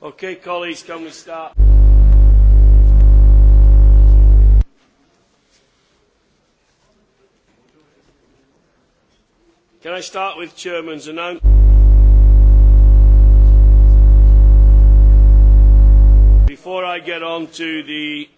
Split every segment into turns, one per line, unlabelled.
Okay, colleagues, can we start? Can I start with Chairman's announcement? Before I get on to the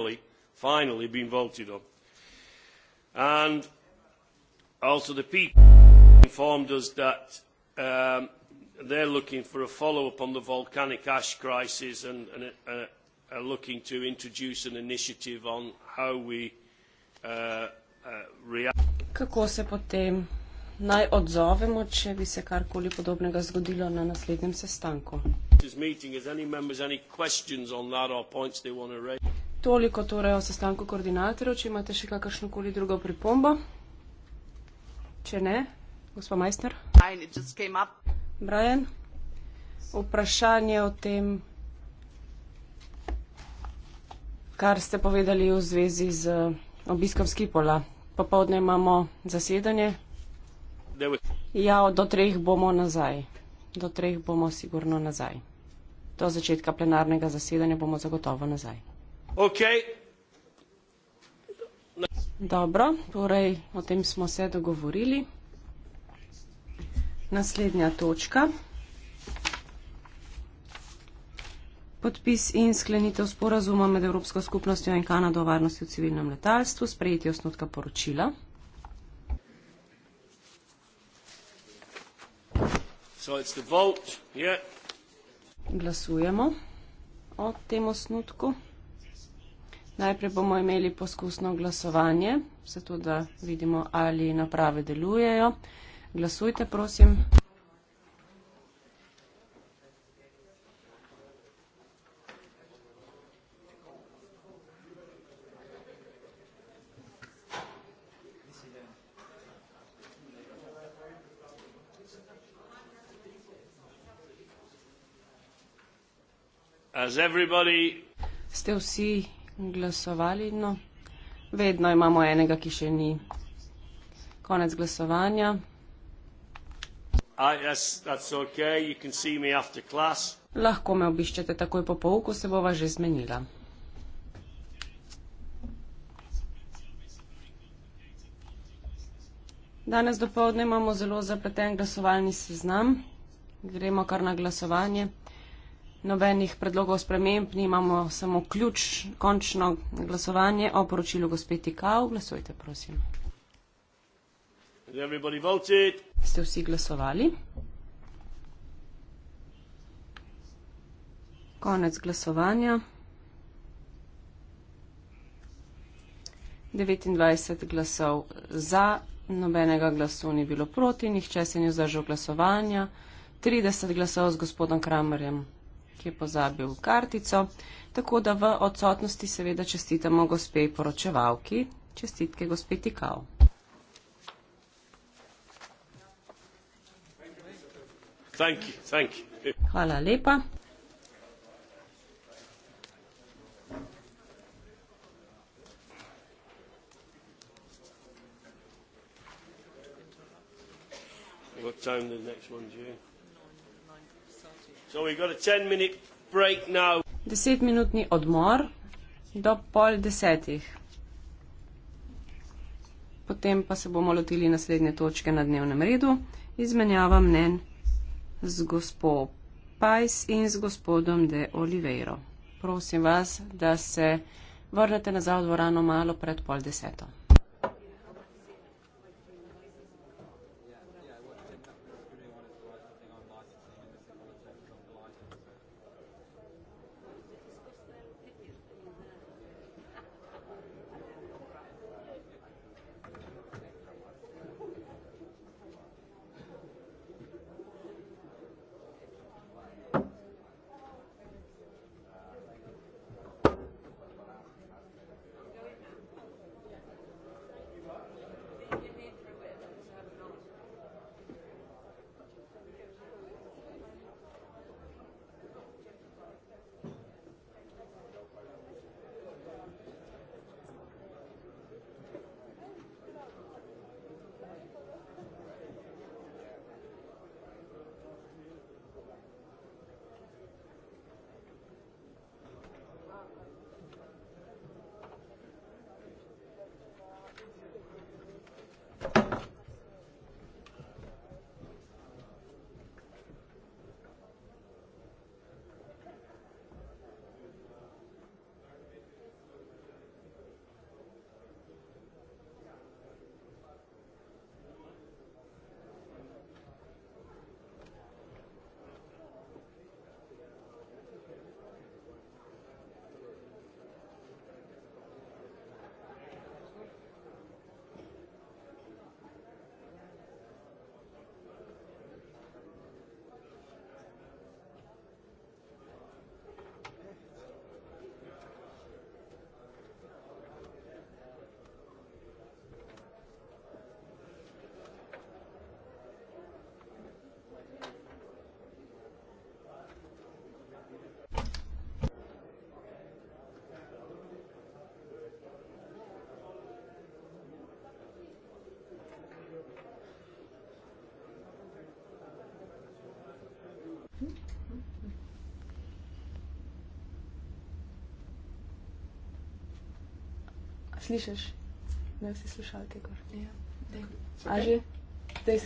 finally finally been voted on and also the people informed us that um, they're looking for a follow-up on the volcanic ash crisis and, and uh, are looking to introduce an initiative on how we uh, uh, react.
Kako se potem naj odzovemo, če bi se karkoli podobnega zgodilo na naslednjem sestanku?
Meeting, any members, any questions on that or points they want to raise?
Toliko torej o sestanku koordinatorjev. Če imate še kakršno koli drugo pripombo? Če ne, gospod Majster. Brian, vprašanje o tem, kar ste povedali v zvezi z eh, obiskom Skipola. Popovdne imamo zasedanje. Ja, do treh bomo nazaj. Do treh bomo sigurno nazaj. Do začetka plenarnega zasedanja bomo zagotovo nazaj. Dobro, torej o tem smo se dogovorili. Naslednja točka. Podpis in sklenitev sporazuma med Evropsko skupnostjo in Kanado o varnosti v civilnem letalstvu, sprejeti osnutka poročila.
So it's the vote. Yeah.
Glasujemo o tem osnutku. Najprej bomo imeli poskusno glasovanje, zato da vidimo, ali naprave delujejo. Glasujte, prosim. Ste vsi glasovali. No, vedno imamo enega, ki še ni. Konec glasovanja. I,
ah, that's okay. you can see me after class.
Lahko me obiščete takoj po pouku, se bova že zmenila. Danes dopoledne imamo zelo zapleten glasovalni seznam. Gremo kar na glasovanje. Nobenih predlogov sprememb nimamo, samo ključ, končno glasovanje o poročilu gospe Tikau. Glasujte, prosim. Ste vsi glasovali? Konec glasovanja. 29 glasov za, nobenega glasu ni bilo proti, nihče se ni vzdržal glasovanja. 30 glasov z gospodom Kramerjem ki je pozabil kartico. Tako da v odsotnosti seveda čestitamo gospej poročevalki. Čestitke gospej Tikal.
Thank you, thank you.
Hvala lepa.
What time the next one's here?
Desetminutni odmor do pol desetih. Potem pa se bomo lotili naslednje točke na dnevnem redu. Izmenjava mnen z gospod Pajs in z gospodom de Oliveiro. Prosim vas, da se vrnete nazaj v dvorano malo pred pol deseto.
slišiš? Ne, vsi slušalke, gor. Ja, da je. Aži? Da je.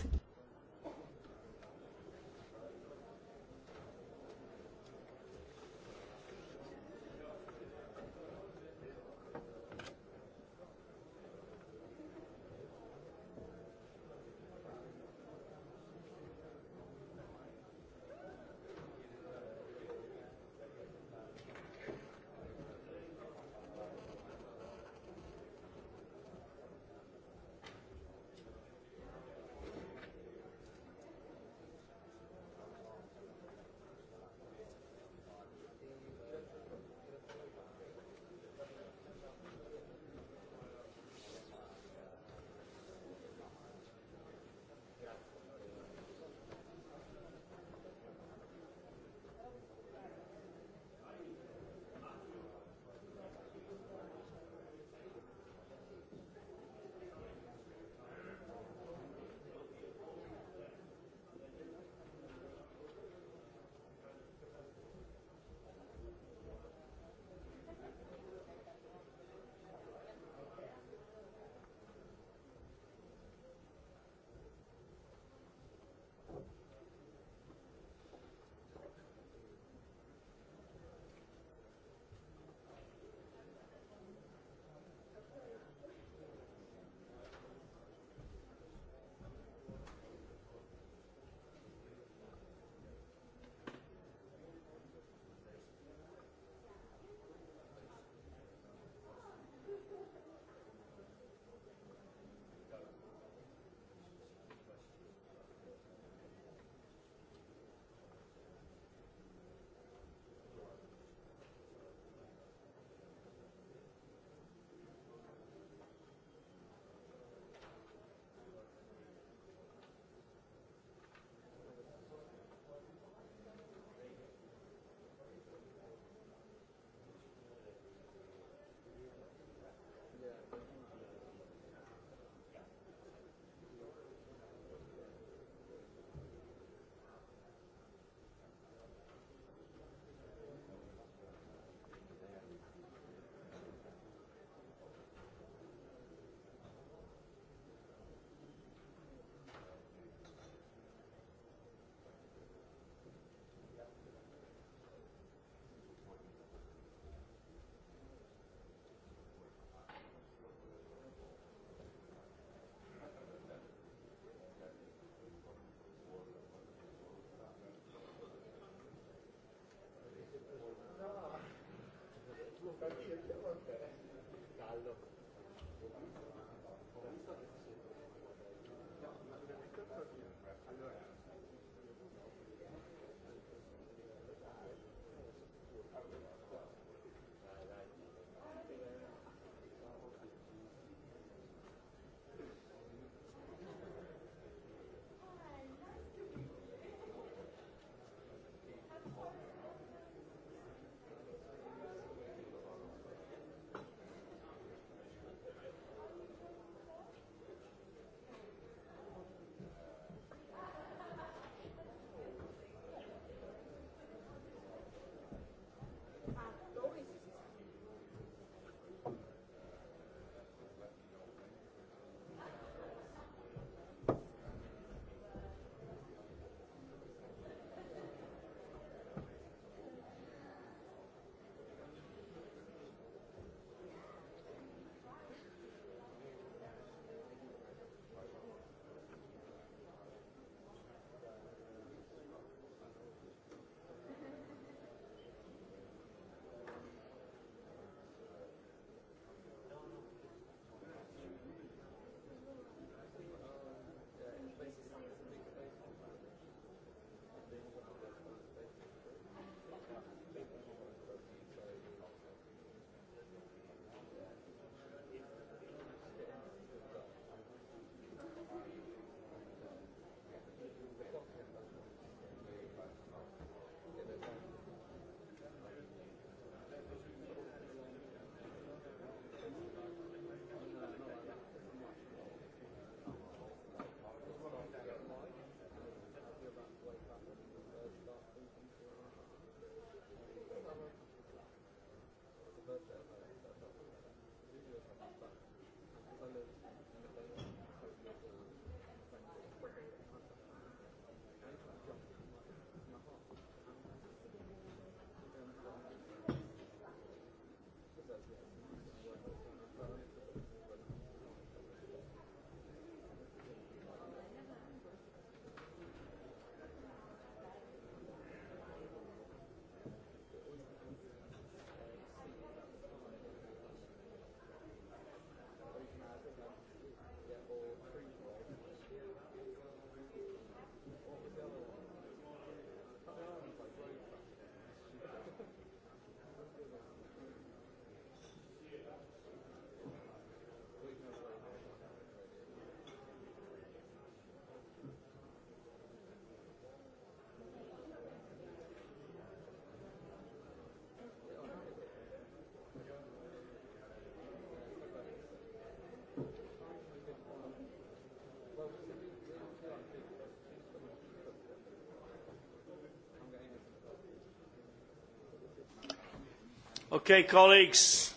Okay, colleagues.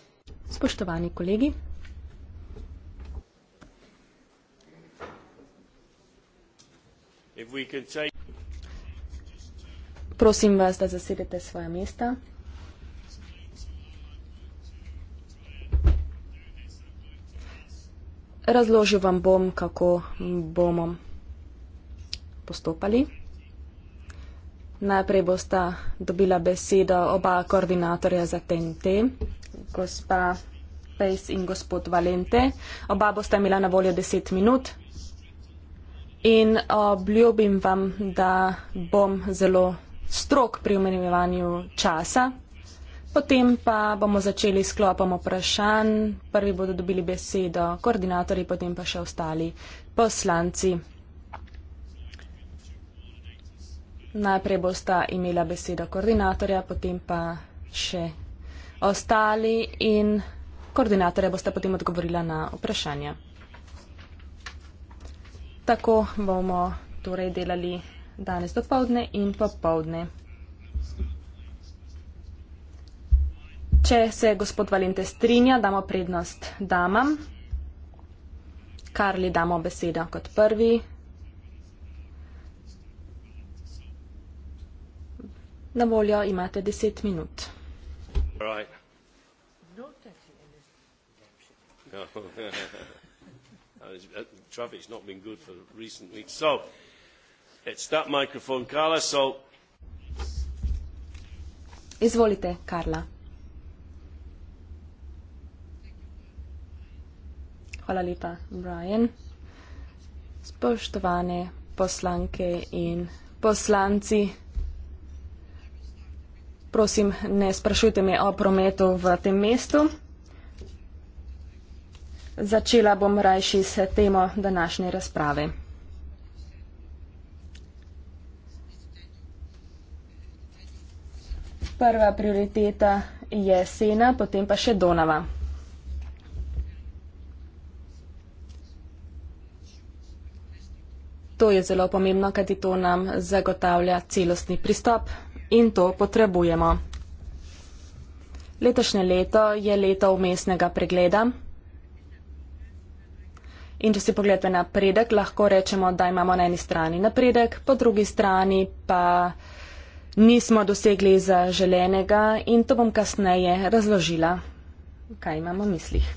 Spoštovani kolegi. Prosim vas, da zasedete svoje mesta. Razložil vam bom, kako bomo postopali. Najprej bosta dobila besedo oba koordinatorja za TNT, gospa Pejs in gospod Valente. Oba bosta imela na voljo 10 minut in obljubim vam, da bom zelo strok pri omenjevanju časa. Potem pa bomo začeli s klopom vprašanj. Prvi bodo dobili besedo koordinatorji, potem pa še ostali poslanci. Najprej bosta imela besedo koordinatorja, potem pa še ostali in koordinatorja boste potem odgovorila na vprašanja. Tako bomo torej delali danes dopovdne in popovdne. Če se gospod Valente strinja, damo prednost damam. Karli damo besedo kot prvi. Na voljo imate deset minut.
Right. Uh, traffic's not been good for recent weeks. So, it's that microphone, Carla. So,
izvolite,
Carla. Hvala lepa, Brian. Spoštovane poslanke in poslanci prosim, ne sprašujte me o prometu v tem mestu. Začela bom rajši s temo današnje razprave. Prva prioriteta je Sena, potem pa še Donava. To je zelo pomembno, kajti to nam zagotavlja celostni pristop. In to potrebujemo. Letošnje leto je leto umestnega pregleda. In če si pogledate napredek, lahko rečemo, da imamo na eni strani napredek, po drugi strani pa nismo dosegli zaželenega in to bom kasneje razložila, kaj imamo v mislih.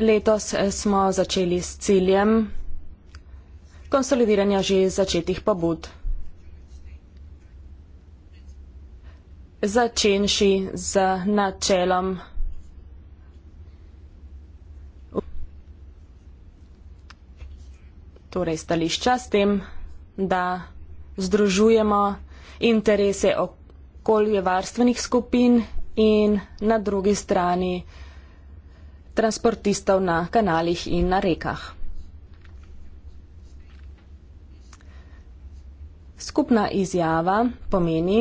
Letos eh, smo začeli s ciljem konsolidiranja že začetih pobud. začenši z načelom torej stališča s tem, da združujemo interese okoljevarstvenih skupin in na drugi strani transportistov na kanalih in na rekah. Skupna izjava pomeni,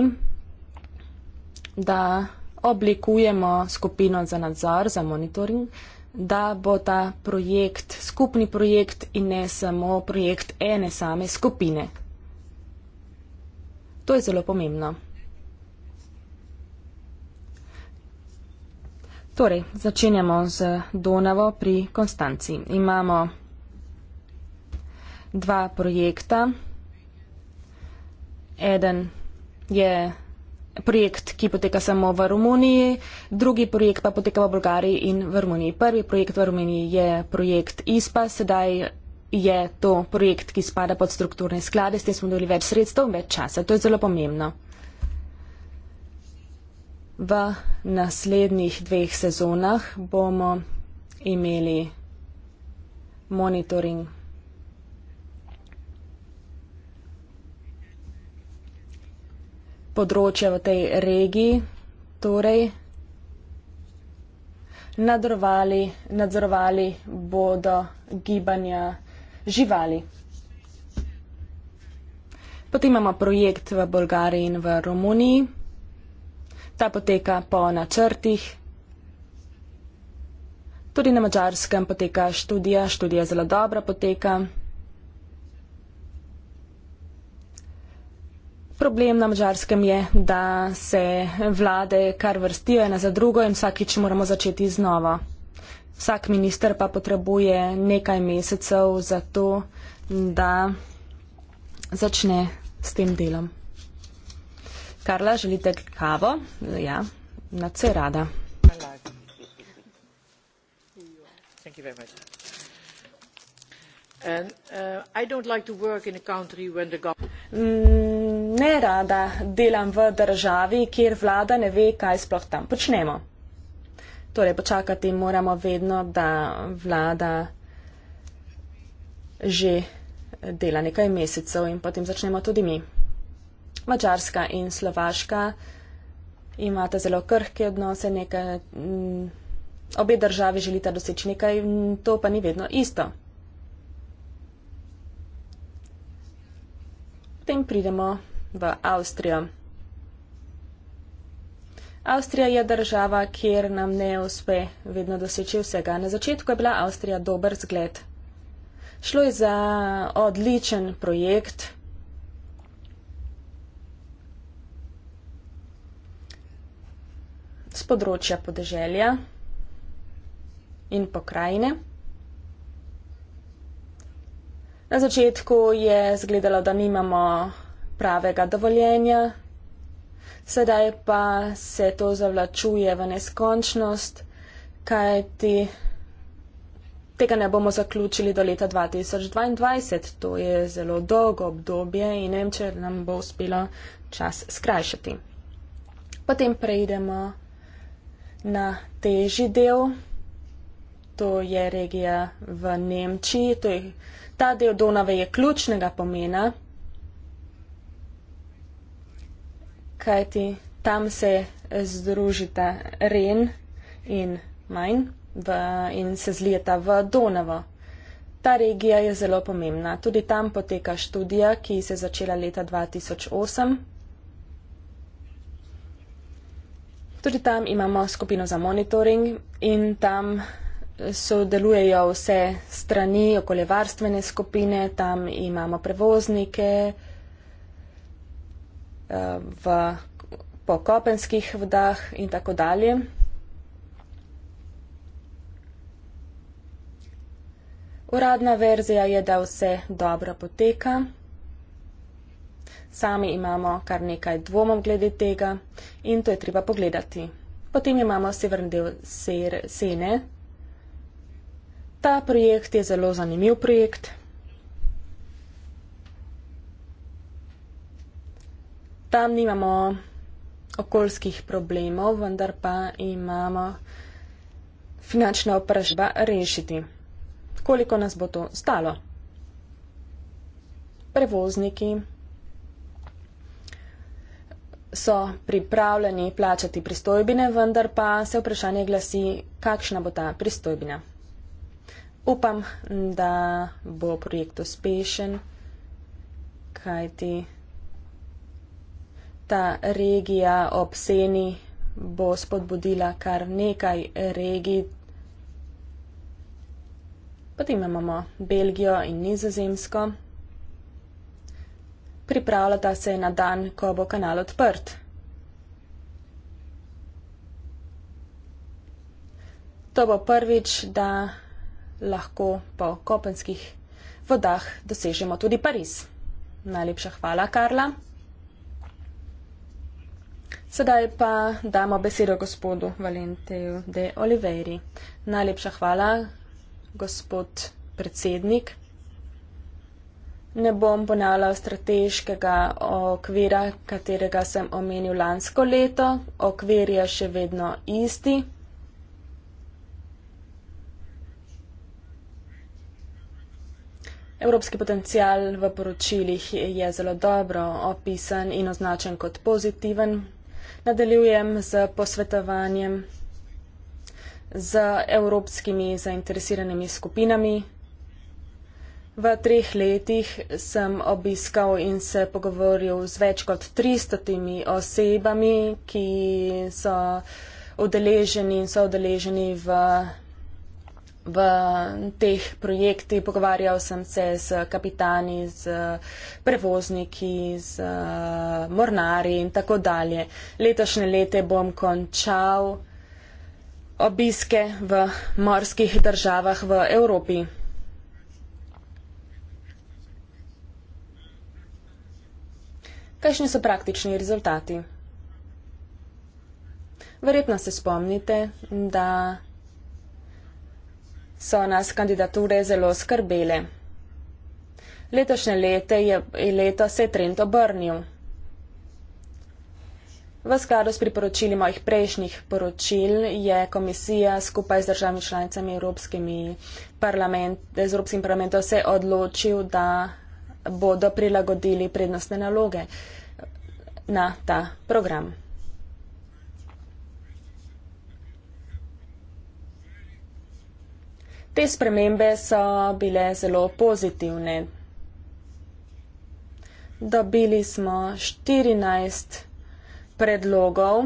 da oblikujemo skupino za nadzor, za monitoring, da bo ta projekt skupni projekt in ne samo projekt ene same skupine. To je zelo pomembno. Torej, začenjamo z Donavo pri Konstanci. Imamo dva projekta. Eden je projekt, ki poteka samo v Romuniji, drugi projekt pa poteka v Bolgariji in v Romuniji. Prvi projekt v Romuniji je projekt ISPA, sedaj je to projekt, ki spada pod strukturne sklade, s tem smo dobili več sredstev, več časa. To je zelo pomembno. V naslednjih dveh sezonah bomo imeli monitoring področje v tej regiji, torej nadzorovali, nadzorovali bodo gibanja živali. Potem imamo projekt v Bolgariji in v Romuniji. Ta poteka po načrtih. Tudi na mačarskem poteka študija, študija zelo dobro poteka. Problem na mačarskem je, da se vlade kar vrstijo ena za drugo in vsakič moramo začeti znova. Vsak minister pa potrebuje nekaj mesecev za to, da začne s tem delom. Karla, želite kavo? Ja, nadse rada.
Hvala. Thank you very much. Uh,
mm, nerada delam v državi, kjer vlada ne ve, kaj sploh tam počnemo. Torej, počakati moramo vedno, da vlada že dela nekaj mesecev in potem začnemo tudi mi. Mačarska in Slovaška imata zelo krhke odnose, nekaj, m, mm, obe državi želita doseči nekaj, m, to pa ni vedno isto. Potem pridemo v Avstrijo. Avstrija je država, kjer nam ne uspe vedno doseči vsega. Na začetku je bila Avstrija dober zgled. Šlo je za odličen projekt. Z področja podeželja in pokrajine. Na začetku je zgledalo, da nimamo pravega dovoljenja, sedaj pa se to zavlačuje v neskončnost, kajti tega ne bomo zaključili do leta 2022. To je zelo dolgo obdobje in ne vem, če nam bo uspelo čas skrajšati. Potem preidemo na teži del, to je regija v Nemčiji. To je Ta del Donave je ključnega pomena, kajti tam se združita Ren in Main v, in se zlijeta v Donavo. Ta regija je zelo pomembna. Tudi tam poteka študija, ki se je začela leta 2008. Tudi tam imamo skupino za monitoring in tam sodelujejo vse strani, okoljevarstvene skupine, tam imamo prevoznike eh, v pokopenskih vodah in tako dalje. Uradna verzija je, da vse dobro poteka. Sami imamo kar nekaj dvomov glede tega in to je treba pogledati. Potem imamo severni del Sene. Ser, Ta projekt je zelo zanimiv projekt. Tam nimamo okoljskih problemov, vendar pa imamo finančna vprašanja rešiti. Koliko nas bo to stalo? Prevozniki so pripravljeni plačati pristojbine, vendar pa se vprašanje glasi, kakšna bo ta pristojbina upam, da bo projekt uspešen, kajti ta regija ob Seni bo spodbudila kar nekaj regij. Potem imamo Belgijo in Nizozemsko. Pripravljata se na dan, ko bo kanal odprt. To bo prvič, da lahko po kopenskih vodah dosežemo tudi Pariz. Najlepša hvala, Karla. Sedaj pa damo besedo gospodu Valenteju de Oliveri. Najlepša hvala, gospod predsednik. Ne bom ponavljal strateškega okvira, katerega sem omenil lansko leto. Okvir je še vedno isti. Evropski potencial v poročilih je zelo dobro opisan in označen kot pozitiven. Nadaljujem z posvetovanjem z evropskimi zainteresiranimi skupinami. V treh letih sem obiskal in se pogovoril z več kot 300 osebami, ki so udeleženi in so udeleženi v v teh projektih, pogovarjal sem se z kapitani, z prevozniki, z eh, mornari in tako dalje. Letošnje lete bom končal obiske v morskih državah v Evropi. Kakšni so praktični rezultati? Verjetno se spomnite, da so nas kandidature zelo skrbele. Letošnje lete je, je leto se trend obrnil. V skladu s priporočili mojih prejšnjih poročil je komisija skupaj z državami članicami parlament, z Evropskim parlamentom se odločil, da bodo prilagodili prednostne naloge na ta program. Te spremembe so bile zelo pozitivne. Dobili smo 14 predlogov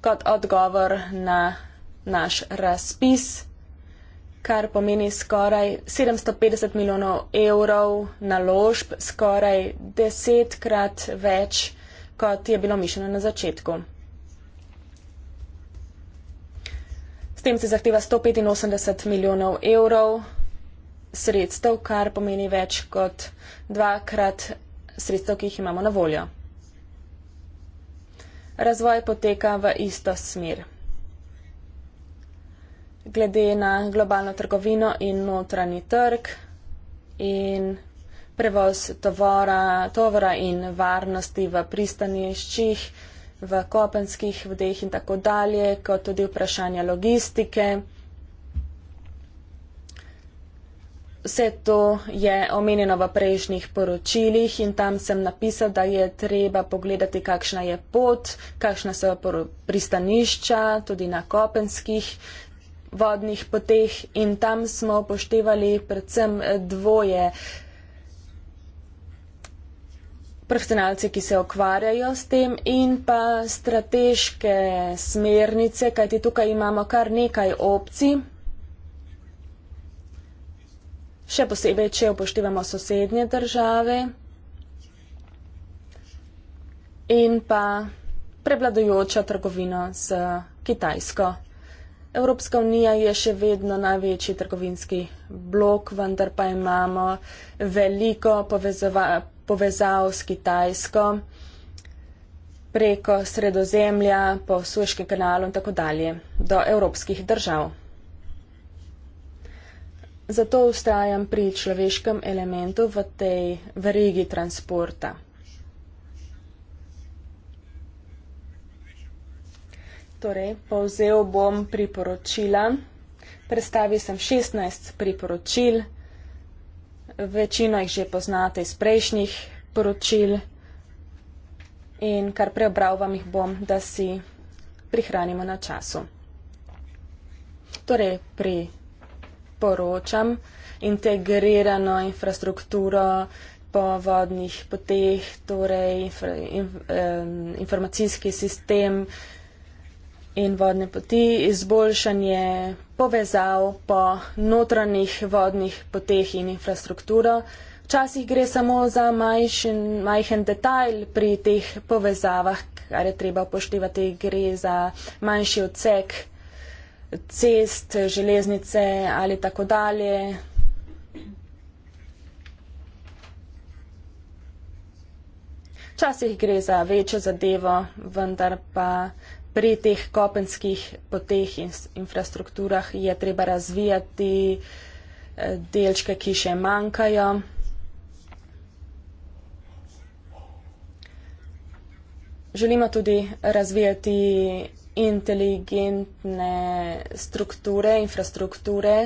kot odgovor na naš razpis, kar pomeni skoraj 750 milijonov evrov naložb, skoraj desetkrat več, kot je bilo mišljeno na začetku. S tem se zahteva 185 milijonov evrov sredstev, kar pomeni več kot dvakrat sredstev, ki jih imamo na voljo. Razvoj poteka v isto smer. Glede na globalno trgovino in notranji trg in prevoz tovora, tovora in varnosti v pristaniščih v kopenskih vodeh in tako dalje, kot tudi vprašanja logistike. Vse to je omenjeno v prejšnjih poročilih in tam sem napisal, da je treba pogledati, kakšna je pot, kakšna so pristanišča, tudi na kopenskih vodnih poteh in tam smo upoštevali predvsem dvoje eh, profesionalci, ki se okvarjajo s tem in pa strateške smernice, kajti tukaj imamo kar nekaj opcij, še posebej, če upoštevamo sosednje države in pa prevladojoča trgovino s Kitajsko. Evropska unija je še vedno največji trgovinski blok, vendar pa imamo veliko povezova, povezav s Kitajsko preko sredozemlja, po Suškem kanalu in tako dalje do evropskih držav. Zato ustrajam pri človeškem elementu v tej verigi transporta. Torej, povzel bom priporočila. Predstavil sem 16 priporočil večino jih že poznate iz prejšnjih poročil in kar preobral vam jih bom, da si prihranimo na času. Torej, priporočam integrirano infrastrukturo po vodnih poteh, torej inf inf informacijski sistem, in vodne poti, izboljšanje povezav po notranjih vodnih poteh in infrastrukturo. Včasih gre samo za majšen, majhen detalj pri teh povezavah, kar je treba upoštevati, gre za manjši odsek cest, železnice ali tako dalje. Včasih gre za večjo zadevo, vendar pa pri teh kopenskih poteh in infrastrukturah je treba razvijati eh, delčke, ki še manjkajo. Želimo tudi razvijati inteligentne strukture, infrastrukture.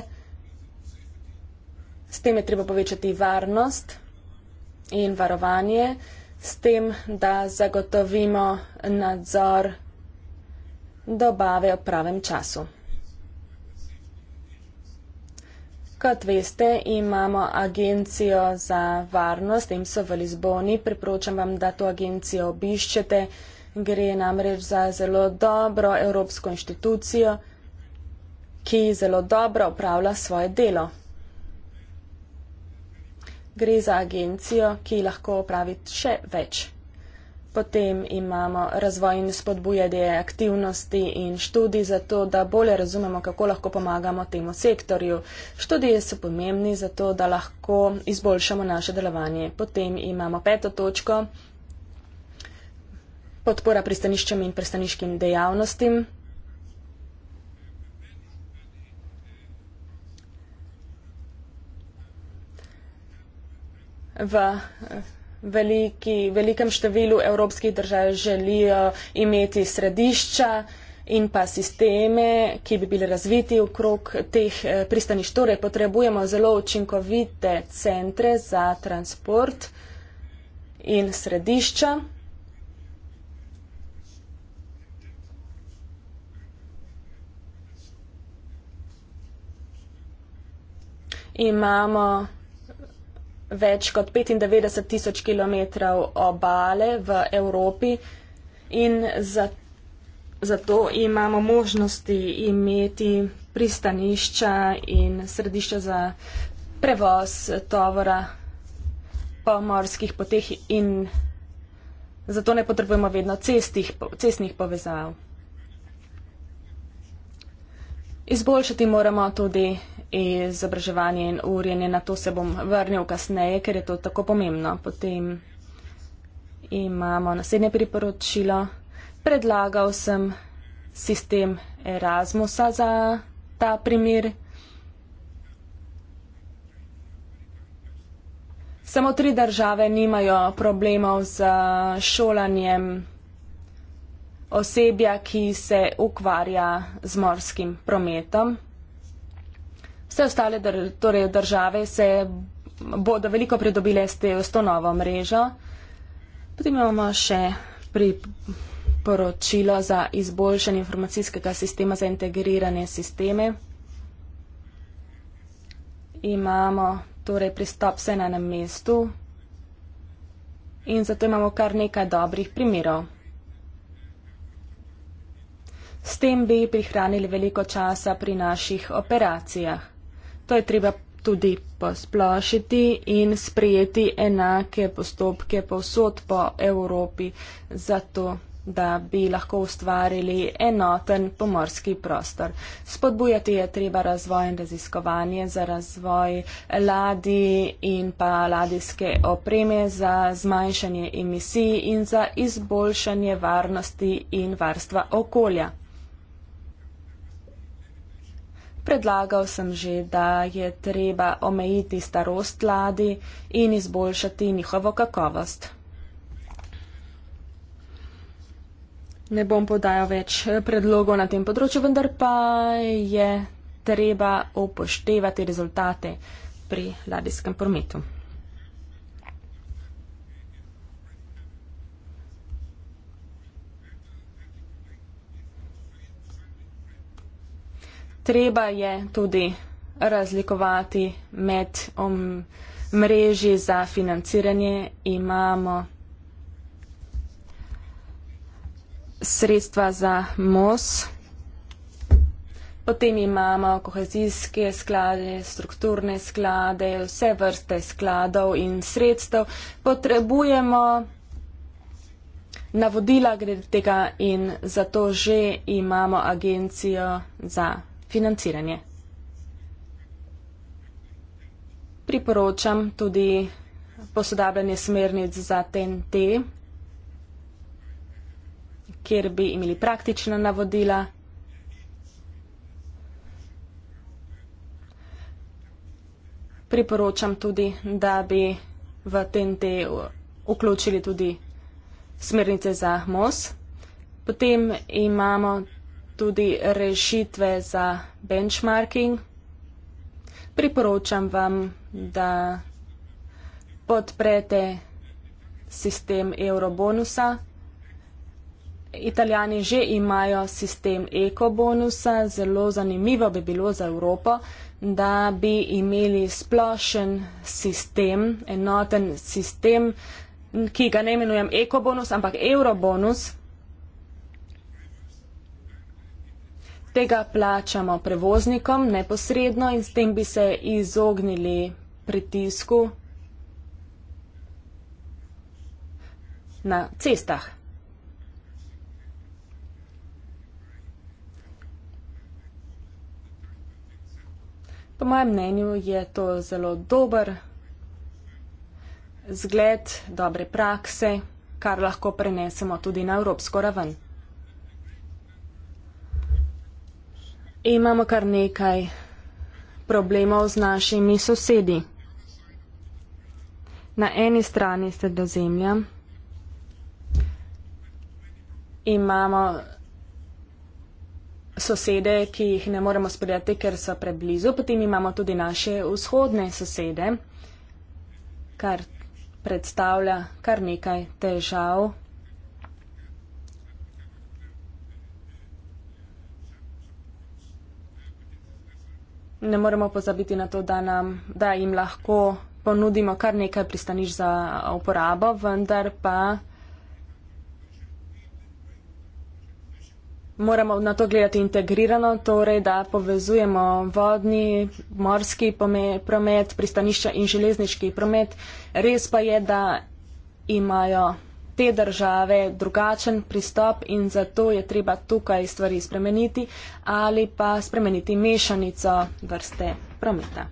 S tem je treba povečati varnost in varovanje, s tem, da zagotovimo nadzor dobave v pravem času. Kot veste, imamo agencijo za varnost, im so v Lizboni, priporočam vam, da to agencijo obiščete, gre namreč za zelo dobro evropsko inštitucijo, ki zelo dobro upravlja svoje delo. Gre za agencijo, ki lahko opravi še več. Potem imamo razvoj in spodbujanje aktivnosti in študij za to, da bolje razumemo, kako lahko pomagamo temu sektorju. Študije so pomembni za to, da lahko izboljšamo naše delovanje. Potem imamo peto točko, podpora pristaniščem in pristaniškim dejavnostim. V veliki, velikem številu evropskih držav želijo imeti središča in pa sisteme, ki bi bili razviti okrog teh eh, pristanišč. Torej potrebujemo zelo učinkovite centre za transport in središča. Imamo več kot 95 tisoč km obale v Evropi in zato za imamo možnosti imeti pristanišča in središča za prevoz tovora po morskih poteh in zato ne potrebujemo vedno cestih, cestnih povezav. Izboljšati moramo tudi izobraževanje in urjenje, na to se bom vrnil kasneje, ker je to tako pomembno. Potem imamo naslednje priporočilo. Predlagal sem sistem Erasmusa za ta primer. Samo tri države nimajo problemov z šolanjem osebja, ki se ukvarja z morskim prometom. Vse ostale dr torej države se bodo veliko pridobile s, te, s to novo mrežo. Potem imamo še priporočilo za izboljšanje informacijskega sistema za integrirane sisteme. Imamo torej pristop vse na enem mestu in zato imamo kar nekaj dobrih primerov. S tem bi prihranili veliko časa pri naših operacijah. To je treba tudi posplošiti in sprejeti enake postopke povsod po Evropi, zato da bi lahko ustvarili enoten pomorski prostor. Spodbujati je treba razvoj in raziskovanje za razvoj ladi in pa ladijske opreme za zmanjšanje emisij in za izboljšanje varnosti in varstva okolja predlagal sem že, da je treba omejiti starost ladi in izboljšati njihovo kakovost. Ne bom podajal več predlogov na tem področju, vendar pa je treba upoštevati rezultate pri ladijskem prometu. treba je tudi razlikovati med mreži za financiranje. Imamo sredstva za MOS, potem imamo kohezijske sklade, strukturne sklade, vse vrste skladov in sredstev. Potrebujemo navodila glede tega in zato že imamo agencijo za financiranje. Priporočam tudi posodabljanje smernic za TNT, kjer bi imeli praktična navodila. Priporočam tudi, da bi v TNT vključili tudi smernice za MOS. Potem imamo tudi rešitve za benchmarking. Priporočam vam, da podprete sistem eurobonusa. Italijani že imajo sistem ekobonusa, zelo zanimivo bi bilo za Evropo, da bi imeli splošen sistem, enoten sistem, ki ga ne imenujem ekobonus, ampak eurobonus. tega plačamo prevoznikom neposredno in s tem bi se izognili pritisku na cestah. Po mojem mnenju je to zelo dober zgled dobre prakse, kar lahko prenesemo tudi na evropsko raven. imamo kar nekaj problemov z našimi sosedi. Na eni strani sredozemlja imamo sosede, ki jih ne moremo sprejeti, ker so preblizu, potem imamo tudi naše vzhodne sosede, kar predstavlja kar nekaj težav. ne moremo pozabiti na to, da, nam, da jim lahko ponudimo kar nekaj pristanišč za uporabo, vendar pa moramo na to gledati integrirano, torej da povezujemo vodni, morski promet, pristanišča in železniški promet. Res pa je, da imajo te države drugačen pristop in zato je treba tukaj stvari spremeniti ali pa spremeniti mešanico vrste prometa.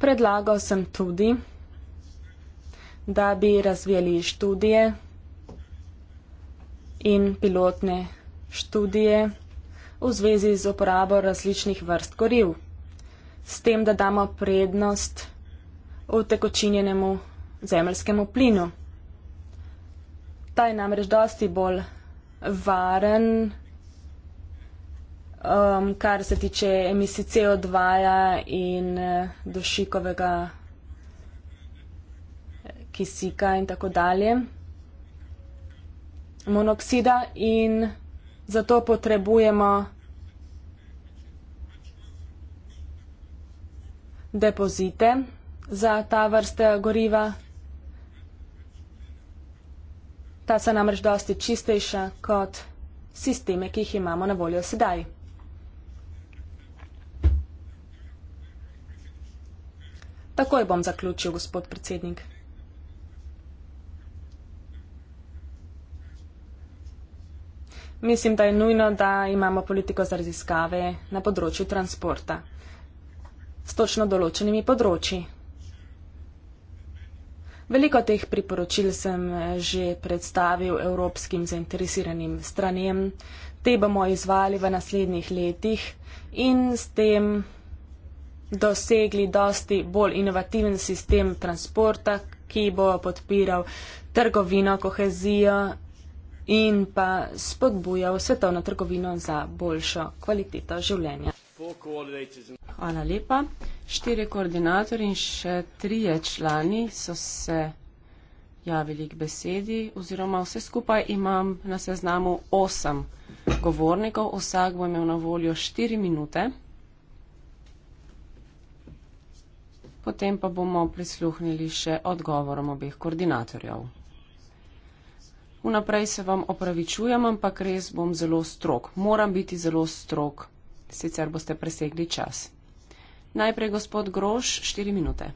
Predlagal sem tudi, da bi razvijali študije in pilotne študije v zvezi z uporabo različnih vrst goriv, s tem, da damo prednost utekočinjenemu zemljskemu plinu. Ta je namreč dosti bolj varen, um, kar se tiče emisij CO2 ja in eh, dušikovega kisika in tako dalje, monoksida in zato potrebujemo depozite za ta vrste goriva. Ta so namreč dosti čistejša kot sisteme, ki jih imamo na voljo sedaj. Takoj bom zaključil, gospod predsednik. Mislim, da je nujno, da imamo politiko za raziskave na področju transporta s točno določenimi področji. Veliko teh priporočil sem eh, že predstavil evropskim zainteresiranim stranem. Te bomo izvali v naslednjih letih in s tem dosegli dosti bolj inovativen sistem transporta, ki bo podpiral trgovino, kohezijo in pa spodbujal svetovno trgovino za boljšo kvaliteto življenja. Hvala
lepa. Štiri koordinatorji in še trije člani so se javili k besedi, oziroma vse skupaj imam na seznamu osem govornikov, vsak bo imel na voljo štiri minute. Potem pa bomo prisluhnili še odgovorom obeh koordinatorjev. Vnaprej se vam opravičujem, ampak res bom zelo strok. Moram biti zelo strok sicer boste presegli čas. Najprej gospod Groš, štiri minute.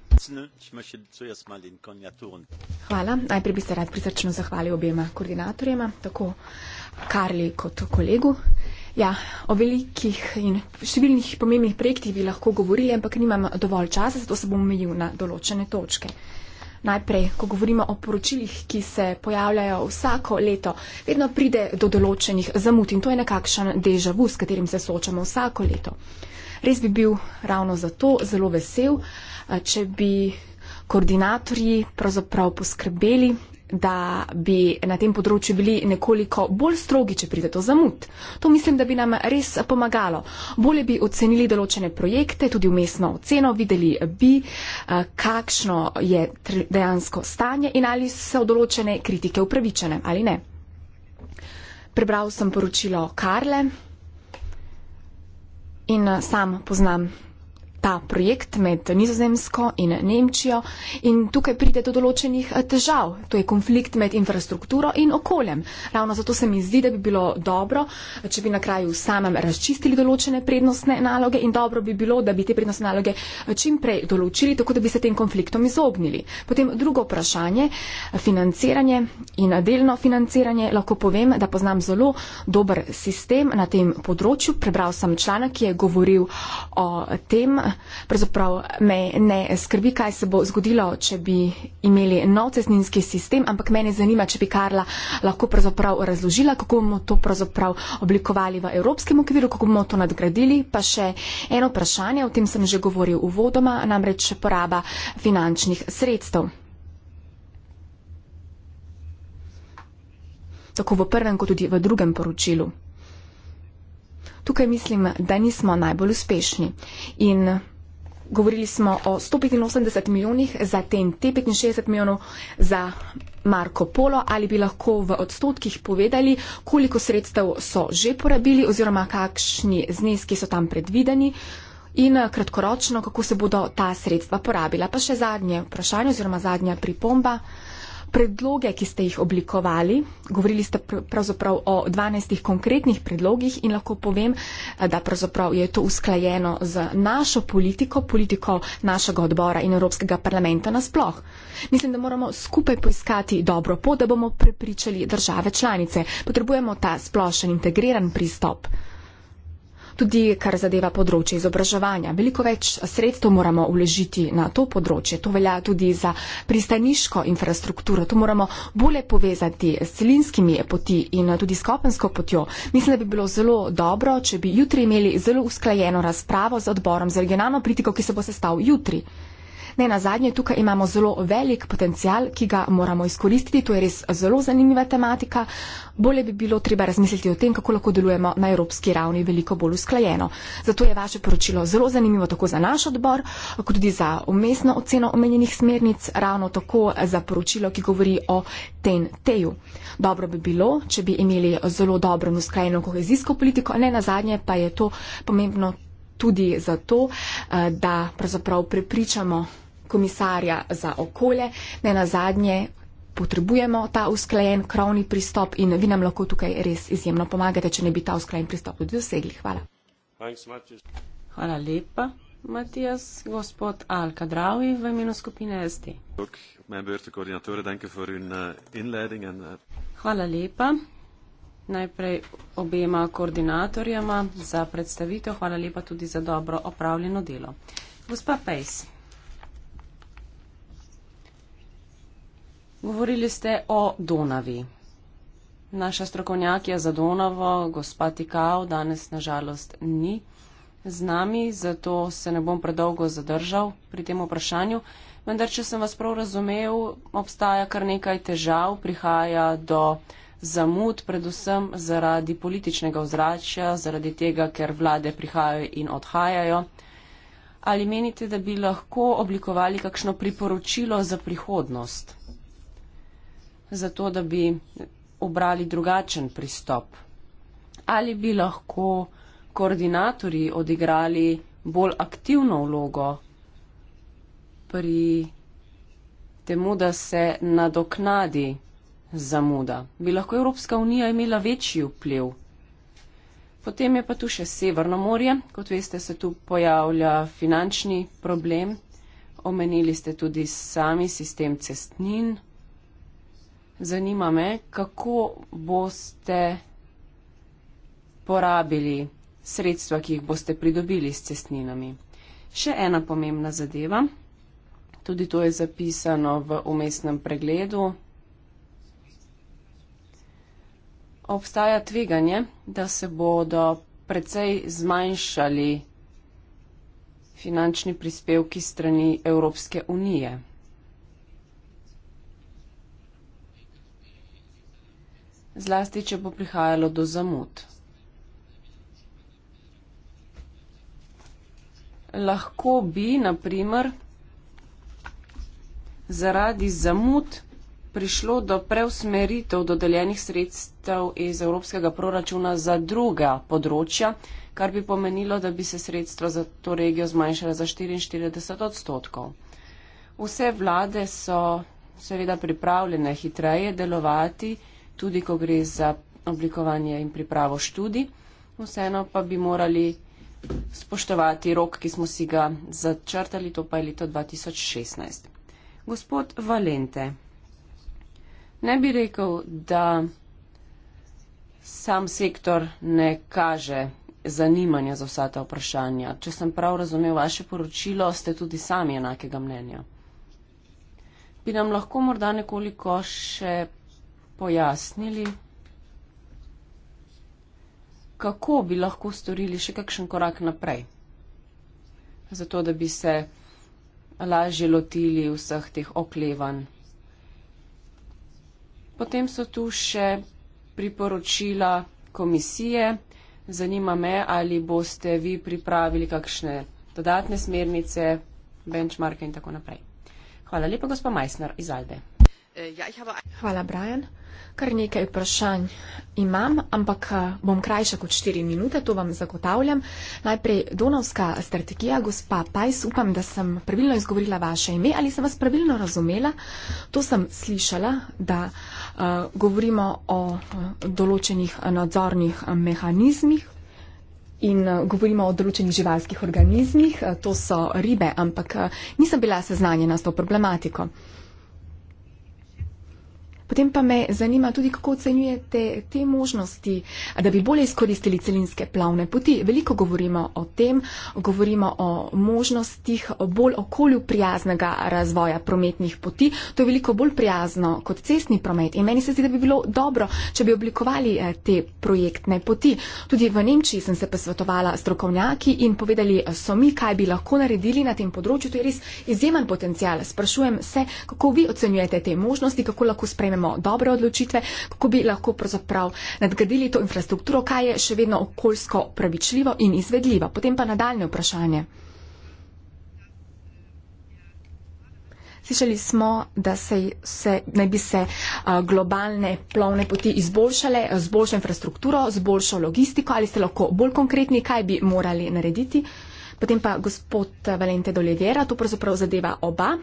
Hvala. Najprej bi se rad prisrčno zahvalil obema koordinatorjema, tako Karli kot kolegu. Ja, o velikih in številnih pomembnih projektih bi lahko govorili, ampak nimam dovolj časa, zato se bom omejil na določene točke. Najprej, ko govorimo o poročilih, ki se pojavljajo vsako leto, vedno pride do določenih zamud in to je nekakšen dežavu, s katerim se soočamo vsako leto. Res bi bil ravno zato zelo vesel, če bi koordinatorji pravzaprav poskrbeli da bi na tem področju bili nekoliko bolj strogi, če pride do zamud. To mislim, da bi nam res pomagalo. Bolje bi ocenili določene projekte, tudi umestno oceno, videli bi, eh, kakšno je dejansko stanje in ali so določene kritike upravičene ali ne. Prebral sem poročilo Karle in eh, sam poznam ta projekt med Nizozemsko in Nemčijo in tukaj pride do določenih eh, težav. To je konflikt med infrastrukturo in okoljem. Ravno zato se mi zdi, da bi bilo dobro, če bi na kraju samem razčistili določene prednostne naloge in dobro bi bilo, da bi te prednostne naloge eh, čim prej določili, tako da bi se tem konfliktom izognili. Potem drugo vprašanje, financiranje in delno financiranje. Lahko povem, da poznam zelo dober sistem na tem področju. Prebral sem članek, ki je govoril o tem, pravzaprav me ne skrbi, kaj se bo zgodilo, če bi imeli nov cestninski sistem, ampak mene zanima, če bi Karla lahko pravzaprav razložila, kako bomo to pravzaprav oblikovali v evropskem okviru, kako bomo to nadgradili. Pa še eno vprašanje, o tem sem že govoril uvodoma, namreč poraba finančnih sredstev. Tako v prvem, kot tudi v drugem poročilu tukaj mislim, da nismo najbolj uspešni. In govorili smo o 185 milijonih za TNT, 65 milijonov za Marko Polo, ali bi lahko v odstotkih povedali, koliko sredstev so že porabili oziroma kakšni zneski so tam predvideni. In kratkoročno, kako se bodo ta sredstva porabila. Pa še zadnje vprašanje oziroma zadnja pripomba predloge, ki ste jih oblikovali. Govorili ste pravzaprav o 12 konkretnih predlogih in lahko povem, da pravzaprav je to usklajeno z našo politiko, politiko našega odbora in Evropskega parlamenta nasploh. Mislim, da moramo skupaj poiskati dobro pot, da bomo prepričali države članice. Potrebujemo ta splošen integriran pristop tudi kar zadeva področje izobraževanja. Veliko več sredstev moramo uležiti na to področje. To velja tudi za pristaniško infrastrukturo. To moramo bolje povezati s celinskimi poti in tudi s kopensko potjo. Mislim, da bi bilo zelo dobro, če bi jutri imeli zelo usklajeno razpravo z odborom za regionalno politiko, ki se bo sestal jutri. Ne na zadnje, tukaj imamo zelo velik potencial, ki ga moramo izkoristiti. To je res zelo zanimiva tematika. Bolje bi bilo treba razmisliti o tem, kako lahko delujemo na evropski ravni veliko bolj usklajeno. Zato je vaše poročilo zelo zanimivo tako za naš odbor, kot tudi za umestno oceno omenjenih smernic, ravno tako za poročilo, ki govori o TNT-ju. Dobro bi bilo, če bi imeli zelo dobro in usklajeno kohezijsko politiko, ne na zadnje pa je to pomembno tudi zato, eh, da pravzaprav prepričamo komisarja za okolje. Ne na zadnje potrebujemo ta usklajen krovni pristop in vi nam lahko tukaj res izjemno pomagate, če ne bi ta usklajen pristop tudi dosegli. Hvala.
Hvala lepa, Matijas. Gospod Alka Dravi v imenu skupine SD. Eh, eh, Hvala lepa. Najprej obema koordinatorjama za predstavitev. Hvala lepa tudi za dobro opravljeno delo. Gospa Pejs. Govorili ste o Donavi. Naša strokovnjakja za Donavo, gospa Tikao, danes nažalost ni z nami, zato se ne bom predolgo zadržal pri tem vprašanju. Vendar, če sem vas prav razumel, obstaja kar nekaj težav, prihaja do zamud, predvsem zaradi političnega ozračja, zaradi tega, ker vlade prihajajo in odhajajo. Ali menite, da bi lahko oblikovali kakšno priporočilo za prihodnost? zato da bi obrali drugačen pristop? Ali bi lahko koordinatorji odigrali bolj aktivno vlogo pri temu, da se nadoknadi zamuda? Bi lahko Evropska unija imela večji vpliv? Potem je pa tu še Severno morje. Kot veste, se tu pojavlja finančni problem. Omenili ste tudi sami sistem cestnin zanima me, kako boste porabili sredstva, ki jih boste pridobili s cestninami. Še ena pomembna zadeva, tudi to je zapisano v umestnem pregledu. Obstaja tveganje, da se bodo precej zmanjšali finančni prispevki strani Evropske unije. zlasti, če bo prihajalo do zamud. Lahko bi, na primer, zaradi zamud prišlo do preusmeritev dodeljenih sredstev iz evropskega proračuna za druga področja, kar bi pomenilo, da bi se sredstva za to regijo zmanjšala za 44 odstotkov. Vse vlade so seveda pripravljene hitreje delovati tudi ko gre za oblikovanje in pripravo študij. Vseeno pa bi morali spoštovati rok, ki smo si ga začrtali, to pa je leto 2016. Gospod Valente, ne bi rekel, da sam sektor ne kaže zanimanja za vsa ta vprašanja. Če sem prav razumel vaše poročilo, ste tudi sami enakega mnenja. Bi nam lahko morda nekoliko še pojasnili, kako bi lahko storili še kakšen korak naprej, zato da bi se lažje lotili vseh teh oklevanj. Potem so tu še priporočila komisije. Zanima me, ali boste vi pripravili kakšne dodatne smernice, benchmarke in tako naprej. Hvala lepa, gospod Majsner iz Albe. Ja,
Hvala, Brian. Kar nekaj vprašanj imam, ampak eh, bom krajša kot 4 minute, to vam zagotavljam. Najprej Donovska strategija, gospa Pajs, upam, da sem pravilno izgovorila vaše ime ali sem vas pravilno razumela. To sem slišala, da uh, govorimo o eh, določenih nadzornih mehanizmih. In govorimo o določenih živalskih organizmih, to so ribe, ampak nisem bila seznanjena s to problematiko. Potem pa me zanima tudi, kako ocenjujete te možnosti, da bi bolje izkoristili celinske plavne poti. Veliko govorimo o tem, govorimo o možnostih bolj okolju prijaznega razvoja prometnih poti. To je veliko bolj prijazno kot cestni promet in meni se zdi, da bi bilo dobro, če bi oblikovali eh, te projektne poti. Tudi v Nemčiji sem se posvetovala strokovnjaki in povedali eh, so mi, kaj bi lahko naredili na tem področju. To je res izjemen potencial. Sprašujem se, kako vi ocenjujete te možnosti, kako lahko sprejmemo sprejmemo dobre odločitve, kako bi lahko pravzaprav nadgradili to infrastrukturo, kaj je še vedno okoljsko pravičljivo in izvedljivo. Potem pa nadaljne vprašanje. Slišali smo, da se, se, naj bi se a, globalne plovne poti izboljšale z boljšo infrastrukturo, z boljšo logistiko, ali ste lahko bolj konkretni, kaj bi morali narediti. Potem pa gospod Valente Dolevera, to pravzaprav zadeva oba.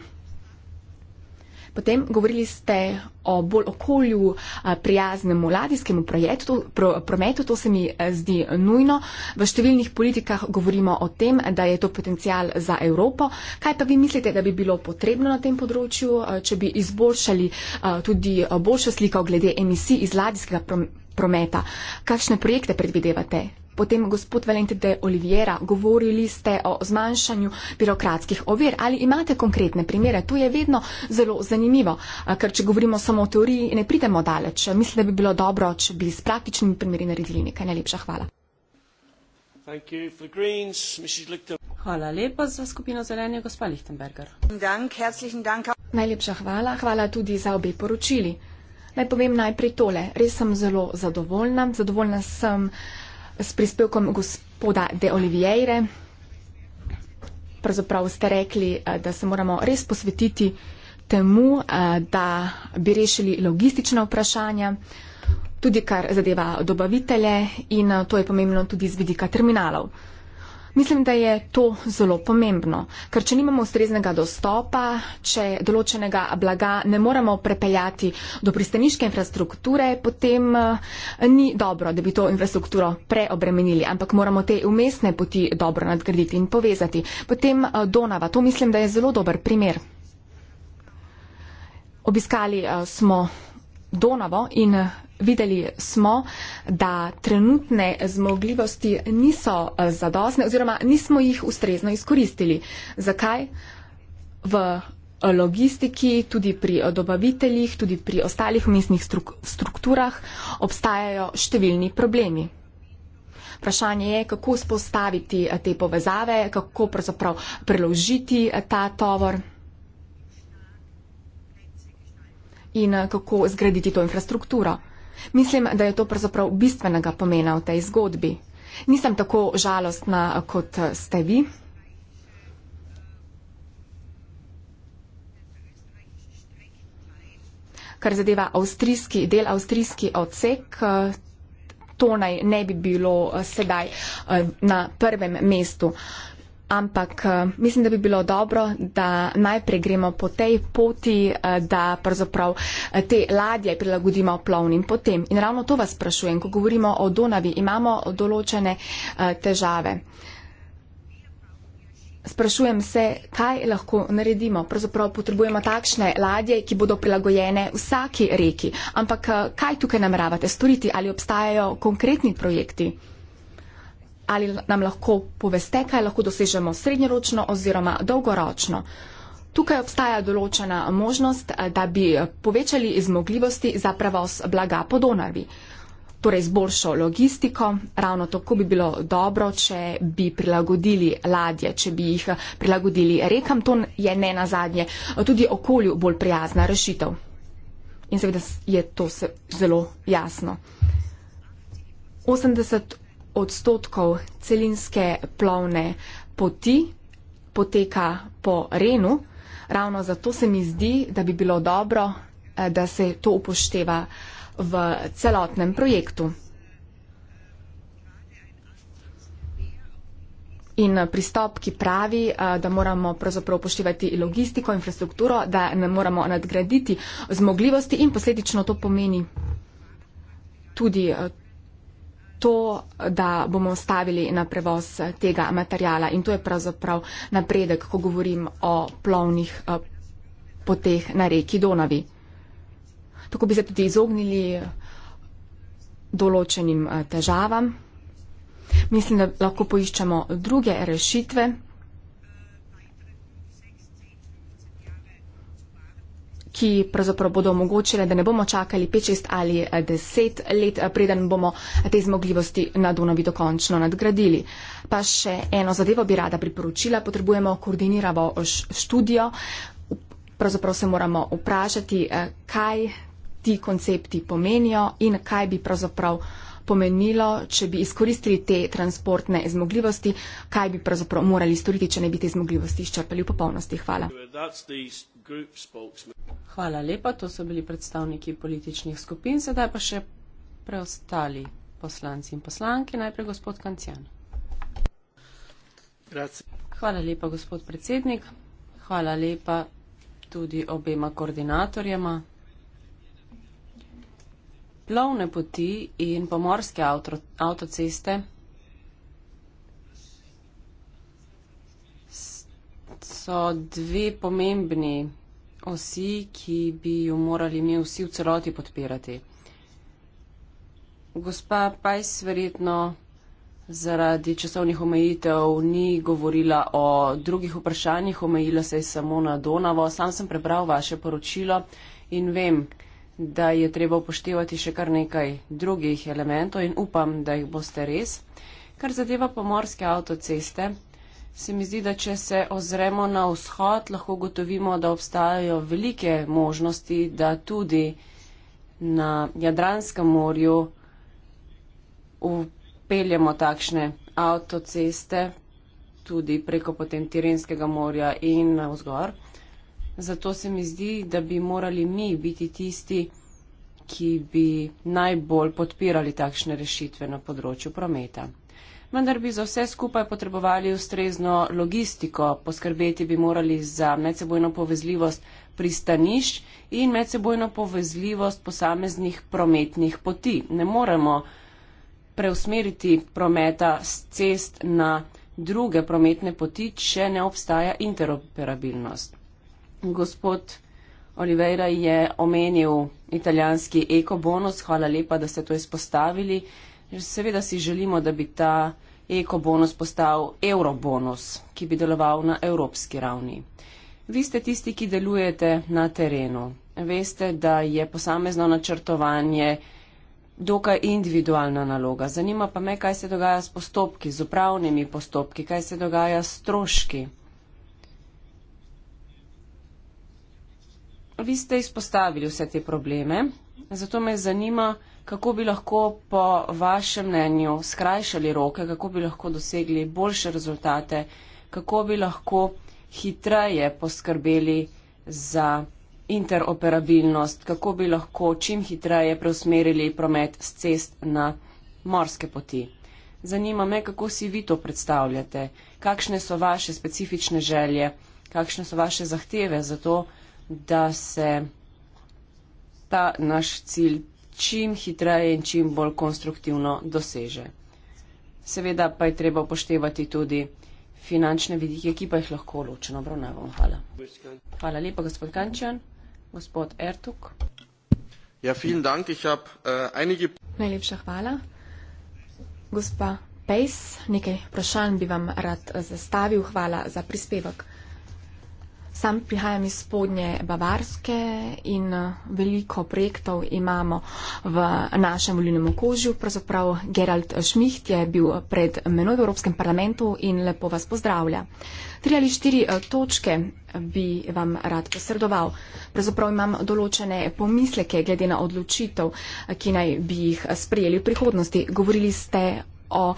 Potem govorili ste o bolj okolju prijaznemu ladijskemu projektu, pro, prometu, to se mi e, zdi nujno. V številnih politikah govorimo o tem, da je to potencial za Evropo. Kaj pa vi mislite, da bi bilo potrebno na tem področju, če bi izboljšali tudi boljšo sliko glede emisij iz ladijskega prometa? Kakšne projekte predvidevate? potem gospod Valente de Oliviera, govorili ste o zmanjšanju birokratskih ovir. Ali imate konkretne primere? To je vedno zelo zanimivo, ker če govorimo samo o teoriji, ne pridemo daleč. Mislim, da bi bilo dobro, če bi s praktičnimi primeri naredili nekaj. Najlepša hvala. Hvala lepa
za skupino zelenje, gospa Lichtenberger.
Najlepša hvala. Hvala tudi za obe poročili. Naj povem najprej tole. Res sem zelo zadovoljna. Zadovoljna sem s prispevkom gospoda De Olivierre. Pravzaprav ste rekli, eh, da se moramo res posvetiti temu, eh, da bi rešili logistična vprašanja, tudi kar zadeva dobavitelje in eh, to je pomembno tudi z vidika terminalov. Mislim, da je to zelo pomembno, ker če nimamo ustreznega dostopa, če določenega blaga ne moremo prepeljati do pristaniške infrastrukture, potem eh, ni dobro, da bi to infrastrukturo preobremenili, ampak moramo te umestne poti dobro nadgraditi in povezati. Potem eh, Donava, to mislim, da je zelo dober primer. Obiskali eh, smo Donavo in videli smo, da trenutne zmogljivosti niso eh, zadosne oziroma nismo jih ustrezno izkoristili. Zakaj? V eh, logistiki, tudi pri eh, dobaviteljih, tudi pri ostalih mestnih strukturah obstajajo številni problemi. Vprašanje je, kako spostaviti te povezave, kako pravzaprav preložiti ta tovor in kako zgraditi to infrastrukturo. Mislim, da je to pravzaprav bistvenega pomena v tej zgodbi. Nisem tako žalostna, kot ste vi. Kar zadeva avstrijski del, avstrijski odsek, to naj ne bi bilo eh, sedaj eh, na prvem mestu ampak eh, mislim, da bi bilo dobro, da najprej gremo po tej poti, eh, da pravzaprav eh, te ladje prilagodimo plovnim potem. In ravno to vas sprašujem, ko govorimo o Donavi, imamo določene težave. Sprašujem se, kaj lahko naredimo. Pravzaprav potrebujemo takšne ladje, ki bodo prilagojene vsaki reki. Ampak kaj tukaj nameravate storiti? Ali obstajajo konkretni projekti? Uh, ali nam lahko poveste, kaj lahko dosežemo srednjeročno oziroma dolgoročno. Tukaj obstaja določena možnost, eh, da bi povečali izmogljivosti za prevoz blaga po Donavi. Torej, z boljšo logistiko, ravno tako bi bilo dobro, če bi prilagodili ladje, če bi jih prilagodili rekam, to je ne na zadnje eh, tudi okolju bolj prijazna rešitev. In seveda je to se zelo jasno. 80 odstotkov celinske plovne poti poteka po Renu. Ravno zato se mi zdi, da bi bilo dobro, eh, da se to upošteva v celotnem projektu. In pristop, ki pravi, eh, da moramo pravzaprav upoštevati logistiko, infrastrukturo, da ne moramo nadgraditi zmogljivosti in posledično to pomeni tudi eh, to, da bomo stavili na prevoz tega materijala in to je pravzaprav napredek, ko govorim o plovnih eh, poteh na reki Donavi. Tako bi se tudi izognili eh, določenim eh, težavam. Mislim, da lahko poiščemo druge rešitve. ki pravzaprav bodo omogočile, da ne bomo čakali 5, 6 ali 10 eh, let, eh, preden bomo te zmogljivosti na Dunavi dokončno nadgradili. Pa še eno zadevo bi rada priporočila, potrebujemo koordiniravo eh, študijo. Pravzaprav se moramo vprašati, kaj ti koncepti pomenijo in kaj bi pravzaprav pomenilo, če bi izkoristili te transportne zmogljivosti, kaj bi pravzaprav morali storiti, če ne bi te zmogljivosti izčrpali v popolnosti. Hvala.
Hvala lepa, to so bili predstavniki političnih skupin, sedaj pa še preostali poslanci in poslanke. Najprej gospod Kancijan. Hvala lepa, gospod predsednik. Hvala lepa tudi obema koordinatorjema. Plovne poti in pomorske avto, avtoceste so dve pomembni osi, ki bi jo morali mi vsi v celoti podpirati. Gospa Pajs verjetno zaradi časovnih omejitev ni govorila o drugih vprašanjih, omejila se je samo na Donavo. Sam sem prebral vaše poročilo in vem, da je treba upoštevati še kar nekaj drugih elementov in upam, da jih boste res. Kar zadeva pomorske avtoceste, se mi zdi, da če se ozremo na vzhod, lahko gotovimo, da obstajajo velike možnosti, da tudi na Jadranskem morju upeljamo takšne avtoceste, tudi preko potem Tirenskega morja in na vzgor. Zato se mi zdi, da bi morali mi biti tisti, ki bi najbolj podpirali takšne rešitve na področju prometa vendar bi za vse skupaj potrebovali ustrezno logistiko, poskrbeti bi morali za medsebojno povezljivost pristanišč in medsebojno povezljivost posameznih prometnih poti. Ne moremo preusmeriti prometa z cest na druge prometne poti, če ne obstaja interoperabilnost. Gospod Oliveira je omenil italijanski ekobonus, hvala lepa, da ste to izpostavili. Seveda si želimo, da bi ta ekobonus postal eurobonus, ki bi deloval na evropski ravni. Vi ste tisti, ki delujete na terenu. Veste, da je posamezno načrtovanje dokaj individualna naloga. Zanima pa me, kaj se dogaja s postopki, z upravnimi postopki, kaj se dogaja s stroški. Vi ste izpostavili vse te probleme, zato me zanima, kako bi lahko po vašem mnenju skrajšali roke, kako bi lahko dosegli boljše rezultate, kako bi lahko hitreje poskrbeli za interoperabilnost, kako bi lahko čim hitreje preusmerili promet z cest na morske poti. Zanima me, kako si vi to predstavljate, kakšne so vaše specifične želje, kakšne so vaše zahteve za to, da se ta naš cilj čim hitreje in čim bolj konstruktivno doseže. Seveda pa je treba upoštevati tudi finančne vidike, ki pa jih lahko ločeno obravnavamo. Hvala. Hvala lepa, gospod Kančan. Gospod Ertuk.
Ja, vielen Dank. Ich hab, uh, einige...
Najlepša hvala. Gospa Pejs, nekaj vprašanj bi vam rad äh, zastavil. Hvala za prispevek. Sam prihajam iz spodnje Bavarske in eh, veliko projektov imamo v našem volilnem okožju. Pravzaprav Gerald Šmiht eh, je bil eh, pred menoj v Evropskem parlamentu in lepo vas pozdravlja. Tri ali štiri točke bi vam rad posredoval. Pravzaprav imam določene pomisleke glede na odločitev, ki naj bi jih sprejeli v prihodnosti. Govorili ste o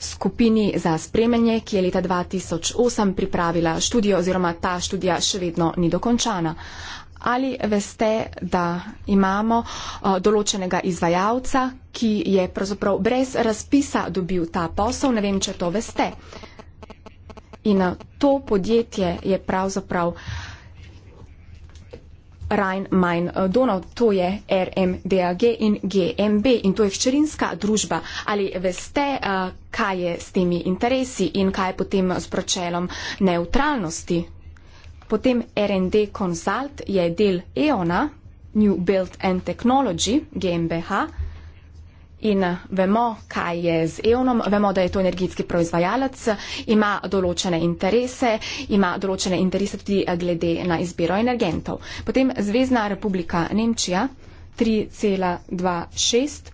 skupini za spremljanje, ki je leta 2008 pripravila študijo oziroma ta študija še vedno ni dokončana. Ali veste, da imamo eh, določenega izvajalca, ki je pravzaprav brez razpisa dobil ta posel, ne vem, če to veste. In eh, to podjetje je pravzaprav Rhein-Main-Donau, eh, to je RMDAG in GMB in to je hčerinska družba. Ali veste, eh, kaj je s temi interesi in kaj je potem s pročelom neutralnosti? Potem RND Consult je del EONA, New Built and Technology, GmbH, In eh, vemo, kaj je z EONOM, vemo, da je to energetski proizvajalec, ima določene interese, ima določene interese tudi eh, glede na izbiro energentov. Potem Zvezdna republika Nemčija 3,26.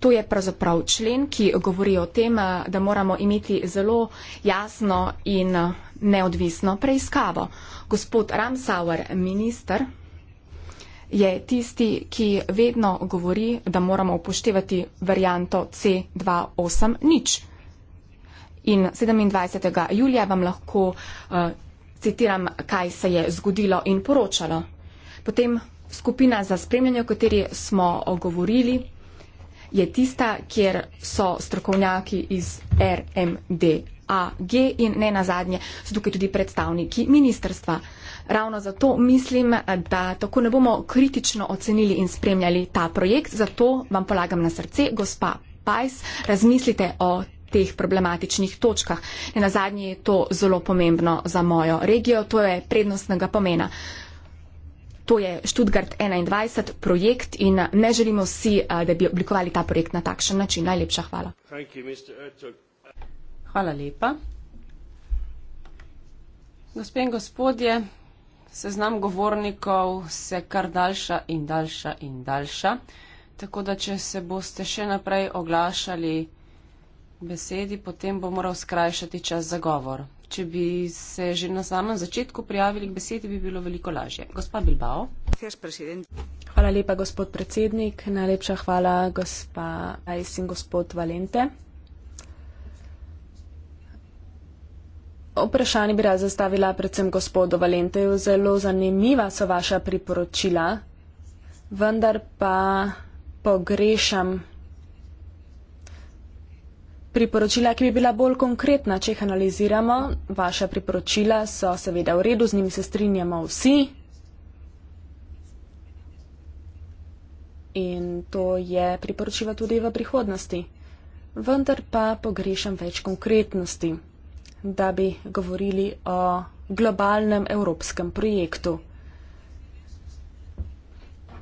To je pravzaprav člen, ki govori o tem, eh, da moramo imeti zelo jasno in neodvisno preiskavo. Gospod Ramsauer, minister je tisti, ki vedno govori, da moramo upoštevati varianto C280. In 27. julija vam lahko uh, citiram, kaj se je zgodilo in poročalo. Potem skupina za spremljanje, o kateri smo eh, govorili, je tista, kjer so strokovnjaki iz RMDAG in ne nazadnje so tukaj tudi predstavniki ministrstva. Ravno zato mislim, da tako ne bomo kritično ocenili in spremljali ta projekt. Zato vam polagam na srce, gospa Pajs, razmislite o teh problematičnih točkah. Na zadnje je to zelo pomembno za mojo regijo, to je prednostnega pomena. To je Študgard 21 projekt in ne želimo vsi, eh, da bi oblikovali ta projekt na takšen način. Najlepša hvala. Hvala lepa.
Gospod in gospodje, Seznam govornikov se kar daljša in daljša in daljša, tako da če se boste še naprej oglašali besedi, potem bo moral skrajšati čas za govor. Če bi se že na samem začetku prijavili k besedi, bi bilo veliko lažje. Gospa Bilbao.
Hvala lepa, gospod predsednik. Najlepša hvala, gospa Ais in gospod Valente. vprašanje bi rada zastavila predvsem gospodu Valenteju. Zelo zanimiva so vaša priporočila, vendar pa pogrešam. Priporočila, ki bi bila bolj konkretna, če jih analiziramo, vaša priporočila so seveda v redu, z njimi se strinjamo vsi. In to je priporočila tudi v prihodnosti. Vendar pa pogrešam več konkretnosti da bi govorili o globalnem evropskem projektu,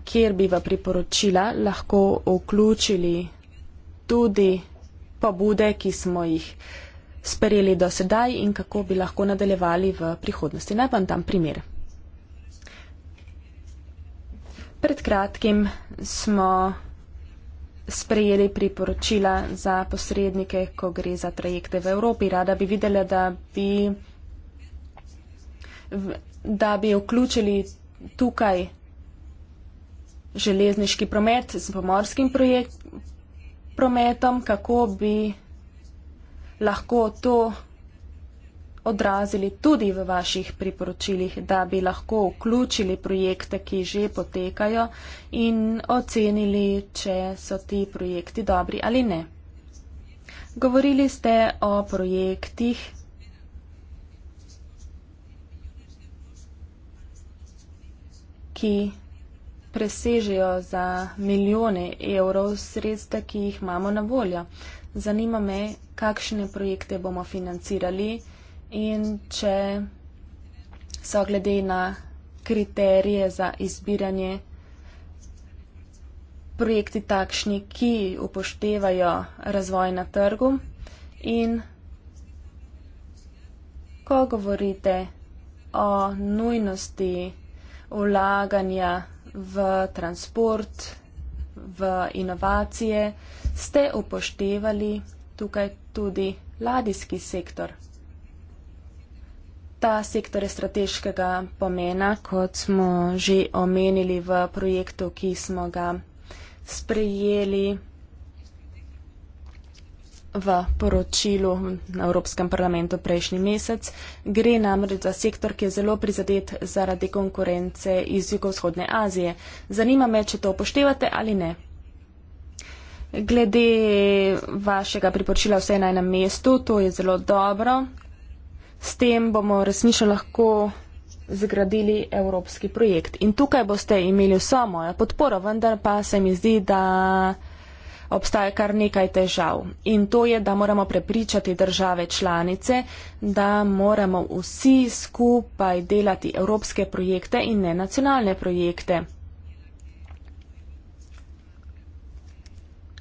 kjer bi v priporočila lahko vključili tudi pobude, ki smo jih sprejeli do sedaj in kako bi lahko nadaljevali v prihodnosti. Naj vam dam primer. Pred kratkim smo sprejeli priporočila za posrednike, ko gre za trajekte v Evropi. Rada bi videla, da bi, da bi vključili tukaj železniški promet z pomorskim projekt, prometom, kako bi lahko to odrazili tudi v vaših priporočilih, da bi lahko vključili projekte, ki že potekajo in ocenili, če so ti projekti dobri ali ne. Govorili ste o projektih, ki presežejo za milijone evrov sredstva, ki jih imamo na voljo. Zanima me, kakšne projekte bomo financirali in če so glede na kriterije za izbiranje projekti takšni, ki upoštevajo razvoj na trgu in ko govorite o nujnosti vlaganja v transport, v inovacije, ste upoštevali tukaj tudi ladijski sektor. Ta sektor je strateškega pomena, kot smo že omenili v projektu, ki smo ga sprejeli v poročilu na Evropskem parlamentu prejšnji mesec. Gre namreč za sektor, ki je zelo prizadet zaradi konkurence iz jugovzhodne Azije. Zanima me, če to upoštevate ali ne. Glede vašega priporočila vse naj na mestu, to je zelo dobro. S tem bomo resnično lahko zgradili evropski projekt. In tukaj boste imeli vso mojo podporo, vendar pa se mi zdi, da obstaja kar nekaj težav. In to je, da moramo prepričati države članice, da moramo vsi skupaj delati evropske projekte in ne nacionalne projekte.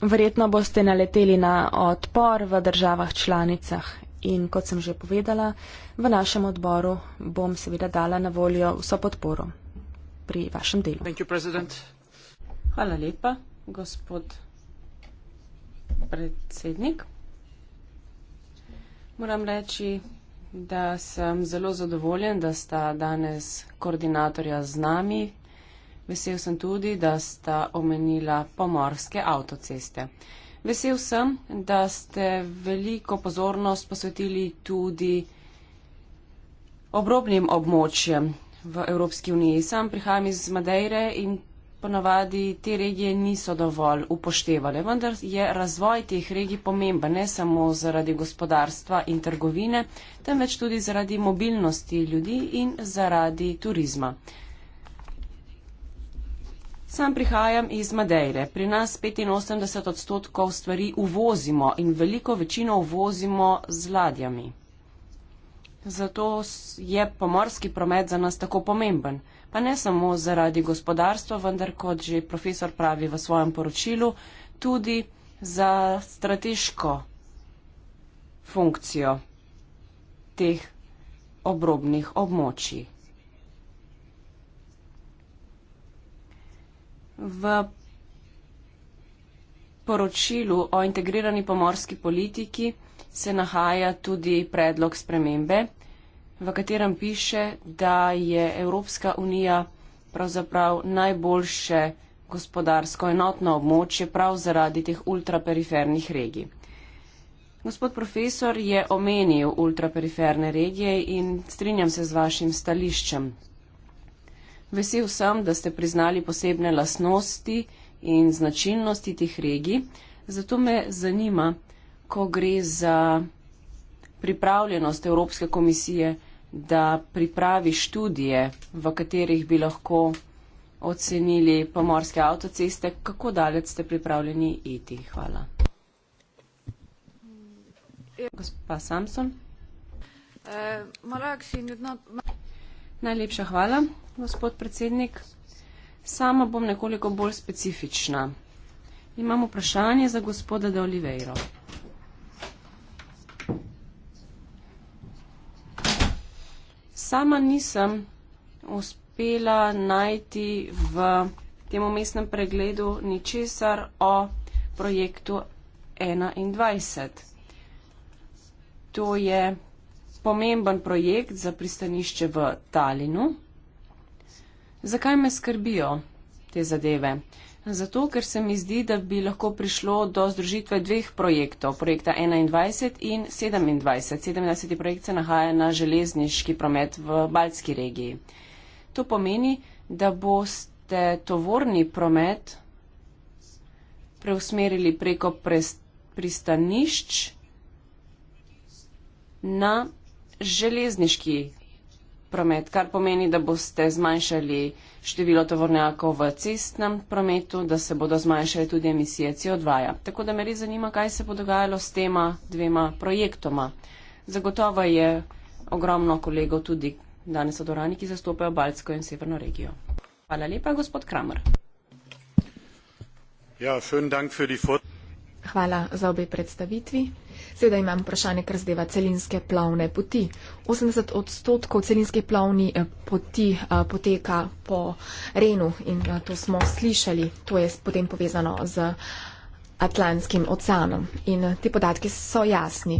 Verjetno boste naleteli na odpor v državah članicah in kot sem že povedala, v našem odboru bom seveda dala na voljo vso podporo pri vašem delu.
You,
Hvala lepa, gospod predsednik. Moram reči, da sem zelo zadovoljen, da sta danes koordinatorja z nami. Vesel sem tudi, da sta omenila pomorske avtoceste. Vesel sem, da ste veliko pozornost posvetili tudi obrobnim območjem v Evropski uniji. Sam prihajam iz Madeire in ponavadi te regije niso dovolj upoštevale. Vendar je razvoj teh regij pomemben ne samo zaradi gospodarstva in trgovine, temveč tudi zaradi mobilnosti ljudi in zaradi turizma. Sam prihajam iz Madeire. Pri nas 85 odstotkov stvari uvozimo in veliko večino uvozimo z ladjami. Zato je pomorski promet za nas tako pomemben. Pa ne samo zaradi gospodarstva, vendar kot že profesor pravi v svojem poročilu, tudi za strateško funkcijo teh obrobnih območij. v poročilu o integrirani pomorski politiki se nahaja tudi predlog spremembe, v katerem piše, da je Evropska unija pravzaprav najboljše gospodarsko enotno območje prav zaradi teh ultraperifernih regij. Gospod profesor je omenil ultrapeliferne regije in strinjam se z vašim stališčem. Vesel sem, da ste priznali posebne lasnosti in značilnosti teh regij. Zato me zanima, ko gre za pripravljenost Evropske komisije, da pripravi študije, v katerih bi lahko ocenili pomorske avtoceste, kako daleč ste pripravljeni iti. Hvala. Gospa Samson. Eh, Najlepša hvala gospod predsednik. Sama bom nekoliko bolj specifična. Imam vprašanje za gospoda De Oliveiro. Sama nisem uspela najti v tem umestnem pregledu ničesar o projektu 21. To je pomemben projekt za pristanišče v Talinu. Zakaj me skrbijo te zadeve? Zato, ker se mi zdi, da bi lahko prišlo do združitve dveh projektov, projekta 21 in 27. 27. projekt se nahaja na železniški promet v Baltski regiji. To pomeni, da boste tovorni promet preusmerili preko pristanišč na železniški promet, kar pomeni, da boste zmanjšali število tovornjakov v cestnem prometu, da se bodo zmanjšali tudi emisije CO2. -ja. Tako da me res zanima, kaj se bo dogajalo s tema dvema projektoma. Zagotovo je ogromno kolegov tudi danes v Dorani, ki zastopajo Baltsko in Severno regijo. Hvala lepa, gospod Kramer.
Ja,
Hvala za obe predstavitvi. Seveda imam vprašanje, kar zadeva celinske plavne poti. 80 odstotkov celinskih plavnih eh, poti eh, poteka po Renu in eh, to smo slišali. To je potem povezano z. Atlantskim oceanom. In ti podatki so jasni.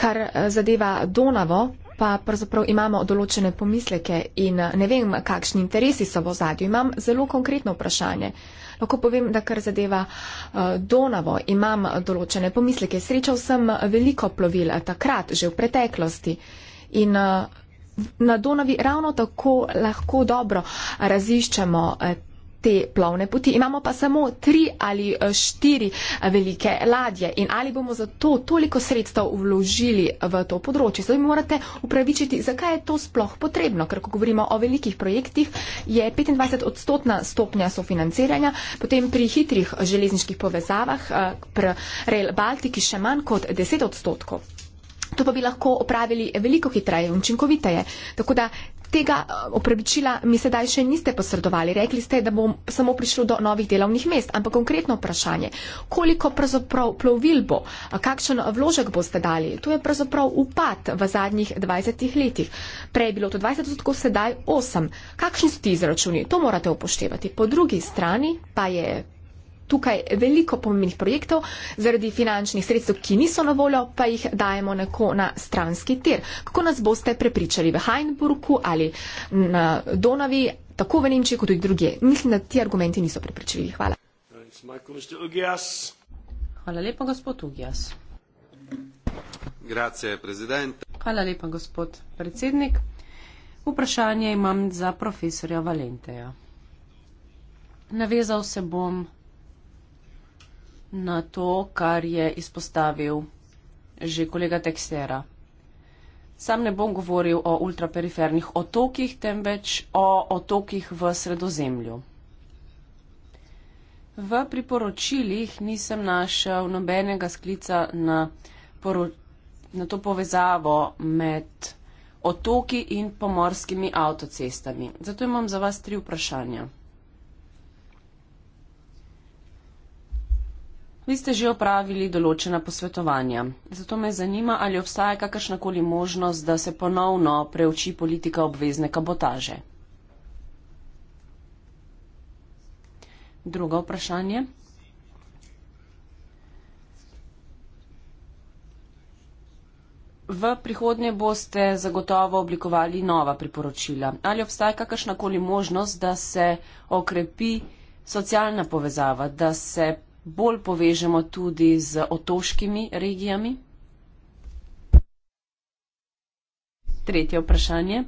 Kar zadeva Donavo, pa pravzaprav imamo določene pomisleke in eh, ne vem, kakšni interesi so v ozadju. Imam zelo konkretno vprašanje. Lahko povem, da kar zadeva eh, Donavo, imam določene pomisleke. Srečal sem veliko plovil eh, takrat, že v preteklosti. In na Donavi ravno tako lahko dobro raziščamo te plovne poti. Imamo pa samo tri ali eh, štiri eh, velike ladje in ali bomo zato toliko sredstev vložili eh, v to področje. Zdaj morate upravičiti, zakaj je to sploh potrebno, ker ko govorimo o velikih projektih, je 25 odstotna stopnja sofinanciranja, potem pri hitrih železniških povezavah, pri Rail Baltiki še manj kot 10 odstotkov. To pa bi lahko opravili veliko hitreje in učinkoviteje. Tako da tega eh, opravičila mi sedaj še niste posredovali. Rekli ste, da bo samo prišlo do novih delovnih mest, ampak konkretno vprašanje, koliko pravzaprav plovil bo, kakšen vložek boste dali. To je pravzaprav upad v zadnjih 20 letih. Prej je bilo to 20 odstotkov, sedaj 8. Kakšni so ti izračuni? To morate upoštevati. Po drugi strani pa je tukaj veliko pomembnih projektov, zaradi finančnih sredstev, ki niso na voljo, pa jih dajemo neko na stranski tir. Kako nas boste prepričali v Heinburgu ali na Donavi, tako v Nemčiji kot tudi druge? Mislim, da ti argumenti niso prepričali. Hvala.
Hvala lepa, gospod Ugijas. Grazie, Hvala lepa, gospod predsednik. Vprašanje imam za profesorja Valenteja. Navezal se bom na to, kar je izpostavil že kolega Tekstera. Sam ne bom govoril o ultrapernih otokih, temveč o otokih v sredozemlju. V priporočilih nisem našel nobenega sklica na, na to povezavo med otoki in pomorskimi avtocestami. Zato imam za vas tri vprašanja. Vi ste že opravili določena posvetovanja. Zato me zanima, ali obstaja kakršnakoli možnost, da se ponovno preuči politika obvezne kabotaže. Drugo vprašanje. V prihodnje boste zagotovo oblikovali nova priporočila. Ali obstaja kakršnakoli možnost, da se okrepi socialna povezava, da se bolj povežemo tudi z otoškimi regijami? Tretje vprašanje.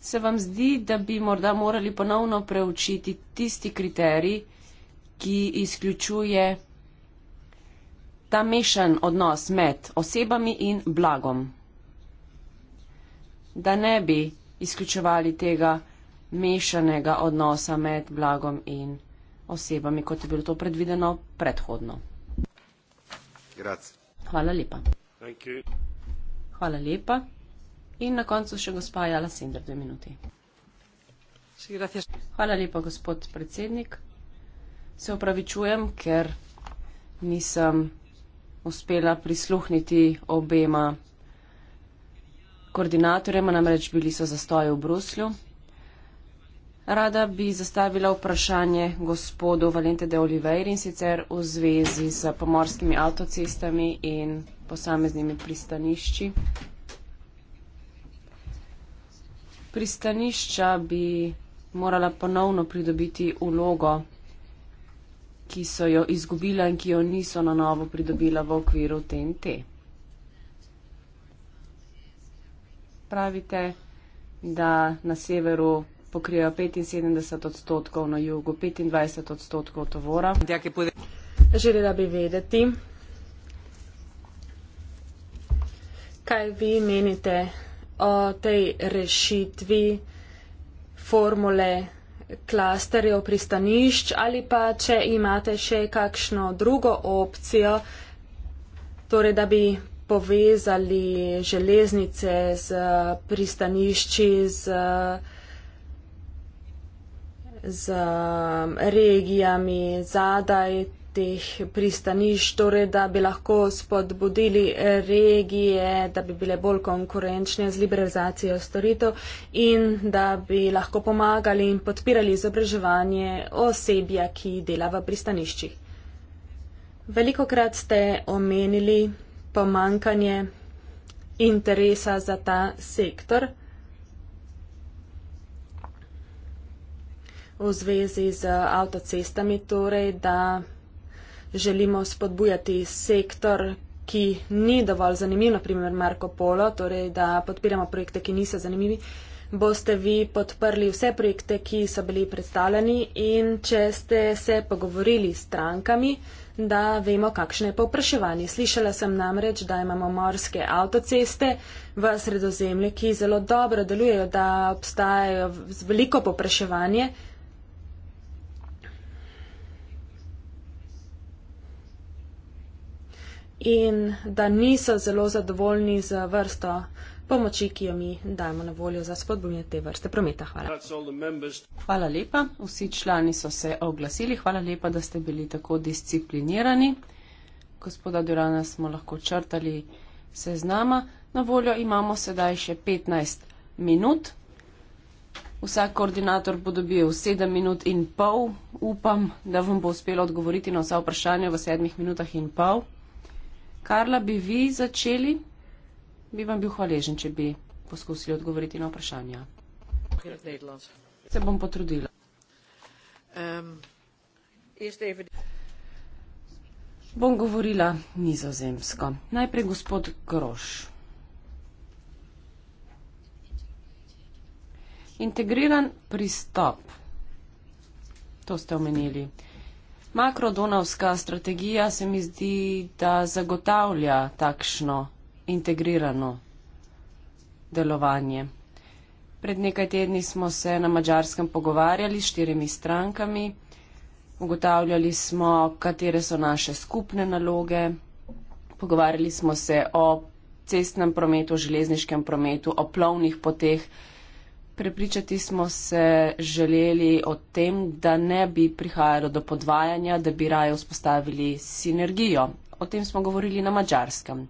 Se vam zdi, da bi morda morali ponovno preučiti tisti kriterij, ki izključuje ta mešan odnos med osebami in blagom? Da ne bi izključevali tega mešanega odnosa med blagom in blagom? osebami, kot je bilo to predvideno predhodno.
Grazie. Hvala lepa. Thank you.
Hvala lepa. In na koncu še gospa Jala Sender, dve minuti. Hvala lepa, gospod predsednik. Se upravičujem, ker nisem uspela prisluhniti obema koordinatorjema, namreč bili so zastoji v Bruslju. Rada bi zastavila vprašanje gospodu Valente de Oliveira in sicer v zvezi s pomorskimi avtocestami in posameznimi pristanišči. Pristanišča bi morala ponovno pridobiti ulogo, ki so jo izgubila in ki jo niso na novo pridobila v okviru TNT. Pravite, da na severu pokrijejo 75 odstotkov na jugu, 25
odstotkov tovora. Ja, Želela bi vedeti, kaj vi menite o tej rešitvi formule klasterjev pristanišč ali pa če imate še kakšno drugo opcijo, torej da bi povezali železnice z pristanišči, z uh, z um, regijami zadaj teh pristaniš, torej da bi lahko spodbudili regije, da bi bile bolj konkurenčne z liberalizacijo storitev in da bi lahko pomagali in podpirali izobraževanje osebja, ki dela v pristaniščih. Veliko krat ste omenili pomankanje interesa za ta sektor. v zvezi z avtocestami, torej da želimo spodbujati sektor, ki ni dovolj zanimiv, naprimer Marko Polo, torej da podpiramo projekte, ki niso zanimivi. Boste vi podprli vse projekte, ki so bili predstavljeni in če ste se pogovorili s strankami, da vemo, kakšno je povpraševanje. Slišala sem namreč, da imamo morske avtoceste v sredozemlje, ki zelo dobro delujejo, da obstajajo veliko povpraševanje. in da niso zelo zadovoljni z vrsto pomoči, ki jo mi dajemo na voljo za spodbujanje te vrste prometa. Hvala. Hvala lepa. Vsi člani so se oglasili.
Hvala lepa, da ste bili tako disciplinirani. Gospoda Durana smo lahko črtali seznama. Na voljo imamo sedaj še 15 minut. Vsak koordinator bo dobil 7 minut in pol. Upam, da vam bo uspelo odgovoriti na vsa vprašanja v 7 minutah in pol. Karla, bi vi začeli? Bi vam bil hvaležen, če bi poskusili odgovoriti na vprašanja. Se bom potrudila. Ehm, bom govorila nizozemsko. Najprej gospod Groš. Integriran pristop. To ste omenili makrodonovska strategija se mi zdi, da zagotavlja takšno integrirano delovanje. Pred nekaj tedni smo se na Mačarskem pogovarjali s štirimi strankami, ugotavljali smo, katere so naše skupne naloge, pogovarjali smo se o cestnem prometu, železniškem prometu, o plovnih poteh, Prepričati smo se želeli o tem, da ne bi prihajalo do podvajanja, da bi raje vzpostavili sinergijo. O tem smo govorili na mačarskem.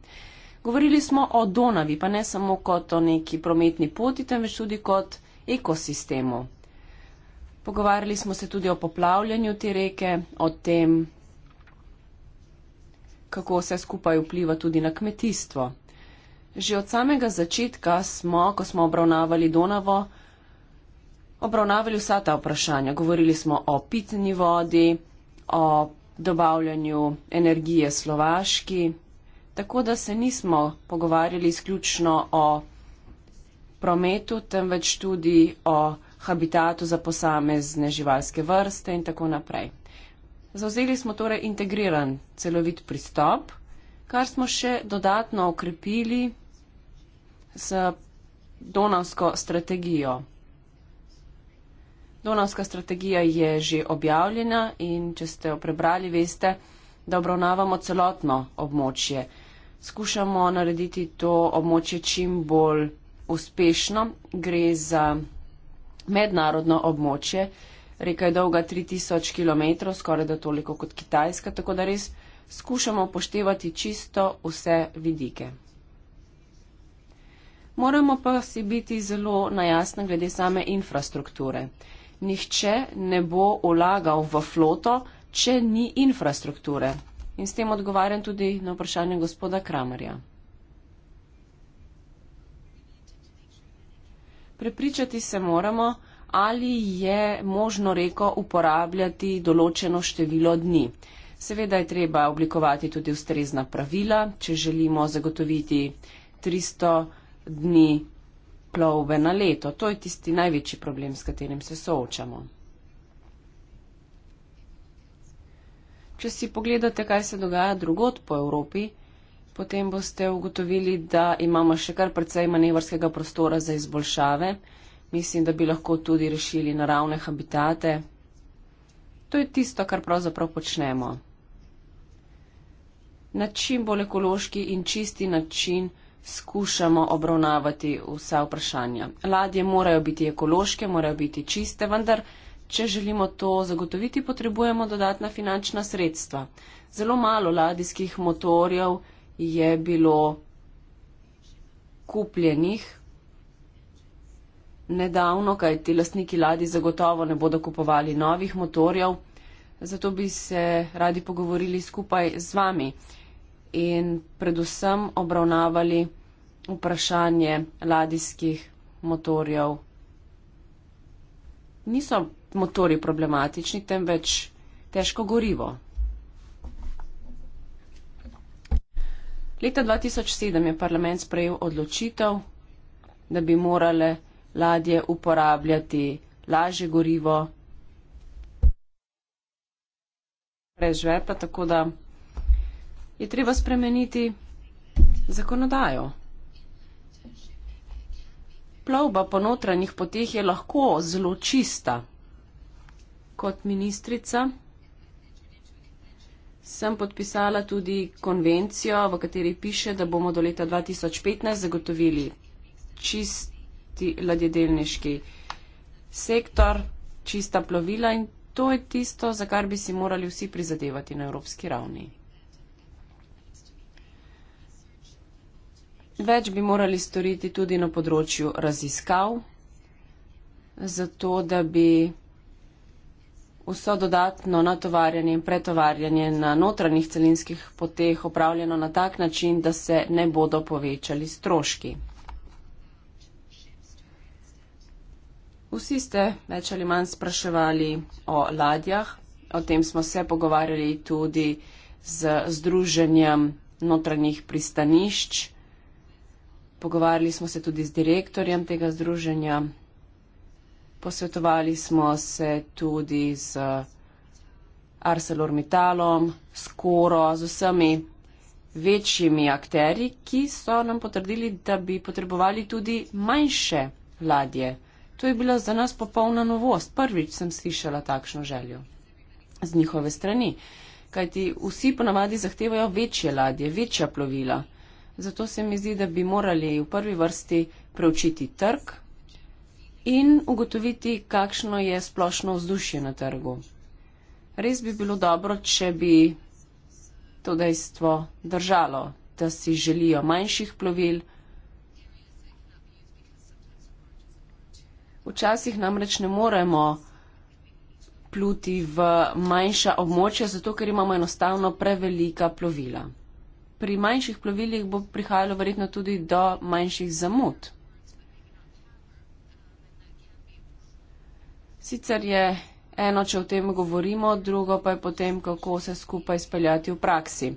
Govorili smo o Donavi, pa ne samo kot o neki prometni poti, temveč tudi kot ekosistemu. Pogovarjali smo se tudi o poplavljanju te reke, o tem, kako vse skupaj vpliva tudi na kmetijstvo. Že od samega začetka smo, ko smo obravnavali Donavo, obravnavali vsa ta vprašanja. Govorili smo o pitni vodi, o dobavljanju energije Slovaški, tako da se nismo pogovarjali izključno o prometu, temveč tudi o habitatu za posamezne živalske vrste in tako naprej. Zauzeli smo torej integriran celovit pristop, kar smo še dodatno okrepili s donavsko strategijo. Donavska strategija je že objavljena in če ste jo prebrali, veste, da obravnavamo celotno območje. Skušamo narediti to območje čim bolj uspešno. Gre za mednarodno območje. Reka je dolga 3000 km, skoraj da toliko kot Kitajska, tako da res skušamo poštevati čisto vse vidike. Moramo pa si biti zelo najasni glede same infrastrukture nihče ne bo ulagal v floto, če ni infrastrukture. In s tem odgovarjam tudi na vprašanje gospoda Kramerja. Prepričati se moramo, ali je možno reko uporabljati določeno število dni. Seveda je treba oblikovati tudi ustrezna pravila, če želimo zagotoviti 300 dni plovbe na leto. To je tisti največji problem, s katerim se soočamo. Če si pogledate, kaj se dogaja drugot po Evropi, potem boste ugotovili, da imamo še kar precej manevrskega prostora za izboljšave. Mislim, da bi lahko tudi rešili naravne habitate. To je tisto, kar pravzaprav počnemo. Na čim bolj ekološki in čisti način, skušamo obravnavati vsa vprašanja. Ladje morajo biti ekološke, morajo biti čiste, vendar, če želimo to zagotoviti, potrebujemo dodatna finančna sredstva. Zelo malo ladijskih motorjev je bilo kupljenih nedavno, kaj ti lastniki ladi zagotovo ne bodo kupovali novih motorjev. Zato bi se radi pogovorili skupaj z vami in predvsem obravnavali vprašanje ladijskih motorjev. Niso motori problematični, temveč težko gorivo. Leta 2007 je parlament sprejel odločitev, da bi morale ladje uporabljati lažje gorivo brez žveta, tako da je treba spremeniti zakonodajo. Plovba po notranjih poteh je lahko zelo čista. Kot ministrica sem podpisala tudi konvencijo, v kateri piše, da bomo do leta 2015 zagotovili čisti ladjedelniški sektor, čista plovila in to je tisto, za kar bi si morali vsi prizadevati na evropski ravni. Več bi morali storiti tudi na področju raziskav, zato da bi vso dodatno natovarjanje in pretovarjanje na notranjih celinskih poteh upravljeno na tak način, da se ne bodo povečali stroški. Vsi ste več ali manj spraševali o ladjah, o tem smo se pogovarjali tudi z združenjem notranjih pristanišč. Pogovarjali smo se tudi z direktorjem tega združenja. Posvetovali smo se tudi z eh, ArcelorMittalom, skoro z vsemi večjimi akteri, ki so nam potrdili, da bi potrebovali tudi manjše ladje. To je bila za nas popolna novost. Prvič sem slišala takšno željo z njihove strani. Kajti vsi ponavadi zahtevajo večje ladje, večja plovila. Zato se mi zdi, da bi morali v prvi vrsti preučiti trg in ugotoviti, kakšno je splošno vzdušje na trgu. Res bi bilo dobro, če bi to dejstvo držalo, da si želijo manjših plovil. Včasih namreč ne moremo pluti v manjša območja, zato ker imamo enostavno prevelika plovila pri manjših plovilih bo prihajalo verjetno tudi do manjših zamud. Sicer je eno, če o tem govorimo, drugo pa je potem, kako vse skupaj speljati v praksi.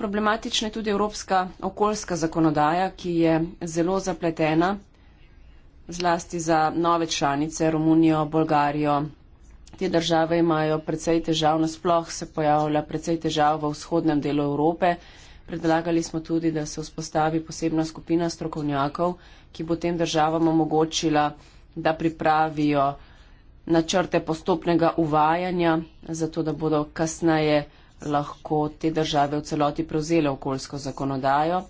Problematična je tudi evropska okoljska zakonodaja, ki je zelo zapletena, zlasti za nove članice, Romunijo, Bolgarijo. Te države imajo precej težav, nasploh se pojavlja precej težav v vzhodnem delu Evrope. Predlagali smo tudi, da se vzpostavi posebna skupina strokovnjakov, ki bo tem državam omogočila, da pripravijo načrte postopnega uvajanja, zato da bodo kasneje lahko te države v celoti prevzele okoljsko zakonodajo.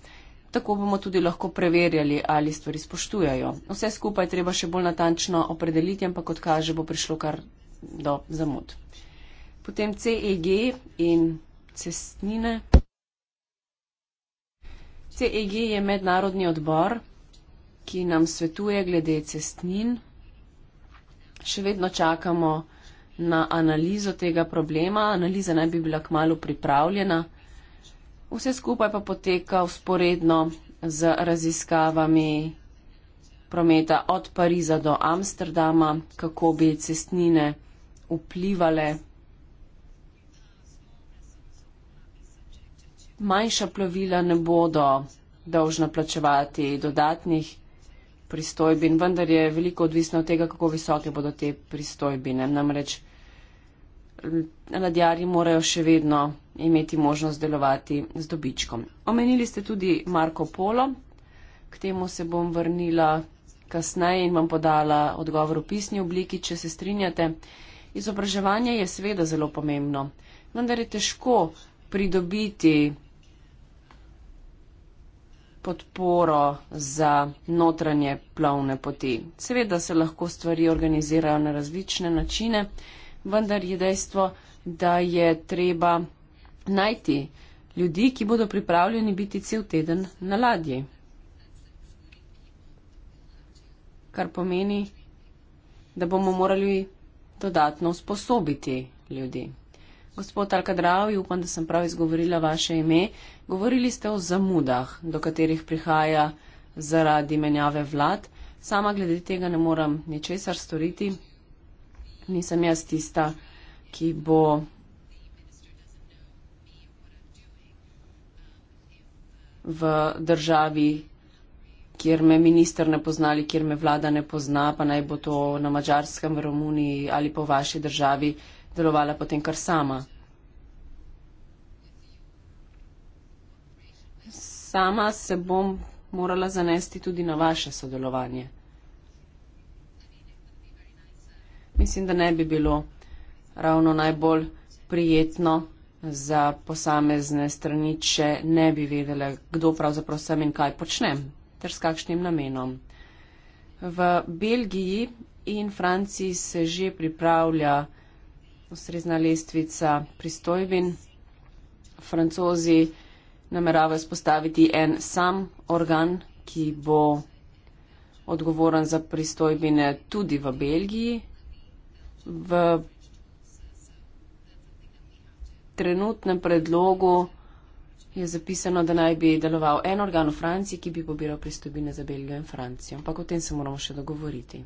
Tako bomo tudi lahko preverjali, ali stvari spoštujajo. Vse skupaj treba še bolj natančno opredeliti, ampak kot kaže, bo prišlo kar do zamud. Potem CEG in cestnine, CEG je mednarodni odbor, ki nam svetuje glede cestnin. Še vedno čakamo na analizo tega problema. Analiza naj bi bila kmalo pripravljena. Vse skupaj pa poteka usporedno z raziskavami prometa od Pariza do Amsterdama, kako bi cestnine vplivale manjša plovila ne bodo dolžna plačevati dodatnih pristojbin, vendar je veliko odvisno od tega, kako visoke bodo te pristojbine. Namreč eh, ladjarji morajo še vedno imeti možnost delovati z dobičkom. Omenili ste tudi Marko Polo, k temu se bom vrnila kasneje in vam podala odgovor v pisni obliki, če se strinjate. Izobraževanje je seveda zelo pomembno, vendar je težko pridobiti podporo za notranje plovne poti. Seveda se lahko stvari organizirajo na različne načine, vendar je dejstvo, da je treba najti ljudi, ki bodo pripravljeni biti cel teden na ladji. Kar pomeni, da bomo morali dodatno usposobiti ljudi. Gospod Alkadravi, upam, da sem prav izgovorila vaše ime. Govorili ste o zamudah, do katerih prihaja zaradi menjave vlad. Sama glede tega ne moram ničesar storiti. Nisem jaz tista, ki bo. V državi, kjer me minister ne poznali, kjer me vlada ne pozna, pa naj bo to na Mačarskem, v Romuniji ali po vaši državi, delovala potem kar sama. Sama se bom morala zanesti tudi na vaše sodelovanje. Mislim, da ne bi bilo ravno najbolj prijetno za posamezne strani, če ne bi vedele, kdo pravzaprav sem in kaj počnem ter s kakšnim namenom. V Belgiji in Franciji se že pripravlja ustrezna lestvica pristojbin. Francozi nameravajo spostaviti en sam organ, ki bo odgovoren za pristojbine tudi v Belgiji. V trenutnem predlogu je zapisano, da naj bi deloval en organ v Franciji, ki bi pobiral pristojbine za Belgijo in Francijo. Ampak o tem se moramo še dogovoriti.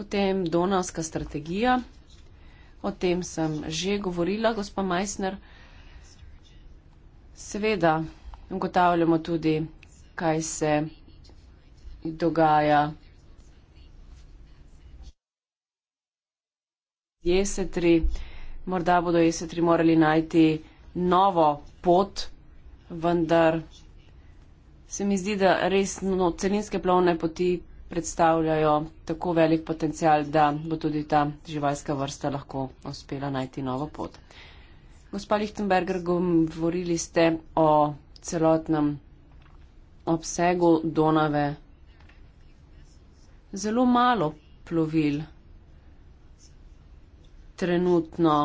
Potem donavska strategija. O tem sem že govorila, gospa Meissner. Seveda ugotavljamo tudi, kaj se dogaja. Jesetri, morda bodo jesetri morali najti novo pot, vendar se mi zdi, da res no, celinske plovne poti predstavljajo tako velik potencial, da bo tudi ta živalska vrsta lahko uspela najti novo pot. Gospa Lichtenberger, govorili ste o celotnem obsegu Donave. Zelo malo plovil trenutno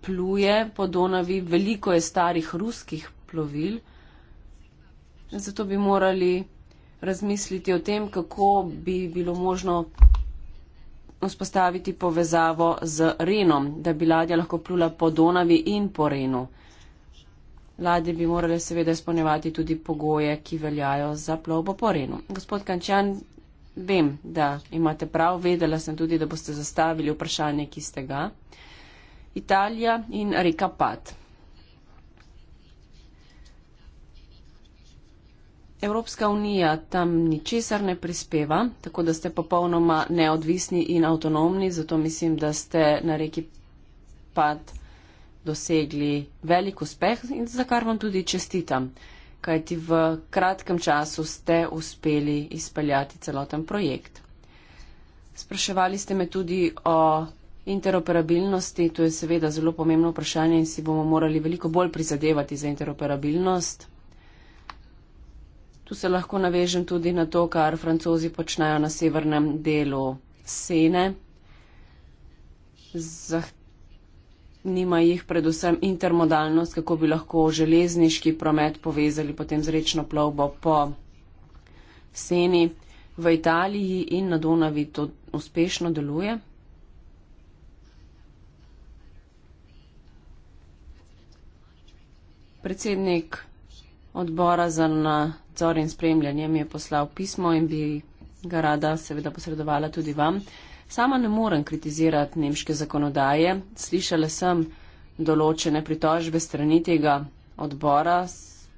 pluje po Donavi, veliko je starih ruskih plovil. Zato bi morali razmisliti o tem, kako bi bilo možno vzpostaviti povezavo z Renom, da bi ladja lahko plula po Donavi in po Renu. Ladje bi morale seveda izpolnjevati tudi pogoje, ki veljajo za plovbo po Renu. Gospod Kančan, vem, da imate prav, vedela sem tudi, da boste zastavili vprašanje, ki ste ga. Italija in reka Pat. Evropska unija tam ničesar ne prispeva, tako da ste popolnoma neodvisni in avtonomni, zato mislim, da ste na reki pad dosegli velik uspeh in za kar vam tudi čestitam, kajti v kratkem času ste uspeli izpeljati celoten projekt. Spraševali ste me tudi o interoperabilnosti, to je seveda zelo pomembno vprašanje in si bomo morali veliko bolj prizadevati za interoperabilnost. Tu se lahko navežem tudi na to, kar francozi počnejo na severnem delu Sene. Zah nima jih predvsem intermodalnost, kako bi lahko železniški promet povezali potem z rečno plovbo po Seni. V Italiji in na Donavi to uspešno deluje. Predsednik odbora za na nadzor in spremljanje mi je poslal pismo in bi ga rada seveda posredovala tudi vam. Sama ne morem kritizirati nemške zakonodaje. Slišala sem določene pritožbe strani tega odbora.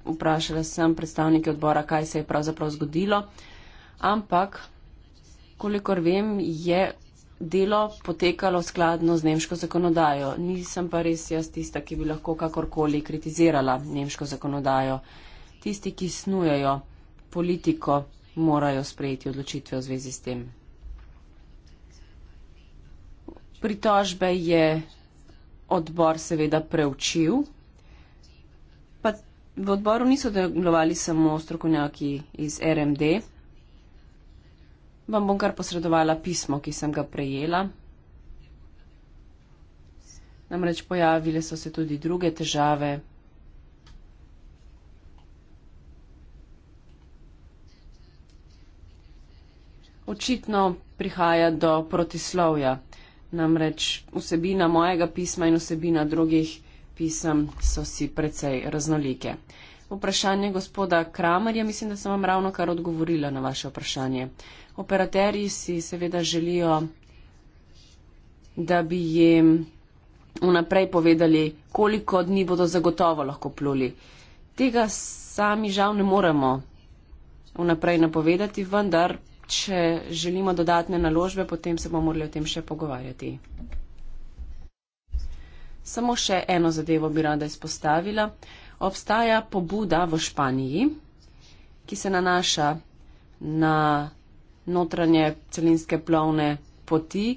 Vprašala sem predstavnike odbora, kaj se je pravzaprav zgodilo. Ampak, kolikor vem, je delo potekalo skladno z nemško zakonodajo. Nisem pa res jaz tista, ki bi lahko kakorkoli kritizirala nemško zakonodajo tisti, ki snujejo politiko, morajo sprejeti odločitve v zvezi s tem. Pritožbe je odbor seveda preučil, pa v odboru niso delovali samo strokovnjaki iz RMD. Vam bom kar posredovala pismo, ki sem ga prejela. Namreč pojavile so se tudi druge težave. očitno prihaja do protislovja. Namreč vsebina mojega pisma in vsebina drugih pisem so si precej raznolike. Vprašanje gospoda Kramerja, mislim, da sem vam ravno kar odgovorila na vaše vprašanje. Operaterji si seveda želijo, da bi jim vnaprej povedali, koliko dni bodo zagotovo lahko pluli. Tega sami žal ne moremo vnaprej napovedati, vendar če želimo dodatne naložbe, potem se bomo morali o tem še pogovarjati. Samo še eno zadevo bi rada izpostavila. Obstaja pobuda v Španiji, ki se nanaša na notranje celinske plovne poti.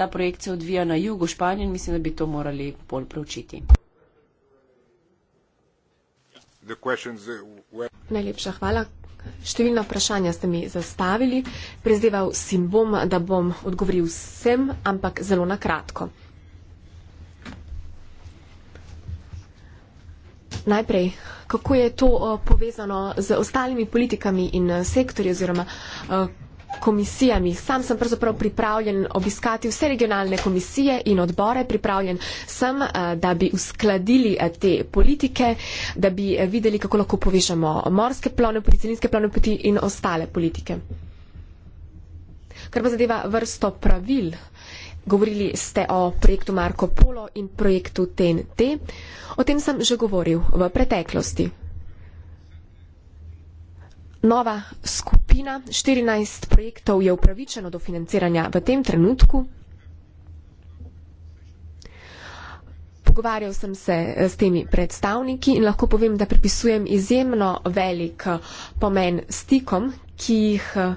Ta projekt se odvija na jugu Španije in mislim, da bi to morali
bolj preučiti.
Uh,
Najlepša hvala. Številna vprašanja ste mi zastavili. Prezdeval si bom, da bom odgovoril vsem, ampak zelo na kratko. Najprej, kako je to eh, povezano z ostalimi politikami in eh, sektorji oziroma eh, komisijami. Sam sem pravzaprav pripravljen obiskati vse regionalne komisije in odbore, pripravljen sem, eh, da bi uskladili eh, te politike, da bi eh, videli, kako lahko povežemo morske plovne poti, celinske plovne poti in ostale politike. Kar pa zadeva vrsto pravil, govorili ste o projektu Marko Polo in projektu TNT, o tem sem že govoril v preteklosti nova skupina, 14 projektov je upravičeno do financiranja v tem trenutku. Pogovarjal sem se eh, s temi predstavniki in lahko povem, da pripisujem izjemno velik eh, pomen stikom, ki jih eh,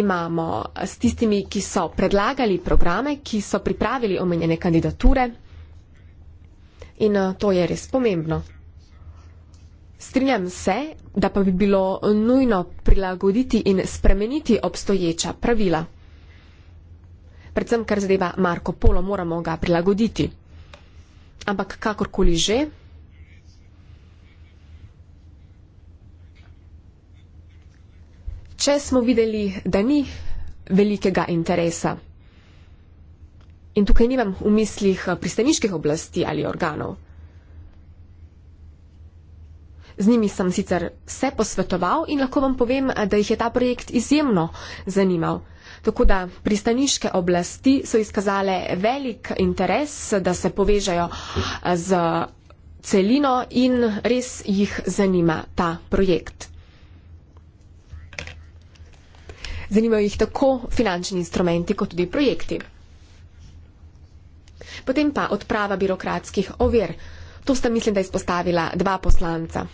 imamo s tistimi, ki so predlagali programe, ki so pripravili omenjene kandidature. In to je res pomembno. Strinjam se, da pa bi bilo nujno prilagoditi in spremeniti obstoječa pravila. Predvsem, kar zadeva Marko Polo, moramo ga prilagoditi. Ampak kakorkoli že, če smo videli, da ni velikega interesa, in tukaj nimam v mislih pristaniških oblasti ali organov, Z njimi sem sicer se posvetoval in lahko vam povem, da jih je ta projekt izjemno zanimal. Tako da pristaniške oblasti so izkazale velik interes, da se povežajo z celino in res jih zanima ta projekt. Zanimajo jih tako finančni instrumenti kot tudi projekti. Potem pa odprava birokratskih ovir. To sta mislim, da izpostavila dva poslanca.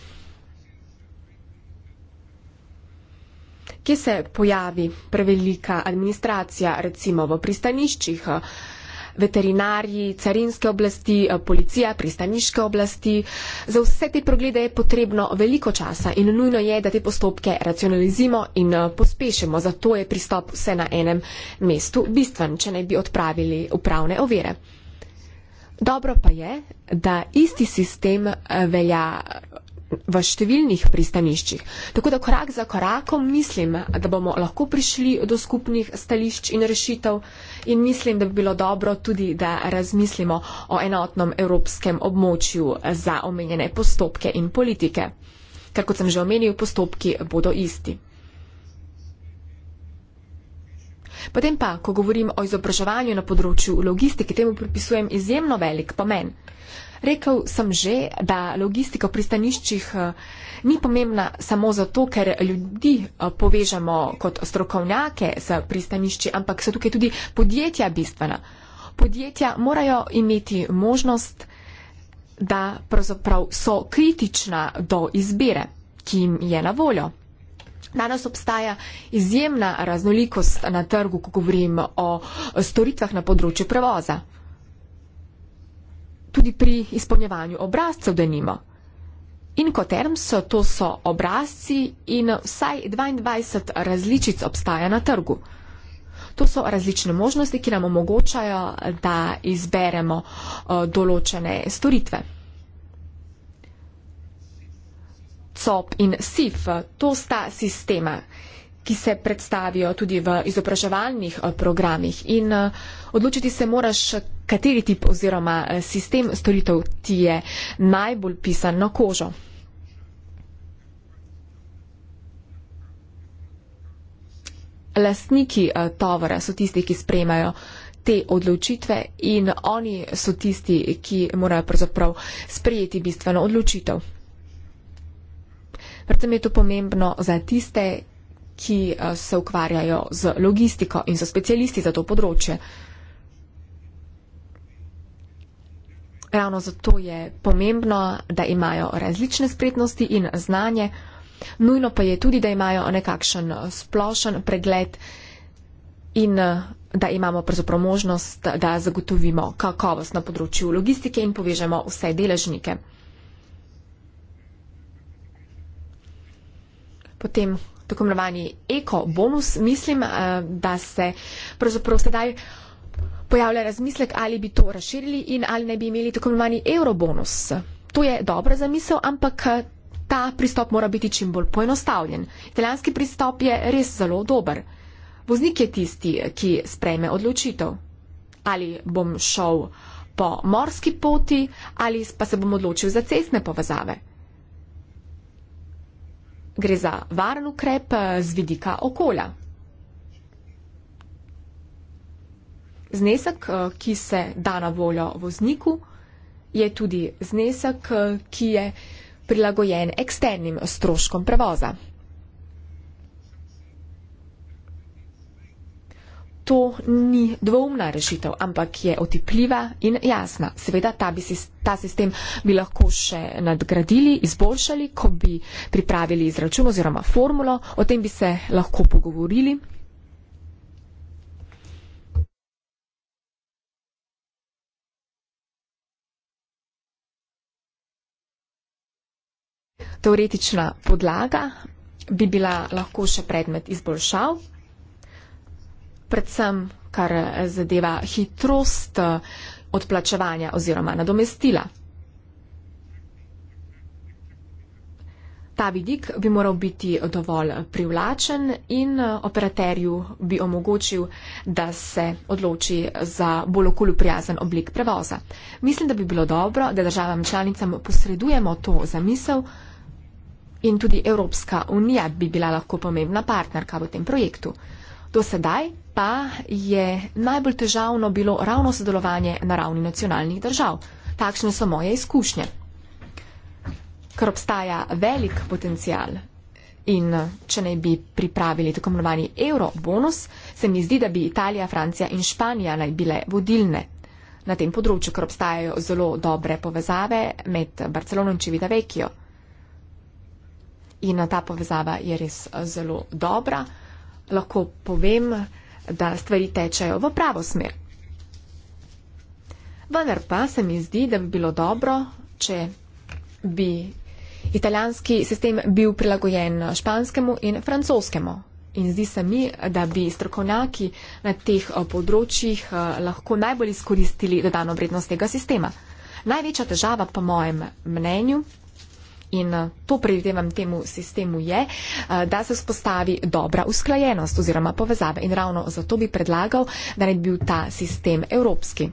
kje se pojavi prevelika administracija, recimo v pristaniščih, eh, veterinarji, carinske oblasti, eh, policija, pristaniške oblasti. Za vse te preglede je potrebno veliko časa in nujno je, da te postopke racionalizimo in eh, pospešimo. Zato je pristop vse na enem mestu bistven, če naj bi odpravili upravne ovire. Dobro pa je, da isti sistem velja v številnih pristaniščih. Tako da korak za korakom mislim, da bomo lahko prišli do skupnih stališč in rešitev in mislim, da bi bilo dobro tudi, da razmislimo o enotnem evropskem območju za omenjene postopke in politike. Ker kot sem že omenil, postopki bodo isti. Potem pa, ko govorim o izobraževanju na področju logistike, temu pripisujem izjemno velik pomen. Rekl sem že, da logistika v pristaniščih eh, ni pomembna samo zato, ker ljudi eh, povežamo kot strokovnjake z pristanišči, ampak so tukaj tudi podjetja bistvena. Podjetja morajo imeti možnost, da pravzaprav so kritična do izbire, ki jim je na voljo. Danes obstaja izjemna raznolikost na trgu, ko govorim o storitvah na področju prevoza. Tudi pri izpolnjevanju obrazcev, da nimo. In kot Erms, to so obrazci in vsaj 22 različic obstaja na trgu. To so različne možnosti, ki nam omogočajo, da izberemo eh, določene storitve. COP in SIF, to sta sistema, ki se predstavijo tudi v izobraževalnih eh, programih in eh, odločiti se moraš, kateri tip oziroma eh, sistem storitev ti je najbolj pisan na kožo. Lastniki tovora so tisti, ki spremajo te odločitve in oni so tisti, ki morajo pravzaprav sprejeti bistveno odločitev. Predvsem je to pomembno za tiste, ki eh, se ukvarjajo z logistiko in so specialisti za to področje. Ravno zato je pomembno, da imajo različne spretnosti in znanje, nujno pa je tudi, da imajo nekakšen eh, splošen pregled in eh, da imamo pravzaprav možnost, da zagotovimo kakovost na področju logistike in povežemo vse deležnike. potem tako imenovani eko bonus, mislim, eh, da se pravzaprav sedaj pojavlja razmislek, ali bi to razširili in ali ne bi imeli tako imenovani euro bonus. To je dobra zamisel, ampak eh, ta pristop mora biti čim bolj poenostavljen. Italijanski pristop je res zelo dober. Voznik je tisti, eh, ki sprejme odločitev. Ali bom šel po morski poti, ali pa se bom odločil za cestne povezave gre za varen ukrep eh, z vidika okolja. Znesek, eh, ki se da na voljo vozniku, je tudi znesek, eh, ki je prilagojen eksternim stroškom prevoza. to ni dvomna rešitev, ampak je otipljiva in jasna. Seveda, ta, bi, ta sistem bi lahko še nadgradili, izboljšali, ko bi pripravili izračun oziroma formulo, o tem bi se lahko pogovorili. Teoretična podlaga bi bila lahko še predmet izboljšav predvsem kar zadeva hitrost eh, odplačevanja oziroma nadomestila. Ta vidik bi moral biti dovolj privlačen in eh, operaterju bi omogočil, da se odloči za bolj okolju prijazen oblik prevoza. Mislim, da bi bilo dobro, da državam članicam posredujemo to zamisel in tudi Evropska unija bi bila lahko pomembna partnerka v tem projektu. Do sedaj pa je najbolj težavno bilo ravno sodelovanje na ravni nacionalnih držav. Takšne so moje izkušnje. Ker obstaja velik potencial in če ne bi pripravili tako imenovani evro bonus, se mi zdi, da bi Italija, Francija in Španija naj bile vodilne na tem področju, ker obstajajo zelo dobre povezave med Barcelono in Čivita Vekijo. In ta povezava je res eh, zelo dobra. Lahko povem, da stvari tečajo v pravo smer. Vendar pa se mi zdi, da bi bilo dobro, če bi italijanski sistem bil prilagojen španskemu in francoskemu. In zdi se mi, da bi strokovnjaki na teh eh, področjih eh, lahko najbolj izkoristili dodano vrednost tega sistema. Največja težava, po mojem mnenju, in eh, to predvidevam temu sistemu je, eh, da se spostavi dobra usklajenost oziroma povezave in ravno zato bi predlagal, da ne bi bil ta sistem evropski.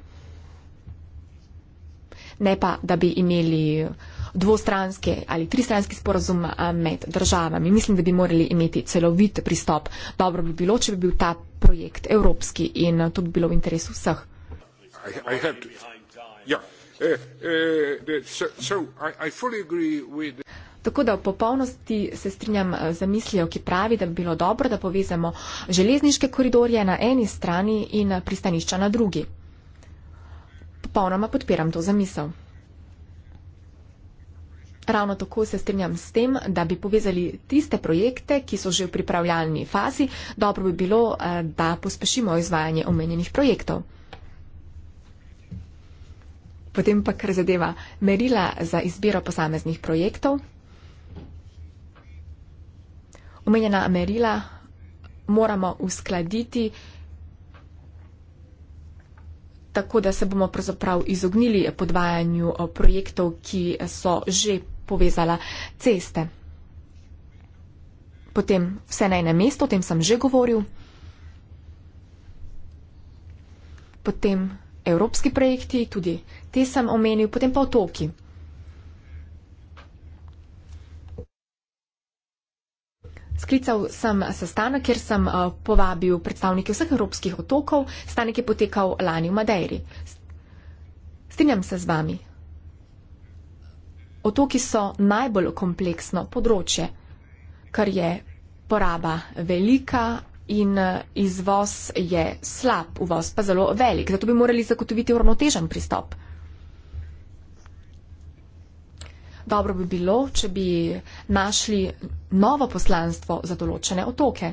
Ne pa, da bi imeli dvostranski ali tristranski sporazum eh, med državami. Mislim, da bi morali imeti celovit pristop. Dobro bi bilo, če bi bil ta projekt evropski in to bi bilo v interesu vseh.
I, I Eh, eh, eh,
tako da v popolnosti se strinjam z mislijo, ki pravi, da bi bilo dobro, da povezamo železniške koridorje na eni strani in pristanišča na drugi. Popolnoma podpiram to zamisel. Ravno tako se strinjam s tem, da bi povezali tiste projekte, ki so že v pripravljalni fazi. Dobro bi bilo, da pospešimo izvajanje omenjenih projektov. Potem pa kar zadeva merila za izbiro posameznih projektov. Omenjena merila moramo uskladiti tako, da se bomo pravzaprav izognili podvajanju eh, projektov, ki so že povezala ceste. Potem vse na enem mestu, o tem sem že govoril. Potem evropski projekti, tudi te sem omenil, potem pa otoki. Sklical sem sestanek, kjer sem eh, povabil predstavnike vseh evropskih otokov. Stanek je potekal lani v Madeiri. Strinjam se z vami. Otoki so najbolj kompleksno področje, kar je poraba velika in eh, izvoz je slab, uvoz pa zelo velik. Zato bi morali zagotoviti uravnotežen pristop. dobro bi bilo, če bi našli novo poslanstvo za določene otoke,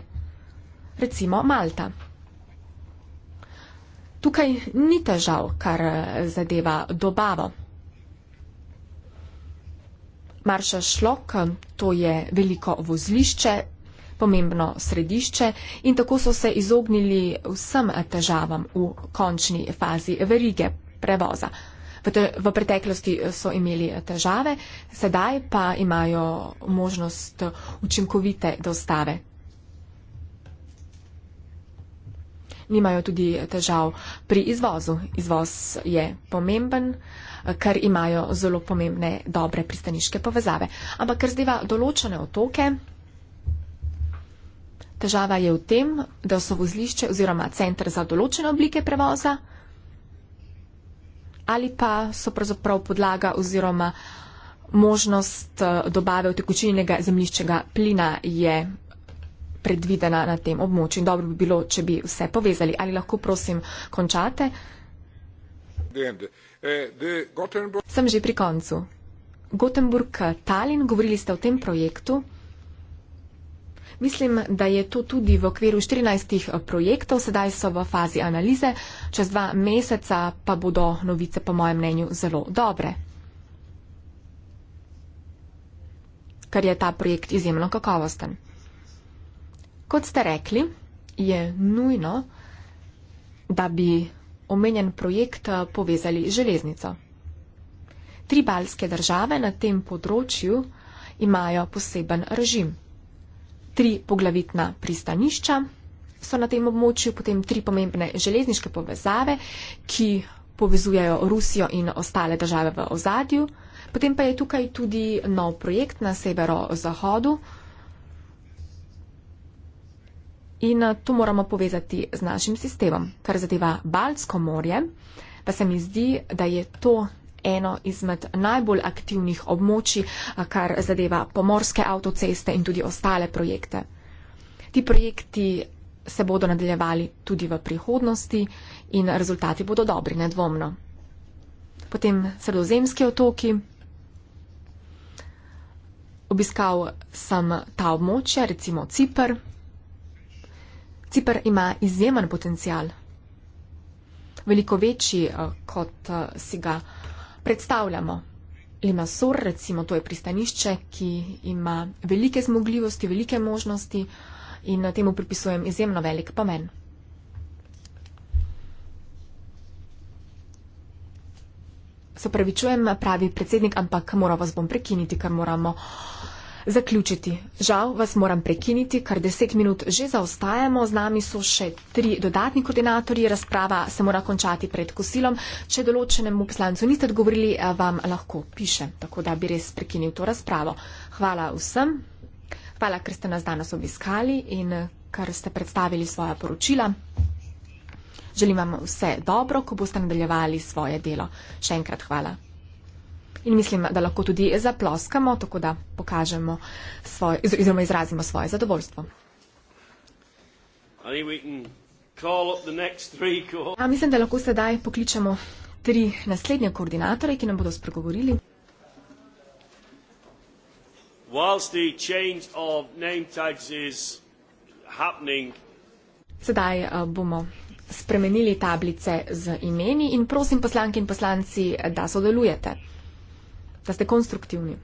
recimo Malta. Tukaj ni težav, kar zadeva dobavo. Marša Šlok, to je veliko vozlišče, pomembno središče in tako so se izognili vsem težavam v končni fazi verige prevoza v preteklosti eh, so imeli eh, težave, sedaj pa imajo možnost eh, učinkovite dostave. Nimajo tudi težav pri izvozu. Izvoz je pomemben, ker imajo zelo pomembne dobre pristaniške povezave. Ampak ker zdiva določene otoke, težava je v tem, da so vozlišče oziroma center za določene oblike prevoza ali pa so pravzaprav podlaga oziroma možnost eh, dobave vtekočinjenega zemljiščega plina je predvidena na tem območju. Dobro bi bilo, če bi vse povezali. Ali lahko prosim končate? Sem že pri koncu. Gotenburg Talin, govorili ste o tem projektu. Mislim, da je to tudi v okviru 14 eh, projektov, sedaj so v fazi analize, čez dva meseca pa bodo novice, po mojem mnenju, zelo dobre. Ker je ta projekt izjemno kakovosten. Kot ste rekli, je nujno, da bi omenjen projekt eh, povezali železnico. Tri balske države na tem področju imajo poseben režim tri poglavitna pristanišča so na tem območju, potem tri pomembne železniške povezave, ki povezujejo Rusijo in ostale države v ozadju. Potem pa je tukaj tudi nov projekt na severo-zahodu in eh, to moramo povezati z našim sistemom. Kar zadeva Baltsko morje, pa se mi zdi, da je to eno izmed najbolj aktivnih območij, eh, kar zadeva pomorske avtoceste in tudi ostale projekte. Ti projekti se bodo nadaljevali tudi v prihodnosti in rezultati bodo dobri, nedvomno. Potem sredozemski otoki. Obiskal sem ta območja, recimo Cipr. Cipr ima izjemen potencial, veliko večji, eh, kot eh, si ga predstavljamo predstavljamo. Limasor, recimo, to je pristanišče, ki ima velike zmogljivosti, velike možnosti in na temu pripisujem izjemno velik pomen. Se pravi, čujem pravi predsednik, ampak moram vas bom prekiniti, ker moramo zaključiti. Žal vas moram prekiniti, ker deset minut že zaostajamo. Z nami so še tri dodatni koordinatorji. Razprava se mora končati pred kosilom. Če določenemu poslancu niste odgovorili, eh, vam lahko piše, tako da bi res prekinil to razpravo. Hvala vsem. Hvala, ker ste nas danes obiskali in eh, ker ste predstavili svoja poročila. Želim vam vse dobro, ko boste nadaljevali svoje delo. Še enkrat hvala. In mislim, da lahko tudi zaploskamo, tako da pokažemo svoje, oziroma izrazimo svoje zadovoljstvo.
A mislim, da lahko
sedaj pokličemo tri naslednje koordinatorje, ki nam bodo spregovorili. Sedaj eh, bomo spremenili tablice z imeni in prosim poslanke in poslanci, da sodelujete da ste konstruktivni.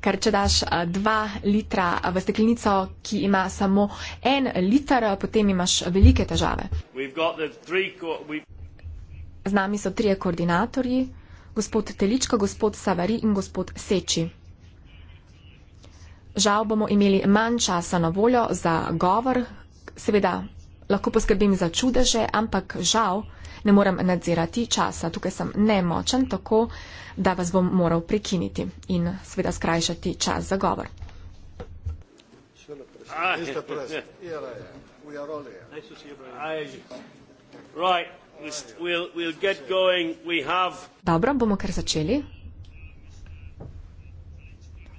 Ker če daš dva litra v steklenico, ki ima samo en liter, potem imaš velike težave. Z nami so trije koordinatorji, gospod Teličko, gospod Savari in gospod Seči. Žal bomo imeli manj časa na voljo za govor, seveda lahko poskrbim za čudeže, ampak žal ne morem nadzirati časa. Tukaj sem nemočen, tako da vas bom moral prekiniti in seveda skrajšati čas za govor. Dobro, bomo kar začeli.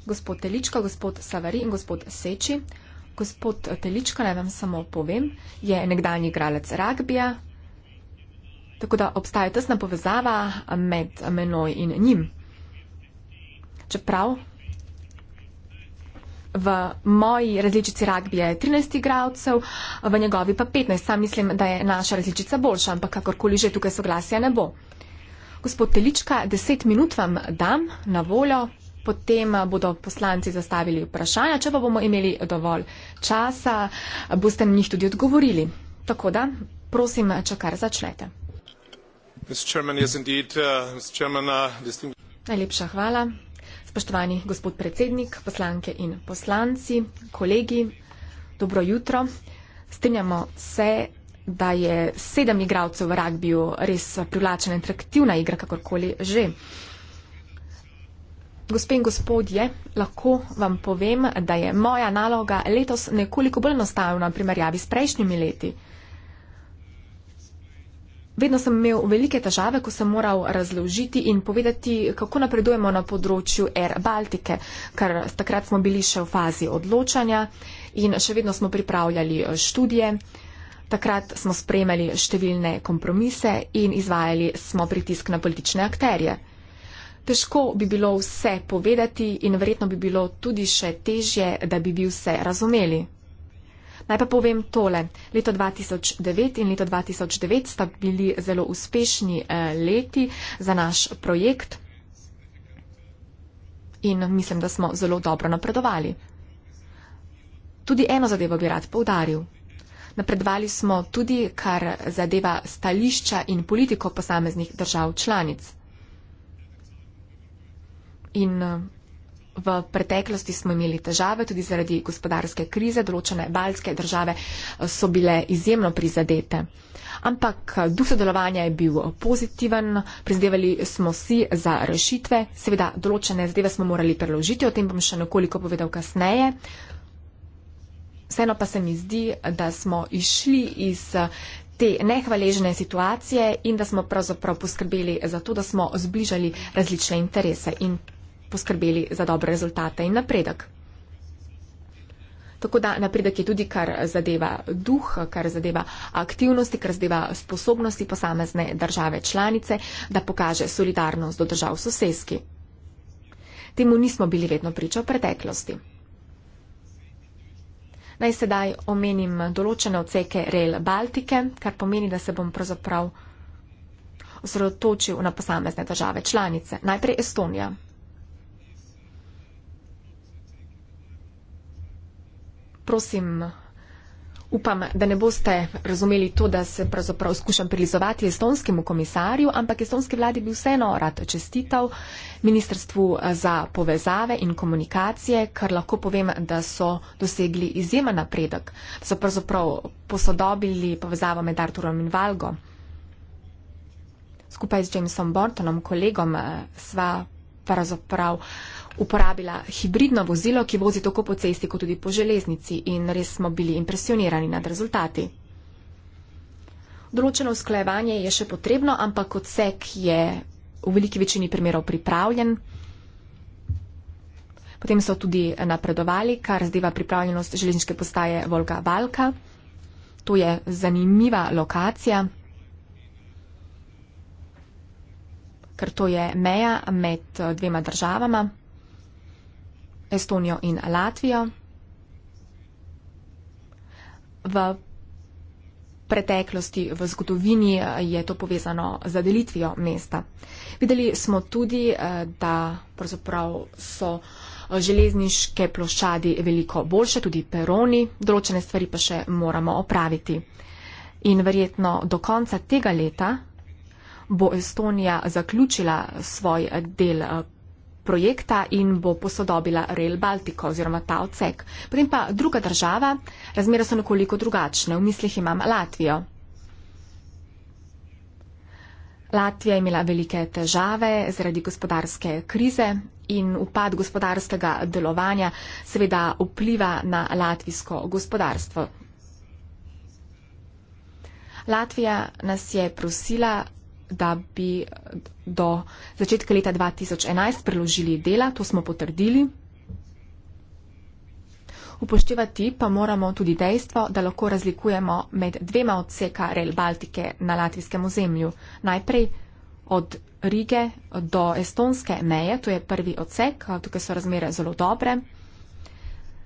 Gospod Telička, gospod Savari in gospod Seči. Gospod Telička, naj vam samo povem, je nekdanji igralec ragbija, Tako da obstaja tesna povezava med menoj in njim. Čeprav v moji različici rugby je 13 igralcev, v njegovi pa 15. Sam mislim, da je naša različica boljša, ampak kakorkoli že tukaj soglasja ne bo. Gospod Telička, 10 minut vam dam na voljo, potem bodo poslanci zastavili vprašanja, če pa bomo imeli dovolj časa, boste na njih tudi odgovorili. Tako da, prosim, če kar začnete.
Uh, uh,
Najlepša hvala. Spoštovani gospod predsednik, poslanke in poslanci, kolegi, dobro jutro. Strinjamo se, da je sedem igralcev v ragbiju res privlačena in traktivna igra, kakorkoli že. Gospe in gospodje, lahko vam povem, da je moja naloga letos nekoliko bolj enostavna v primerjavi s prejšnjimi leti. Vedno sem imel velike težave, ko sem moral razložiti in povedati, kako napredujemo na področju Air Baltike, ker takrat smo bili še v fazi odločanja in še vedno smo pripravljali eh, študije. Takrat smo spremljali številne kompromise in izvajali smo pritisk na politične akterje. Težko bi bilo vse povedati in verjetno bi bilo tudi še težje, da bi vse razumeli. Naj pa povem tole. Leto 2009 in leto 2009 sta bili zelo uspešni eh, leti za naš projekt in mislim, da smo zelo dobro napredovali. Tudi eno zadevo bi rad povdaril. Napredovali smo tudi, kar zadeva stališča in politiko posameznih držav članic. In eh, V preteklosti smo imeli težave tudi zaradi gospodarske krize, določene balske države eh, so bile izjemno prizadete. Ampak eh, duh sodelovanja je bil pozitiven, prizadevali smo si za rešitve, seveda določene zadeve smo morali preložiti, o tem bom še nekoliko povedal kasneje. Vseeno pa se mi zdi, da smo išli iz eh, te nehvaležne situacije in da smo pravzaprav poskrbeli za to, da smo zbližali različne interese. In poskrbeli za dobre rezultate in napredek. Tako da napredek je tudi, kar zadeva duh, kar zadeva aktivnosti, kar zadeva sposobnosti posamezne države članice, da pokaže solidarnost do držav soseski. Temu nismo bili vedno priča v preteklosti. Naj sedaj omenim določene odseke Rail Baltike, kar pomeni, da se bom pravzaprav osredotočil na posamezne države članice. Najprej Estonija. prosim, upam, da ne boste razumeli to, da se pravzaprav skušam prilizovati estonskemu komisarju, ampak estonski vladi bi vseeno rad čestital Ministrstvu eh, za povezave in komunikacije, kar lahko povem, da so dosegli izjemen napredek, so pravzaprav posodobili povezavo med Arturom in Valgo. Skupaj z Jamesom Bortonom, kolegom, eh, sva pravzaprav uporabila hibridno vozilo, ki vozi tako po cesti kot tudi po železnici in res smo bili impresionirani nad rezultati. Določeno usklajevanje je še potrebno, ampak odsek je v veliki večini primerov pripravljen. Potem so tudi napredovali, kar zdeva pripravljenost železniške postaje Volga Valka. To je zanimiva lokacija, ker to je meja med eh, dvema državama. Estonijo in Latvijo. V preteklosti, v zgodovini eh, je to povezano z delitvijo mesta. Videli smo tudi, eh, da so eh, železniške ploščadi veliko boljše, tudi peroni, določene stvari pa še moramo opraviti. In verjetno do konca tega leta bo Estonija zaključila svoj del projekta in bo posodobila Rail Baltico oziroma ta odsek. Potem pa druga država, razmere so nekoliko drugačne. V mislih imam Latvijo. Latvija je imela velike težave zaradi gospodarske krize in upad gospodarskega delovanja seveda vpliva na latvijsko gospodarstvo. Latvija nas je prosila, da bi do začetka leta 2011 preložili dela, to smo potrdili. Upoštevati pa moramo tudi dejstvo, da lahko razlikujemo med dvema odseka Rail Baltike na latvijskem ozemlju. Najprej od Rige do estonske meje, to je prvi odsek, tukaj so razmere zelo dobre.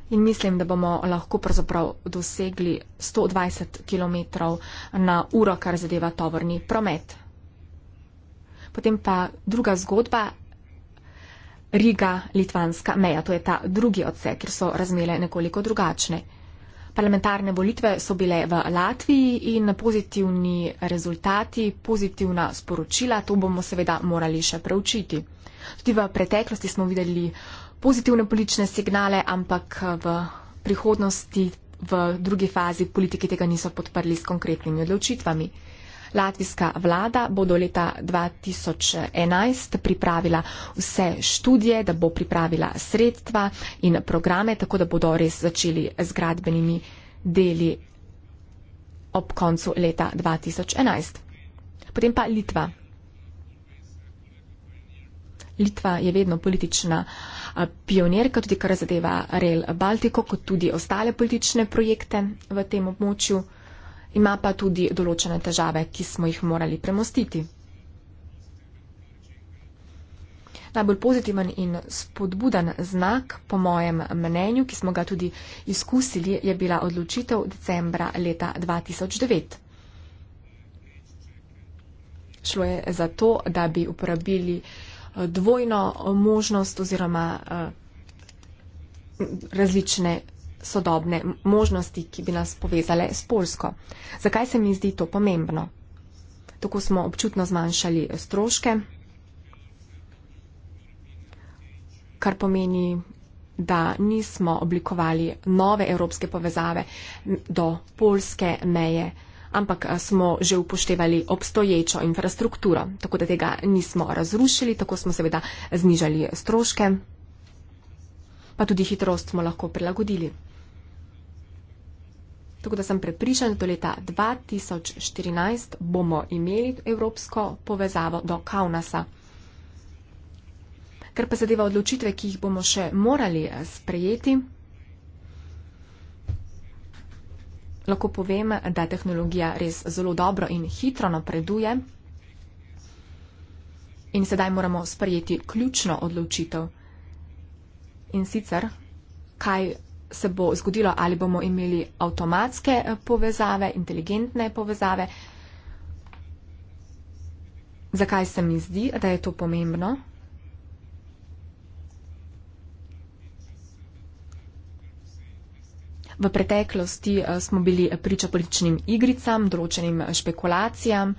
In mislim, da bomo lahko pravzaprav dosegli 120 km na uro, kar zadeva tovorni promet. Potem pa druga zgodba, Riga-Litvanska meja, to je ta drugi odsek, kjer so razmere nekoliko drugačne. Parlamentarne volitve so bile v Latviji in pozitivni rezultati, pozitivna sporočila, to bomo seveda morali še preučiti. Tudi v preteklosti smo videli pozitivne politične signale, ampak v prihodnosti, v drugi fazi politiki tega niso podprli s konkretnimi odločitvami. Latvijska vlada bo do leta 2011 pripravila vse študije, da bo pripravila sredstva in programe, tako da bodo res začeli z gradbenimi deli ob koncu leta 2011. Potem pa Litva. Litva je vedno politična pionirka, tudi kar zadeva Rail Baltico, kot tudi ostale politične projekte v tem območju ima pa tudi določene težave, ki smo jih morali premostiti. Najbolj pozitiven in spodbuden znak, po mojem mnenju, ki smo ga tudi izkusili, je bila odločitev decembra leta 2009. Šlo je za to, da bi uporabili eh, dvojno možnost oziroma eh, različne sodobne možnosti, ki bi nas povezale s Polsko. Zakaj se mi zdi to pomembno? Tako smo občutno zmanjšali eh, stroške, kar pomeni, da nismo oblikovali nove evropske povezave do polske meje, ampak eh, smo že upoštevali obstoječo infrastrukturo, tako da tega nismo razrušili, tako smo seveda znižali eh, stroške, pa tudi hitrost smo lahko prilagodili. Tako da sem prepričan, da do leta 2014 bomo imeli evropsko povezavo do Kaunasa. Ker pa zadeva odločitve, ki jih bomo še morali eh, sprejeti, lahko povem, da tehnologija res zelo dobro in hitro napreduje. In sedaj moramo sprejeti ključno odločitev. In sicer, kaj se bo zgodilo, ali bomo imeli avtomatske eh, povezave, inteligentne povezave. Zakaj se mi zdi, da je to pomembno? V preteklosti eh, smo bili priča političnim igricam, določenim špekulacijam,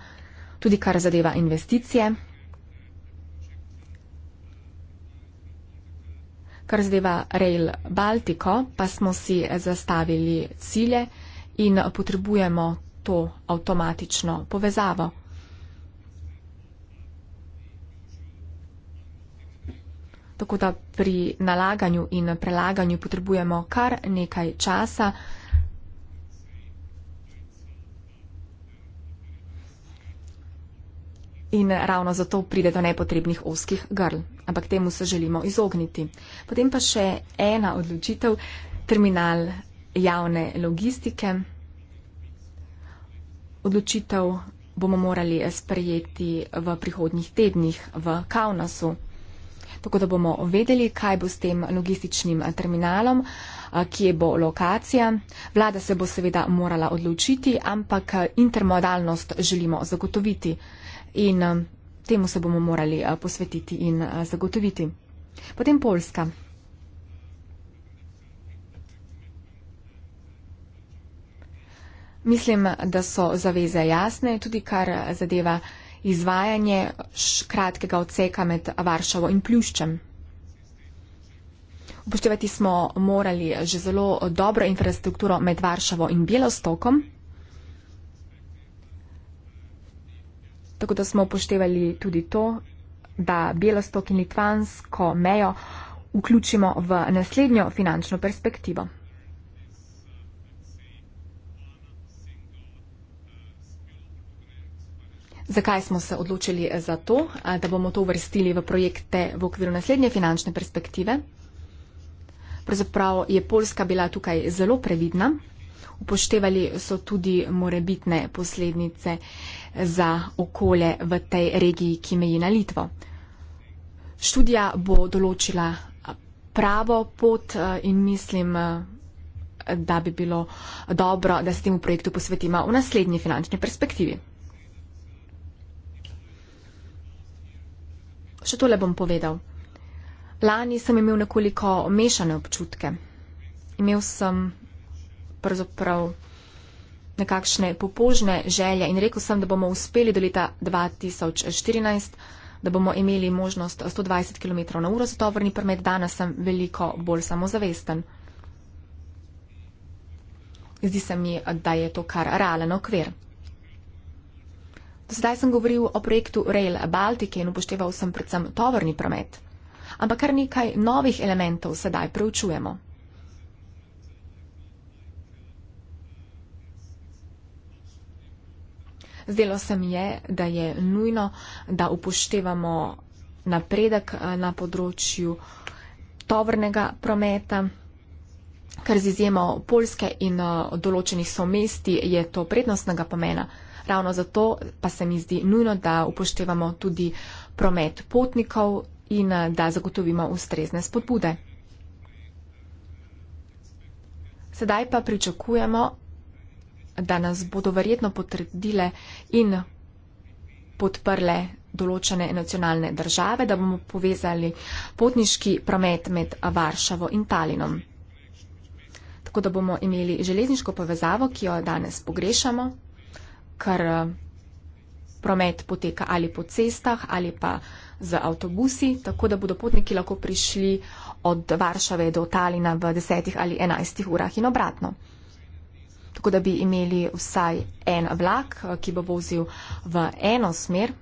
tudi kar zadeva investicije. kar zdeva Rail Baltico, pa smo si zastavili cilje in potrebujemo to avtomatično povezavo. Tako da pri nalaganju in prelaganju potrebujemo kar nekaj časa. in ravno zato pride do nepotrebnih oskih grl. Ampak temu se želimo izogniti. Potem pa še ena odločitev, terminal javne logistike. Odločitev bomo morali sprejeti v prihodnjih tednih v Kaunasu. Tako da bomo vedeli, kaj bo s tem logističnim terminalom, kje bo lokacija. Vlada se bo seveda morala odločiti, ampak intermodalnost želimo zagotoviti in um, temu se bomo morali uh, posvetiti in uh, zagotoviti. Potem Poljska. Mislim, da so zaveze jasne, tudi kar zadeva izvajanje kratkega odseka med Varšavo in Pljuščem. Upoštevati smo morali že zelo dobro infrastrukturo med Varšavo in Bjelostokom. Tako da smo upoštevali tudi to, da Belostok in Litvansko mejo vključimo v naslednjo finančno perspektivo. Zakaj smo se odločili za to, da bomo to uvrstili v projekte v okviru naslednje finančne perspektive? Pravzaprav je Poljska bila tukaj zelo previdna upoštevali so tudi morebitne posledice za okolje v tej regiji, ki meji na Litvo. Študija bo določila pravo pot eh, in mislim, eh, da bi bilo dobro, da se temu projektu posvetimo v naslednji finančni perspektivi. Še tole bom povedal. Lani sem imel nekoliko mešane občutke. Imel sem pravzaprav nekakšne popožne želje in rekel sem, da bomo uspeli do leta 2014, da bomo imeli možnost 120 km na uro za tovrni promet. Danes sem veliko bolj samozavesten. Zdi se mi, da je to kar realen okvir. Do sedaj sem govoril o projektu Rail Baltike in upošteval sem predvsem tovrni promet. Ampak kar nekaj novih elementov sedaj preučujemo. Zdelo se mi je, da je nujno, da upoštevamo napredek eh, na področju tovrnega prometa, ker z izjemo Polske in eh, določenih somesti je to prednostnega pomena. Ravno zato pa se mi zdi nujno, da upoštevamo tudi promet potnikov in eh, da zagotovimo ustrezne spodbude. Sedaj pa pričakujemo, da nas bodo verjetno potrdile in podprle določene nacionalne države, da bomo povezali potniški promet med Varšavo in Talinom. Tako da bomo imeli železniško povezavo, ki jo danes pogrešamo, ker eh, promet poteka ali po cestah ali pa z avtobusi, tako da bodo potniki lahko prišli od Varšave do Talina v desetih ali enajstih urah in obratno tako da bi imeli vsaj en vlak, eh, ki bo vozil v eno smer.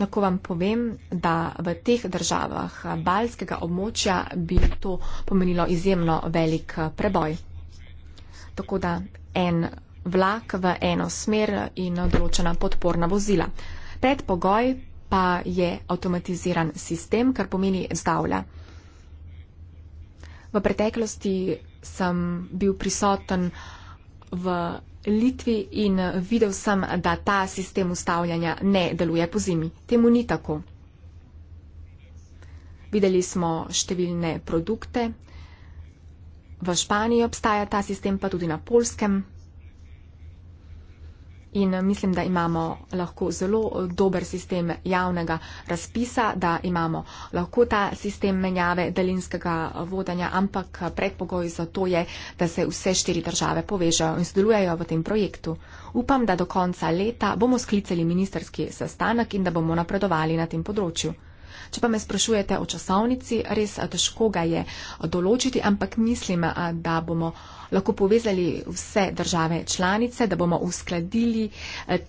Lahko vam povem, da v teh državah balskega območja bi to pomenilo izjemno velik eh, preboj. Tako da en vlak v eno smer in določena podporna vozila. Predpogoj pa je avtomatiziran sistem, kar pomeni zdavlja. V preteklosti sem bil prisoten v Litvi in videl sem, da ta sistem ustavljanja ne deluje po zimi. Temu ni tako. Videli smo številne produkte. V Španiji obstaja ta sistem, pa tudi na polskem in eh, mislim, da imamo lahko zelo eh, dober sistem javnega razpisa, da imamo lahko ta sistem menjave daljinskega eh, vodanja, ampak predpogoj za to je, da se vse štiri države povežajo in sodelujejo v tem projektu. Upam, da do konca leta bomo sklicali ministerski sestanek in da bomo napredovali na tem področju. Če pa me sprašujete o časovnici, res težko ga je določiti, ampak mislim, da bomo lahko povezali vse države članice, da bomo uskladili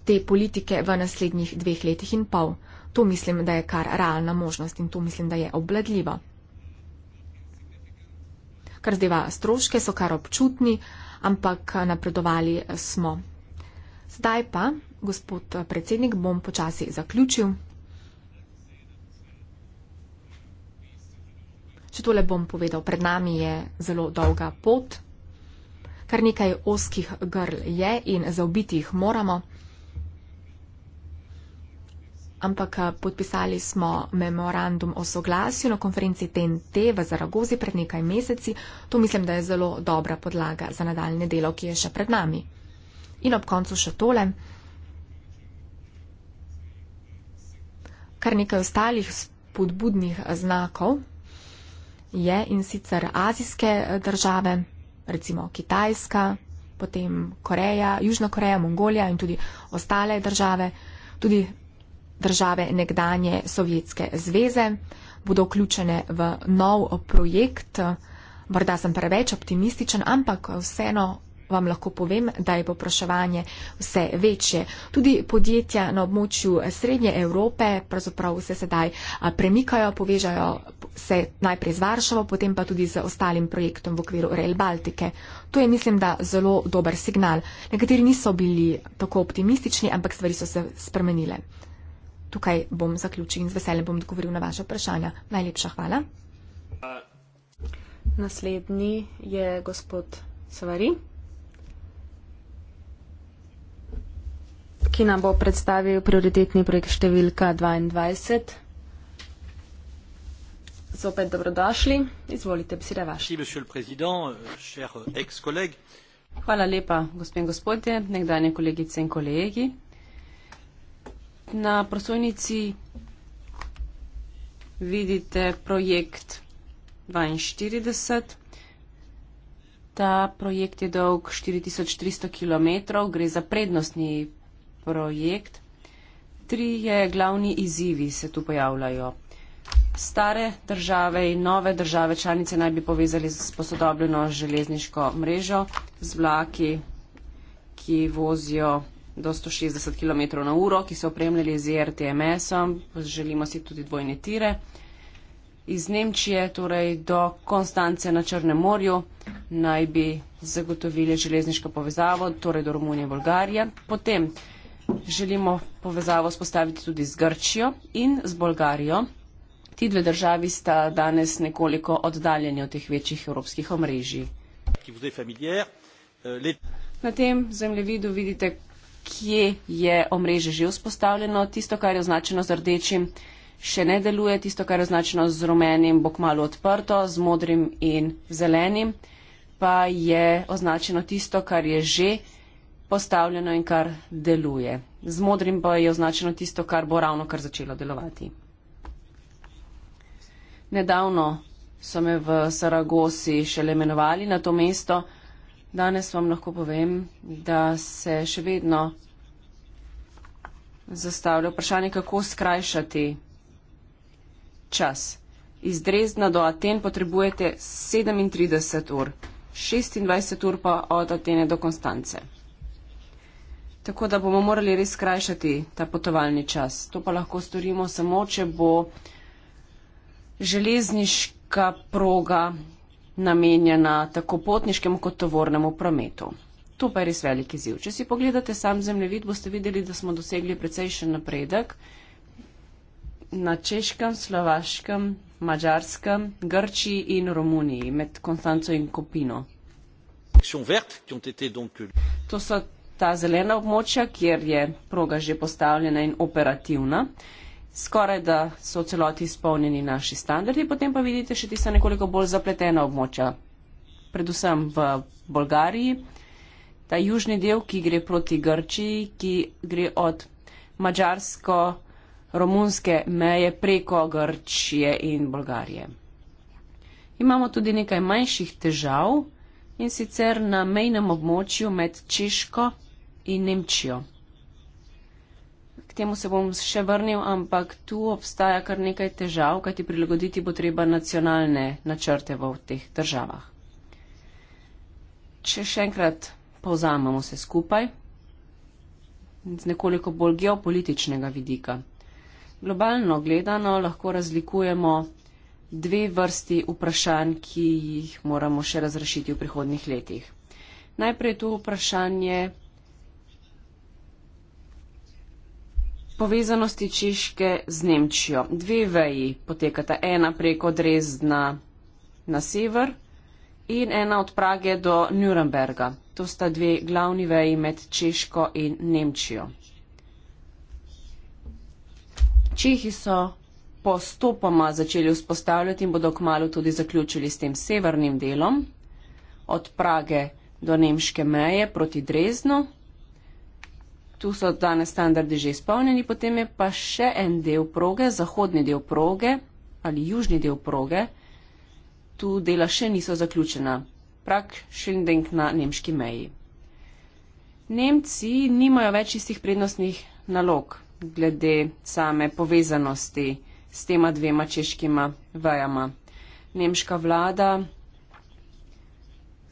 te politike v naslednjih dveh letih in pol. To mislim, da je kar realna možnost in to mislim, da je obladljivo. Kar zdeva stroške, so kar občutni, ampak napredovali smo. Zdaj pa, gospod predsednik, bom počasi zaključil. Če tole bom povedal, pred nami je zelo dolga pot, kar nekaj oskih grl je in zaobiti jih moramo. Ampak eh, podpisali smo memorandum o soglasju na konferenci TNT v Zaragozi pred nekaj meseci. To mislim, da je zelo dobra podlaga za nadaljne delo, ki je še pred nami. In ob koncu še tole. Kar nekaj ostalih spodbudnih znakov je in sicer azijske eh, države, recimo Kitajska, potem Koreja, Južna Koreja, Mongolija in tudi ostale države, tudi države nekdanje Sovjetske zveze, bodo vključene v nov projekt. Morda sem preveč optimističen, ampak vseeno vam lahko povem, da je popraševanje vse večje. Tudi podjetja na območju eh, Srednje Evrope pravzaprav se sedaj eh, premikajo, povežajo se najprej z Varšavo, potem pa tudi z ostalim projektom v okviru Rail Baltike. To je, mislim, da zelo dober signal. Nekateri niso bili tako optimistični, ampak stvari so se spremenile. Tukaj bom zaključil in z veseljem bom odgovoril na vaše vprašanja. Najlepša hvala.
Naslednji je gospod Savari. ki nam bo predstavil prioritetni projekt številka 22. Zopet dobrodošli. Izvolite, beseda vaš.
Euh, euh,
Hvala
lepa, gospod in gospodje, nekdanje kolegice in kolegi. Na prosojnici vidite projekt 42. Ta projekt je dolg 4300 km, gre za prednostni projekt. Trije glavni izzivi se tu pojavljajo. Stare države in nove države članice naj bi povezali s posodobljeno železniško mrežo z vlaki, ki vozijo do 160 km na uro, ki so opremljali z e RTMS-om, želimo si tudi dvojne tire. Iz Nemčije, torej do Konstance na Črnem morju, naj bi zagotovili železniško povezavo, torej do Romunije in Bolgarije. Potem želimo povezavo spostaviti tudi z Grčijo in z Bolgarijo. Ti dve državi sta danes nekoliko oddaljeni od teh večjih evropskih omrežij. Eh, Na tem zemljevidu vidite, kje je omrežje že vzpostavljeno. Tisto, kar je označeno z rdečim, še ne deluje. Tisto, kar je označeno z rumenim, bo kmalo odprto, z modrim in zelenim pa je označeno tisto, kar je že postavljeno in kar deluje. Z modrim pa je označeno tisto, kar bo ravno kar začelo delovati. Nedavno so me v Saragosi šele imenovali na to mesto. Danes vam lahko povem, da se še vedno zastavlja vprašanje, kako skrajšati čas. Iz Drezna do Aten potrebujete 37 ur, 26 ur pa od Atene do Konstance. Tako da bomo morali res skrajšati ta potovalni čas. To pa lahko storimo samo, če bo železniška proga namenjena tako potniškemu kot tovornemu prometu. Tu pa je res veliki ziv. Če si pogledate sam zemljevid, boste videli, da smo dosegli precejšen napredek na Češkem, Slovaškem, Mačarskem, Grčiji in Romuniji med Konstanco in Kopino. To so ta zelena območja, kjer je proga že postavljena in operativna. Skoraj da so v celoti izpolnjeni naši standardi, potem pa vidite še tista nekoliko bolj zapletena območja. Predvsem v Bolgariji, ta južni del, ki gre proti Grčiji, ki gre od mađarsko-romunske meje preko Grčije in Bolgarije. Imamo tudi nekaj manjših težav in sicer na mejnem območju med Češko in Nemčijo. K temu se bom še vrnil, ampak tu obstaja kar nekaj težav, kajti prilagoditi bo treba nacionalne načrte v teh državah. Če še enkrat povzamemo vse skupaj z nekoliko bolj geopolitičnega vidika. Globalno gledano lahko razlikujemo dve vrsti vprašanj, ki jih moramo še razrešiti v prihodnih letih. Najprej je tu vprašanje povezanosti Češke z Nemčijo. Dve veji potekata, ena preko Drezdna na sever in ena od Prage do Nuremberga. To sta dve glavni veji med Češko in Nemčijo. Čehi so postopoma začeli vzpostavljati in bodo kmalo tudi zaključili s tem severnim delom od Prage do nemške meje proti Dreznu. Tu so danes standardi že izpolnjeni, potem je pa še en del proge, zahodni del proge ali južni del proge. Tu dela še niso zaključena. Prak Schindeng na nemški meji. Nemci nimajo več istih prednostnih nalog glede same povezanosti s tema dvema češkima vajama. Nemška vlada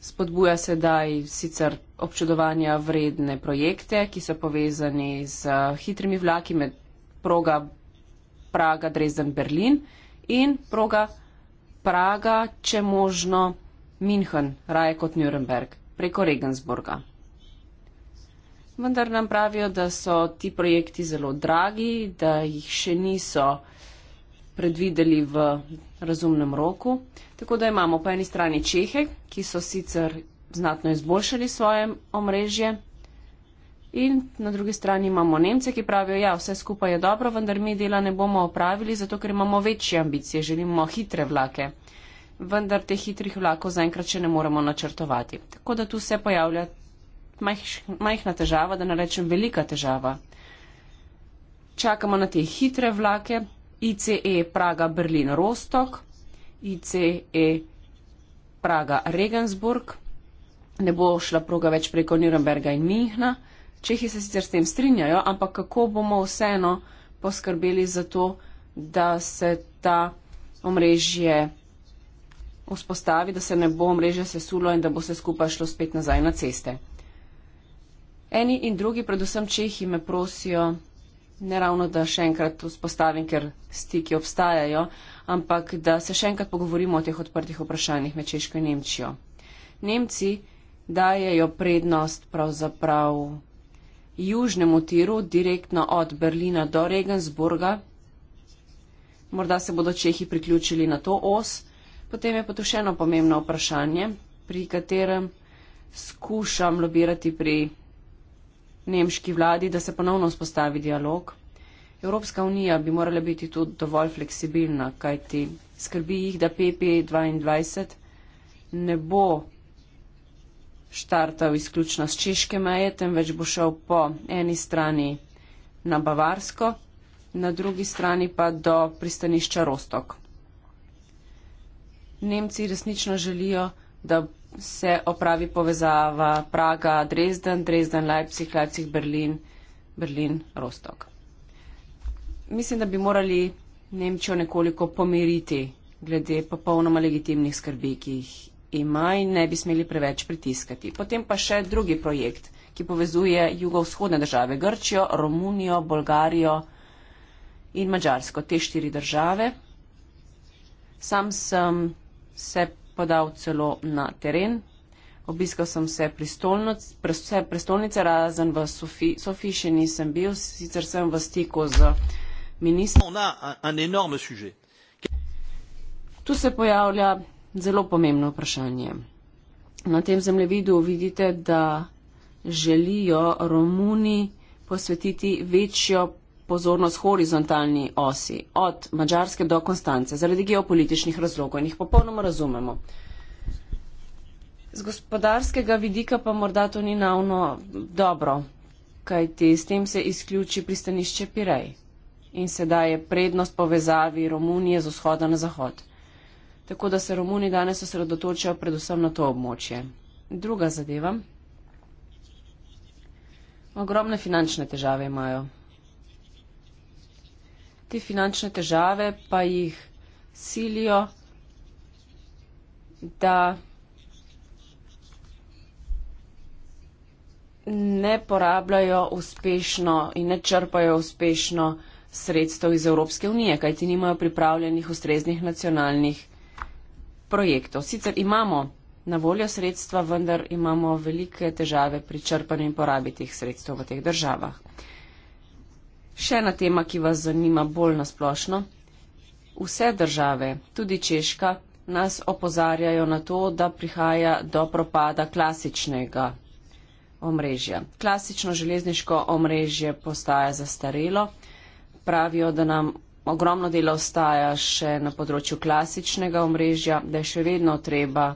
spodbuja sedaj sicer občudovanja vredne projekte, ki so povezani z eh, hitrimi vlaki med proga Praga, Drezden, Berlin in proga Praga, če možno, München, raje kot Nürnberg, preko Regensburga. Vendar nam pravijo, da so ti projekti zelo dragi, da jih še niso predvideli v razumnem roku. Tako da imamo po eni strani Čehe, ki so sicer znatno izboljšali svoje omrežje. In na drugi strani imamo Nemce, ki pravijo, da ja, vse skupaj je dobro, vendar mi dela ne bomo opravili, zato ker imamo večje ambicije, želimo hitre vlake. Vendar teh hitrih vlakov zaenkrat še ne moremo načrtovati. Tako da tu se pojavlja majhna težava, da ne rečem velika težava. Čakamo na te hitre vlake, ICE Praga Berlin Rostock, ICE Praga Regensburg, ne bo šla proga več preko Nürnberga in Mihna. Čehi se sicer s tem strinjajo, ampak kako bomo vseeno poskrbeli za to, da se ta omrežje vzpostavi, da se ne bo omrežje sesulo in da bo se skupaj šlo spet nazaj na ceste. Eni in drugi, predvsem Čehi, me prosijo ne ravno, da še enkrat vzpostavim, ker stiki obstajajo, ampak da se še enkrat pogovorimo o teh odprtih vprašanjih med Češko in Nemčijo. Nemci dajejo prednost pravzaprav južnemu tiru, direktno od Berlina do Regensburga. Morda se bodo Čehi priključili na to os. Potem je pa tu še eno pomembno vprašanje, pri katerem skušam lobirati pri nemški vladi, da se ponovno vzpostavi dialog. Evropska unija bi morala biti tudi dovolj fleksibilna, kajti skrbi jih, da PP22 ne bo štartal izključno z češke meje, temveč bo šel po eni strani na Bavarsko, na drugi strani pa do pristanišča Rostok. Nemci resnično želijo, da se opravi povezava Praga, Dresden, Dresden, Leipzig, Leipzig, Berlin, Berlin, Rostok. Mislim, da bi morali Nemčijo nekoliko pomiriti glede popolnoma legitimnih skrbi, ki jih ima in ne bi smeli preveč pritiskati. Potem pa še drugi projekt, ki povezuje jugovzhodne države Grčijo, Romunijo, Bolgarijo in Mačarsko, te štiri države. Sam sem se podal celo na teren. Obiskal sem vse, vse prestolnice, razen v Sofiji, Sofi še nisem bil, sicer sem v stiku z ministrom. Tu se pojavlja zelo pomembno vprašanje. Na tem zemljevidu vidite, da želijo Romuni posvetiti večjo pozornost horizontalni osi od Mačarske do Konstance zaradi geopolitičnih razlogov in jih popolnoma razumemo. Z gospodarskega vidika pa morda to ni navno dobro, kajti s tem se izključi pristanišče Pirej in se daje prednost povezavi Romunije z vzhoda na zahod. Tako da se Romuni danes osredotočajo predvsem na to območje. Druga zadeva. Ogromne finančne težave imajo. Te finančne težave pa jih silijo, da ne porabljajo uspešno in ne črpajo uspešno sredstev iz Evropske unije, kajti nimajo pripravljenih ustreznih nacionalnih projektov. Sicer imamo na voljo sredstva, vendar imamo velike težave pri črpanju in porabi teh sredstev v teh državah. Še ena tema, ki vas zanima bolj nasplošno. Vse države, tudi Češka, nas opozarjajo na to, da prihaja do propada klasičnega omrežja. Klasično železniško omrežje postaja zastarelo. Pravijo, da nam ogromno dela ostaja še na področju klasičnega omrežja, da je še vedno treba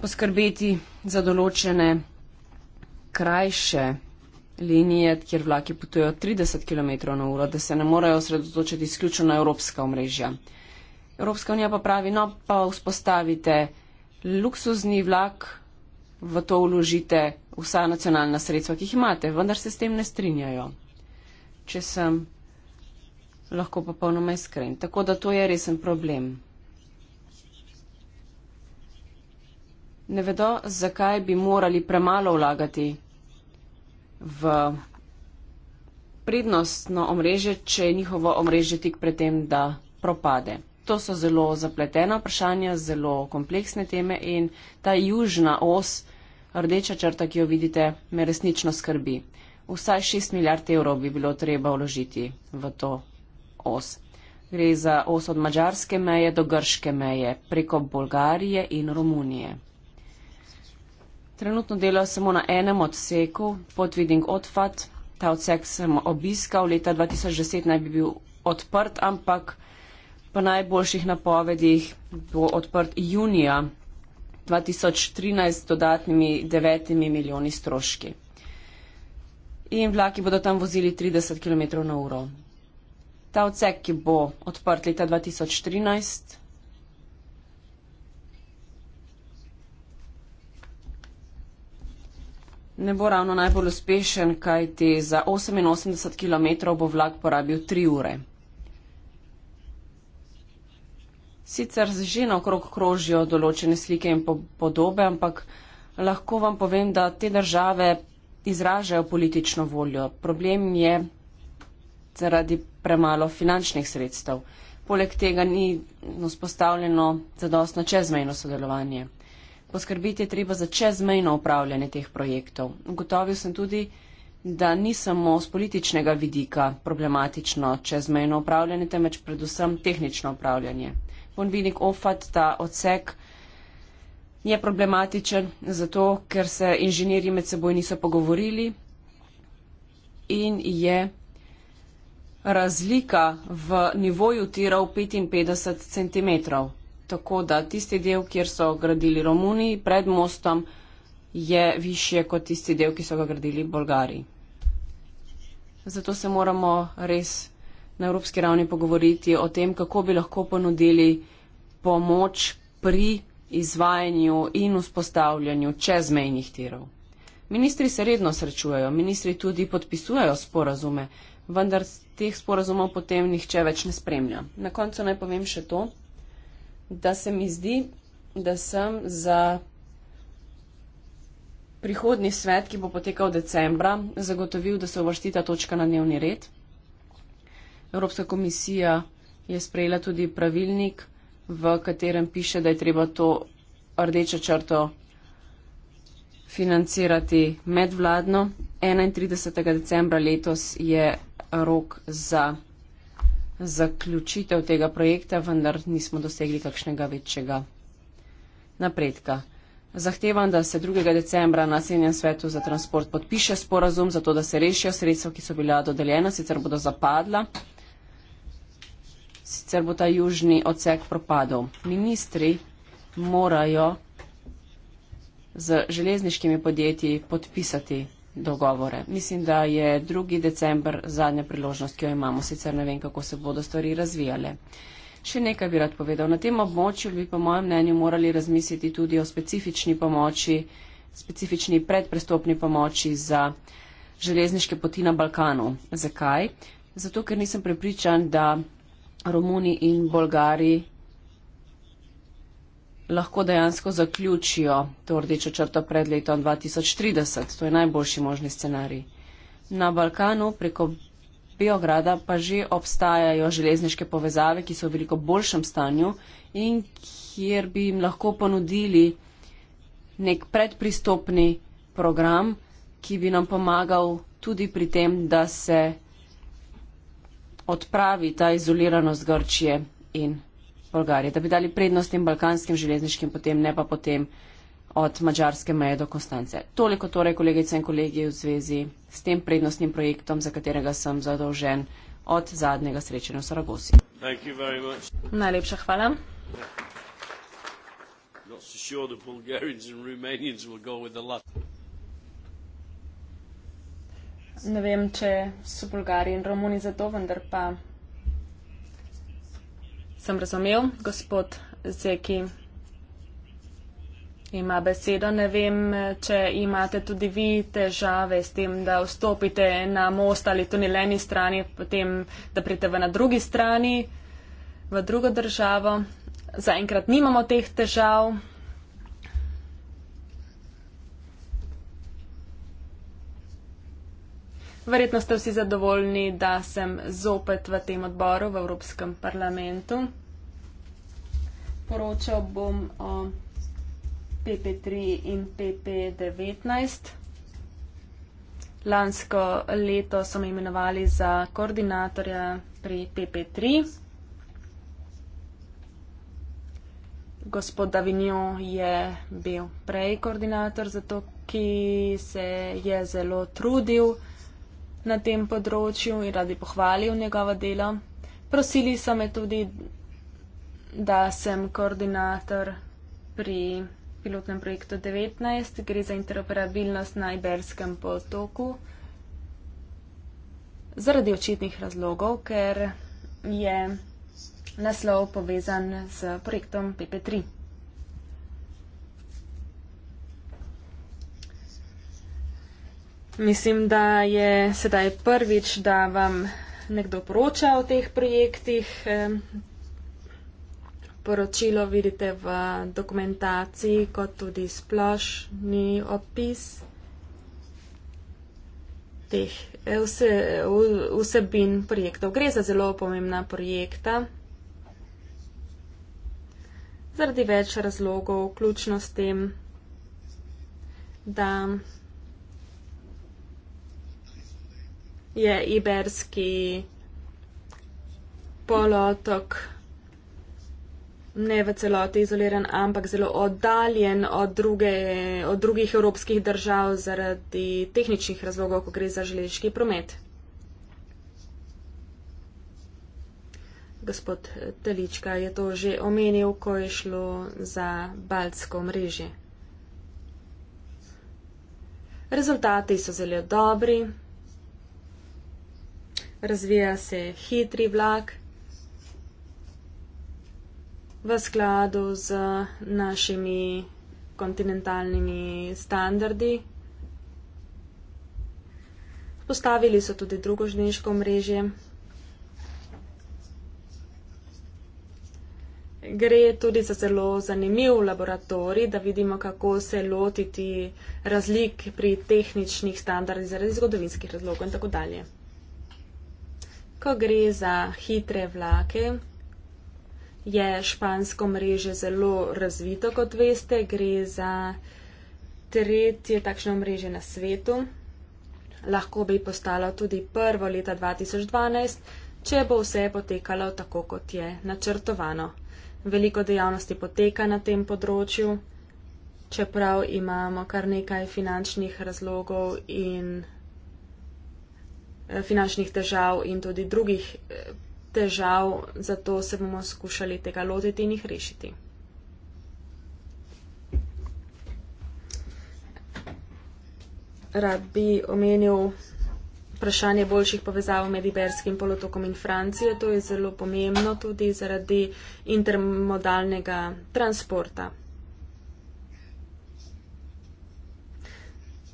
poskrbeti za določene krajše omrežje linije, kjer vlaki potujejo 30 km na uro, da se ne morejo osredotočiti izključno na evropska omrežja. Evropska unija pa pravi, no pa vzpostavite luksuzni vlak, v to uložite vsa nacionalna sredstva, ki jih imate, vendar se s tem ne strinjajo. Če sem lahko popolnoma iskren. Tako da to je resen problem. Ne vedo, zakaj bi morali premalo vlagati v prednostno omrežje, če je njihovo omrežje tik pred tem, da propade. To so zelo zapletena vprašanja, zelo kompleksne teme in ta južna os, rdeča črta, ki jo vidite, me resnično skrbi. Vsaj 6 milijard evrov bi bilo treba vložiti v to os. Gre za os od mađarske meje do grške meje, preko Bolgarije in Romunije. Trenutno delajo samo na enem odseku, podviding odfat. Ta odsek sem obiskal, leta 2010 naj bi bil odprt, ampak po najboljših napovedih bo odprt junija 2013 z dodatnimi 9 milijoni stroški. In vlaki bodo tam vozili 30 km na uro. Ta odsek, ki bo odprt leta 2013, Ne bo ravno najbolj uspešen, kaj ti za 88 km bo vlak porabil 3 ure. Sicer že naokrog krožijo določene slike in podobe, ampak lahko vam povem, da te države izražajo politično voljo. Problem je zaradi premalo finančnih sredstev. Poleg tega ni vzpostavljeno zadostno čezmejno sodelovanje poskrbeti je treba za čezmejno upravljanje teh projektov. Ugotovil sem tudi, da ni samo z političnega vidika problematično čezmejno upravljanje, temveč predvsem tehnično upravljanje. Ponvinik OFAT, ta odsek je problematičen zato, ker se inženirji med seboj niso pogovorili in je razlika v nivoju tirov 55 cm tako da tisti del, kjer so gradili Romuniji pred mostom, je više kot tisti del, ki so ga gradili Bolgari. Zato se moramo res na evropski ravni pogovoriti o tem, kako bi lahko ponudili pomoč pri izvajanju in vzpostavljanju čezmejnih tirov. Ministri se redno srečujejo, ministri tudi podpisujejo sporazume, vendar teh sporazumov potem nihče več ne spremlja. Na koncu naj povem še to da se mi zdi, da sem za prihodni svet, ki bo potekal decembra, zagotovil, da se uvrsti ta točka na dnevni red. Evropska komisija je sprejela tudi pravilnik, v katerem piše, da je treba to rdečo črto financirati medvladno. 31. decembra letos je rok za zaključitev tega projekta, vendar nismo dosegli kakšnega večjega napredka. Zahtevam, da se 2. decembra na Senjem svetu za transport podpiše sporazum, zato da se rešijo sredstva, ki so bila dodeljena, sicer bodo zapadla, sicer bo ta južni odsek propadel. Ministri morajo z železniškimi podjetji podpisati dogovore. Mislim, da je 2. decembar zadnja priložnost, ki jo imamo, sicer ne vem, kako se bodo stvari razvijale. Še nekaj bi rad povedal. Na tem območju bi, po mojem mnenju, morali razmisliti tudi o specifični pomoči, specifični predprestopni pomoči za železniške poti na Balkanu. Zakaj? Zato, ker nisem prepričan, da Romuni in Bolgari lahko dejansko zaključijo to rdečo črto pred letom 2030. To je najboljši možni scenarij. Na Balkanu preko Biograda pa že obstajajo železniške povezave, ki so v veliko boljšem stanju in kjer bi jim lahko ponudili nek predpristopni program, ki bi nam pomagal tudi pri tem, da se odpravi ta izoliranost Grčije in Bolgarije, da bi dali prednost tem balkanskim železniškim potem, ne pa potem od mađarske meje do Konstance. Toliko torej, kolegice in kolegi, v zvezi s tem prednostnim projektom, za katerega sem zadolžen od zadnjega srečanja v Saragosi. Najlepša hvala.
Ne vem, če so Bolgari in Romuni za to, vendar pa Sem razumel, gospod Zeki ima besedo. Ne vem, če imate tudi vi težave s tem, da vstopite na most ali to ni leni strani, potem da pridete na drugi strani, v drugo državo. Zaenkrat nimamo teh težav. Verjetno ste vsi zadovoljni, da sem zopet v tem odboru v Evropskem parlamentu. Poročal bom o PP3 in PP19. Lansko leto so me imenovali za koordinatorja pri PP3. Gospod Davinjo je bil prej koordinator, zato ki se je zelo trudil na tem področju in radi pohvalil njegovo delo. Prosili so me tudi, da sem koordinator pri pilotnem projektu 19, gre za interoperabilnost na Iberskem potoku. Zaradi očitnih razlogov, ker je naslov povezan z projektom PP3. Mislim, da je sedaj prvič, da vam nekdo poroča o teh projektih. Poročilo vidite v dokumentaciji, kot tudi splošni opis teh eh, vse, vsebin projektov. Gre za zelo pomembna projekta. Zaradi več razlogov, vključno s tem, da je Iberski polotok ne v celoti izoliran, ampak zelo oddaljen od, druge, od drugih evropskih držav zaradi tehničnih razlogov, ko gre za železniški promet. Gospod Telička je to že omenil, ko je šlo za baltsko mrežje. Rezultati so zelo dobri razvija se hitri vlak v skladu z našimi kontinentalnimi standardi. Postavili so tudi drugo železniško mrežje. Gre tudi za zelo zanimiv laboratorij, da vidimo, kako se lotiti razlik pri tehničnih standardih zaradi zgodovinskih razlogov in tako dalje ko gre za hitre vlake, je špansko mreže zelo razvito, kot veste, gre za tretje takšno mreže na svetu. Lahko bi postalo tudi prvo leta 2012, če bo vse potekalo tako, kot je načrtovano. Veliko dejavnosti poteka na tem področju, čeprav imamo kar nekaj finančnih razlogov in Eh, finančnih težav in tudi drugih eh, težav, zato se bomo skušali tega lotiti in jih rešiti. Rad bi omenil vprašanje boljših povezav med Iberskim polotokom in Francijo. To je zelo pomembno tudi zaradi intermodalnega transporta.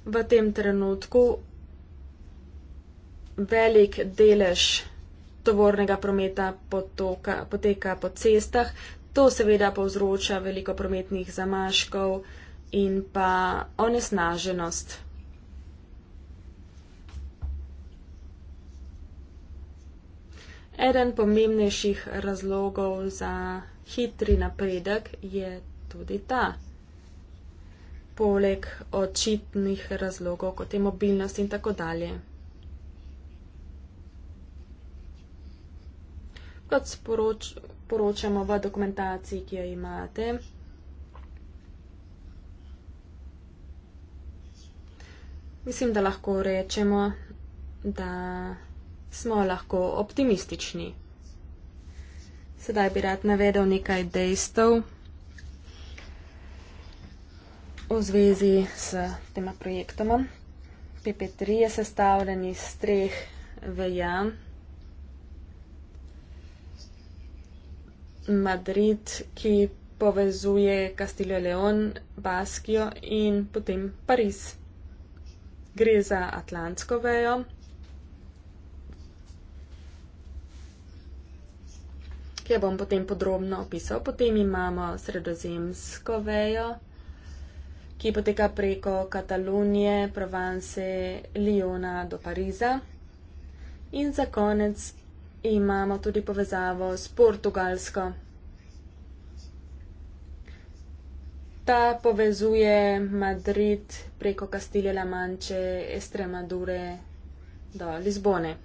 V tem trenutku velik delež tovornega prometa potoka, poteka po cestah. To seveda povzroča veliko prometnih zamaškov in pa onesnaženost. Eden pomembnejših razlogov za hitri napredek je tudi ta. Poleg očitnih razlogov, kot je mobilnost in tako dalje. kot sporoč, poročamo v dokumentaciji, ki jo imate. Mislim, da lahko rečemo, da smo lahko optimistični. Sedaj bi rad navedel nekaj dejstev v zvezi s tema projektoma. PP3 je sestavljen iz treh veja, Madrid, ki povezuje Castilla e León, Baskijo in potem Pariz. Gre za Atlantsko vejo. Ki jo bom potem podrobno opisal. Potem imamo sredozemsko vejo, ki poteka preko Katalonije, Provence, Liona do Pariza. In za konec imamo tudi povezavo s Portugalsko. Ta povezuje Madrid preko Kastilje La Manče, Estremadure do Lizbone.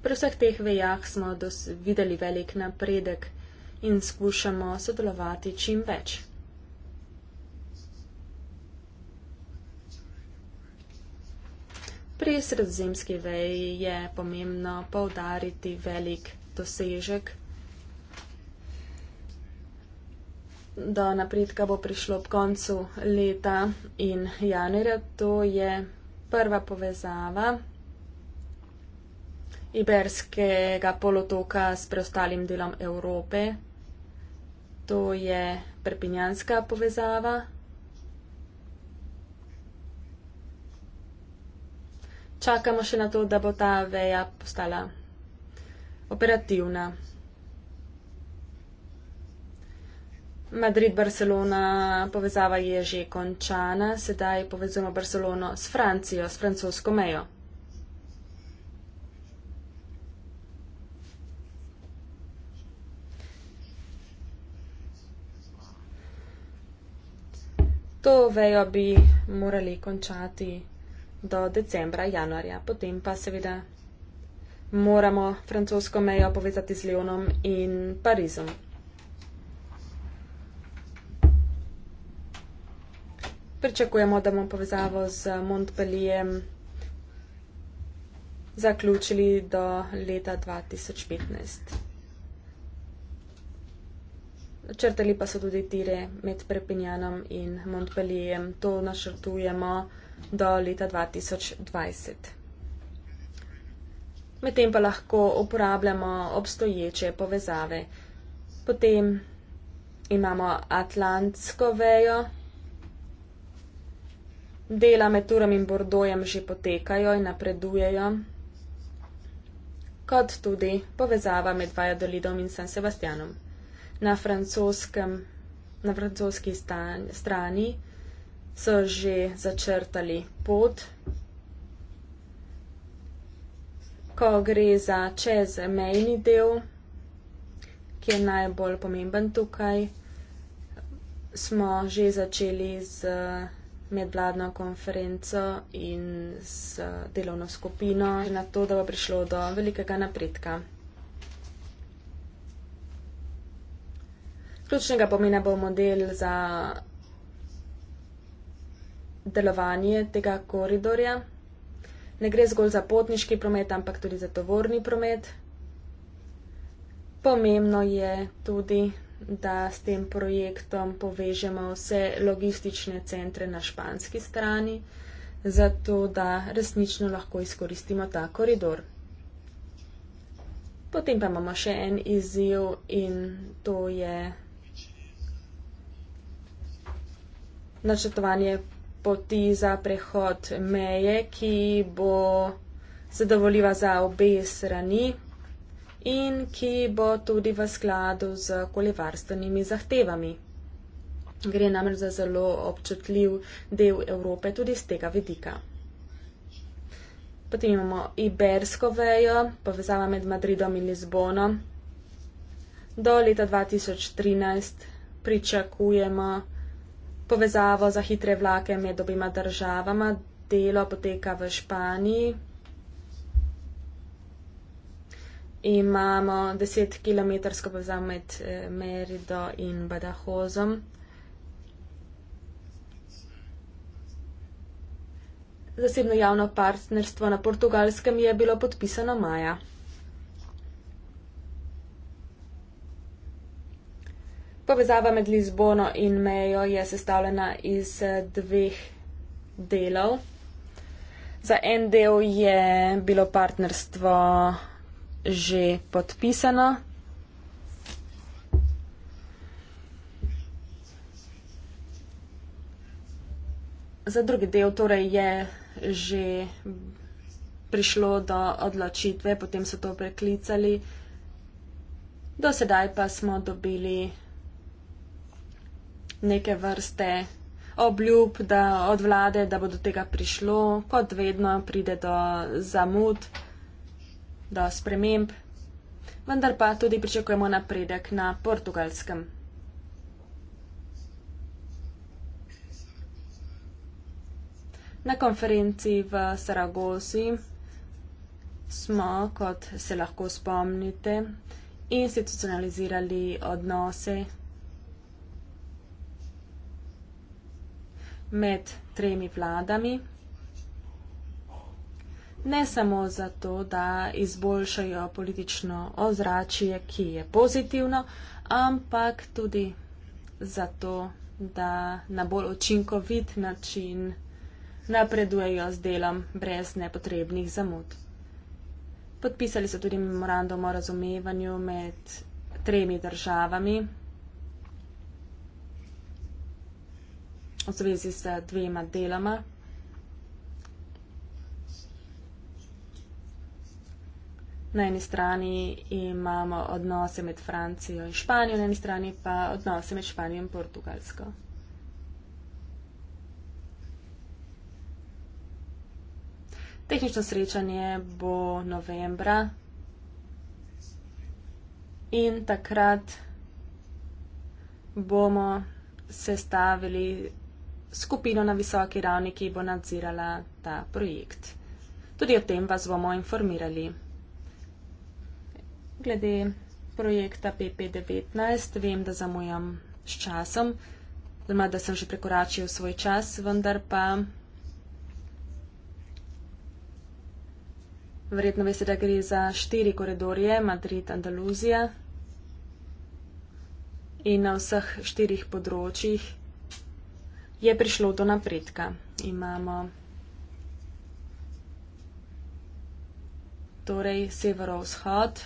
Pri vseh teh vejah smo videli velik napredek in skušamo sodelovati čim več. Pri sredozemski veji je pomembno povdariti velik dosežek, do napredka bo prišlo ob koncu leta in januarja. To je prva povezava Iberskega polotoka s preostalim delom Evrope. To je Prpinjanska povezava. čakamo še na to, da bo ta veja postala operativna. Madrid-Barcelona povezava je že končana, sedaj povezujemo Barcelono s Francijo, s francosko mejo. To vejo bi morali končati do decembra, januarja. Potem pa seveda moramo francosko mejo povezati z Lyonom in Parizom. Pričakujemo, da bomo povezavo z Montpellierjem zaključili do leta 2015. Črtali pa so tudi tire med Prepinjanom in Montpellierjem. To načrtujemo do leta 2020. Medtem pa lahko uporabljamo obstoječe povezave. Potem imamo atlantsko vejo. Dela med Turom in Bordojem že potekajo in napredujejo, kot tudi povezava med Vajadolidom in San Sebastianom. Na francoskem, na francoski stan, strani so že začrtali pot. Ko gre za čezmejni del, ki je najbolj pomemben tukaj, smo že začeli z medvladno konferenco in z delovno skupino na to, da bo prišlo do velikega napredka. Ključnega pomena bo model za delovanje tega koridorja. Ne gre zgolj za potniški promet, ampak tudi za tovorni promet. Pomembno je tudi, da s tem projektom povežemo vse logistične centre na španski strani, zato da resnično lahko izkoristimo ta koridor. Potem pa imamo še en izziv in to je načrtovanje poti za prehod meje, ki bo zadovoljiva za obe strani in ki bo tudi v skladu z okoljevarstvenimi zahtevami. Gre namreč za zelo občutljiv del Evrope tudi z tega vidika. Potem imamo Ibersko vejo, povezava med Madridom in Lizbonom. Do leta 2013 pričakujemo povezavo za hitre vlake med obima državama. Delo poteka v Španiji. Imamo 10 km povezavo med eh, Merido in Badahozom. Zasebno javno partnerstvo na portugalskem je bilo podpisano maja. Povezava med Lizbono in mejo je sestavljena iz eh, dveh delov. Za en del je bilo partnerstvo že podpisano. Za drugi del torej je že prišlo do odločitve, potem so to preklicali. Do sedaj pa smo dobili neke vrste obljub da, od vlade, da bo do tega prišlo, kot vedno pride do zamud, do sprememb, vendar pa tudi pričakujemo napredek na portugalskem. Na konferenci v Saragosi smo, kot se lahko spomnite, institucionalizirali odnose med tremi vladami. Ne samo zato, da izboljšajo politično ozračje, ki je pozitivno, ampak tudi zato, da na bolj očinkovit način napredujejo z delom brez nepotrebnih zamud. Podpisali so tudi memorandum o razumevanju med tremi državami. v zvezi z dvema deloma. Na eni strani imamo odnose med Francijo in Španijo, na eni strani pa odnose med Španijo in Portugalsko. Tehnično srečanje bo novembra in takrat bomo sestavili skupino na visoki ravni, ki bo nadzirala ta projekt. Tudi o tem vas bomo informirali. Glede projekta PP19 vem, da zamujam s časom, zelo da sem že prekoračil svoj čas, vendar pa verjetno veste, da gre za štiri koridorje Madrid-Andaluzija in na vseh štirih področjih je prišlo do napredka. Imamo torej severovzhod,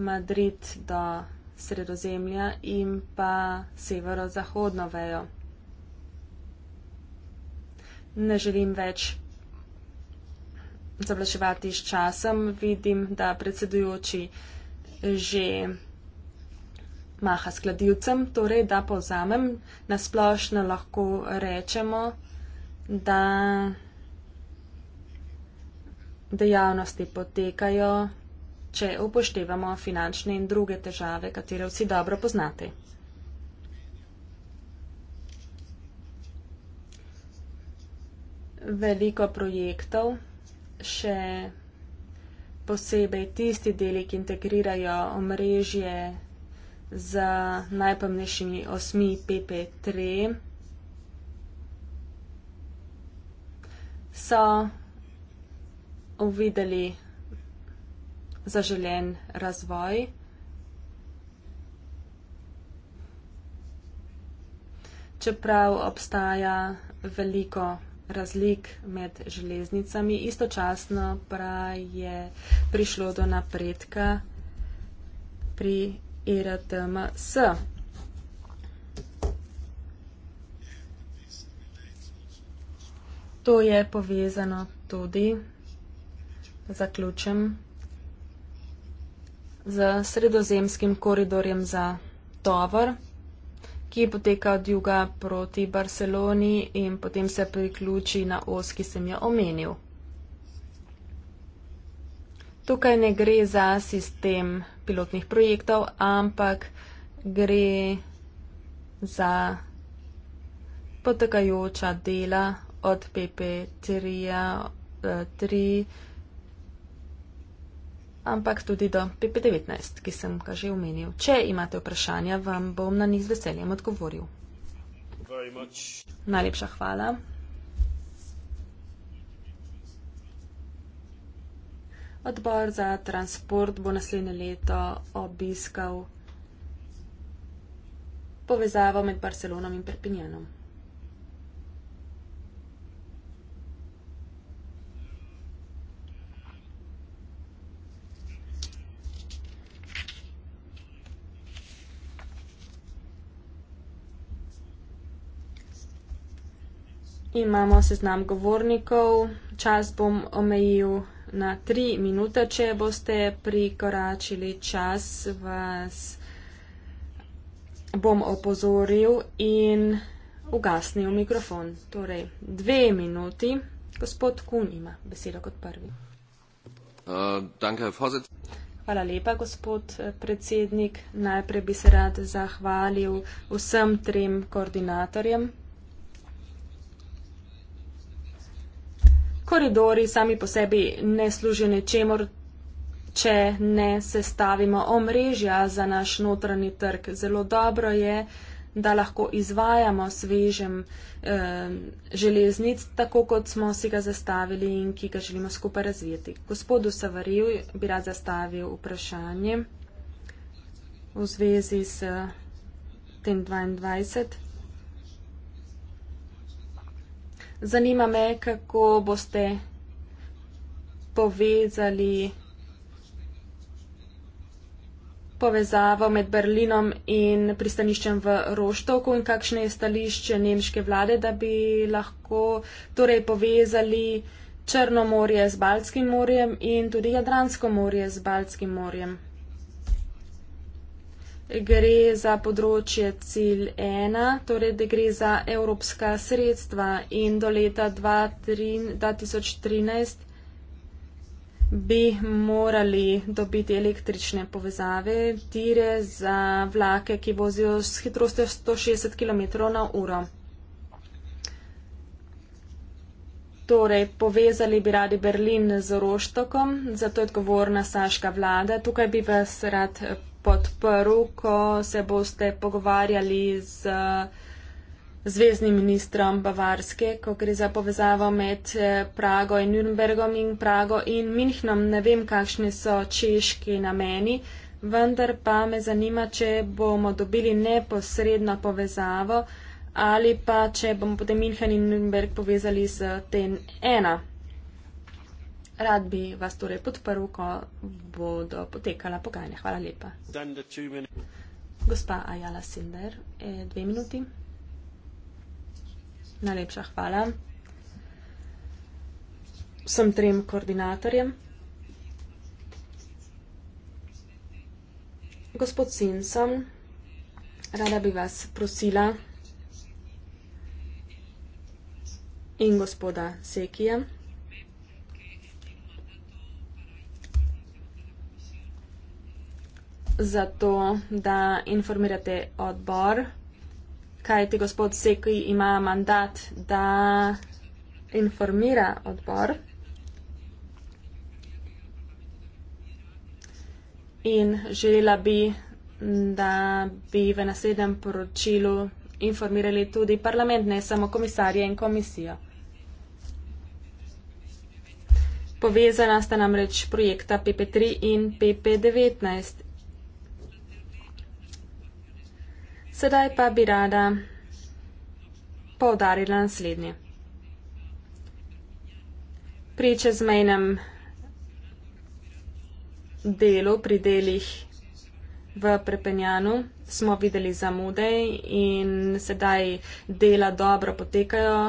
Madrid do sredozemlja in pa severozahodno vejo. Ne želim več zavlačevati s časom, vidim, da predsedujoči že maha s kladivcem, torej da povzamem, na splošno lahko rečemo, da dejavnosti potekajo, če upoštevamo finančne in druge težave, katere vsi dobro poznate. Veliko projektov, še posebej tisti deli, ki integrirajo omrežje, z najpomembnejšimi osmi PP3. So uvideli zaželen razvoj. Čeprav obstaja veliko razlik med železnicami, istočasno pa je prišlo do napredka pri IRTMS. To je povezano tudi, zaključim, z sredozemskim koridorjem za tovor, ki poteka od juga proti Barceloni in potem se priključi na os, ki sem jo omenil. Tukaj ne gre za sistem pilotnih projektov, ampak gre za potekajoča dela od PP3, eh, ampak tudi do PP19, ki sem ga že omenil. Če imate vprašanja, vam bom na njih z veseljem odgovoril. Najlepša hvala. Odbor za transport bo naslednje leto obiskal povezavo med Barcelonom in Perpignanom. Imamo seznam govornikov, čas bom omejil na tri minute, če boste prikoračili čas, vas bom opozoril in ugasnil mikrofon. Torej, dve minuti. Gospod Kun ima besedo kot prvi.
Uh,
Hvala lepa, gospod eh, predsednik. Najprej bi se rad zahvalil vsem trem koordinatorjem koridori sami po sebi ne služijo ničemor, če ne sestavimo omrežja za naš notranji trg. Zelo dobro je, da lahko izvajamo svežem eh, železnic, tako kot smo si ga zastavili in ki ga želimo skupaj razvijeti. Gospodu Savariju bi rad zastavil vprašanje v zvezi s tem 22. Zanima me, kako boste povezali povezavo med Berlinom in pristaniščem v Roštovku in kakšno je stališče nemške vlade, da bi lahko torej povezali Črno morje z Balskim morjem in tudi Jadransko morje z Balskim morjem gre za področje cilj ena, torej da gre za evropska sredstva in do leta 2013 bi morali dobiti električne povezave, tire za vlake, ki vozijo s hitrostjo 160 km na uro. Torej, povezali bi radi Berlin z Roštokom, zato je odgovorna saška vlada. Tukaj bi vas rad podprl, ko se boste pogovarjali z zvezdnim ministrom Bavarske, ko gre za povezavo med eh, Prago in Nürnbergom in Prago in Minhnom. Ne vem, kakšni so češki nameni, vendar pa me zanima, če bomo dobili neposredno povezavo ali pa če bomo potem Minhen in Nürnberg povezali z ten ena rad bi vas torej podprl, ko bodo potekala pogajanja. Hvala lepa. Gospa Ajala Sinder, e, dve minuti. Najlepša hvala vsem trem koordinatorjem. Gospod Sinsom, rada bi vas prosila in gospoda Sekija. za to, da informirate odbor, kajti gospod Seki ima mandat, da informira odbor. In želela bi, da bi v naslednjem poročilu informirali tudi parlament, ne samo komisarje in komisijo. Povezana sta namreč projekta PP3 in PP19 Sedaj pa bi rada poudarila naslednje. Pri čezmejnem delu, pri delih v prepenjanu, smo videli zamude in sedaj dela dobro potekajo.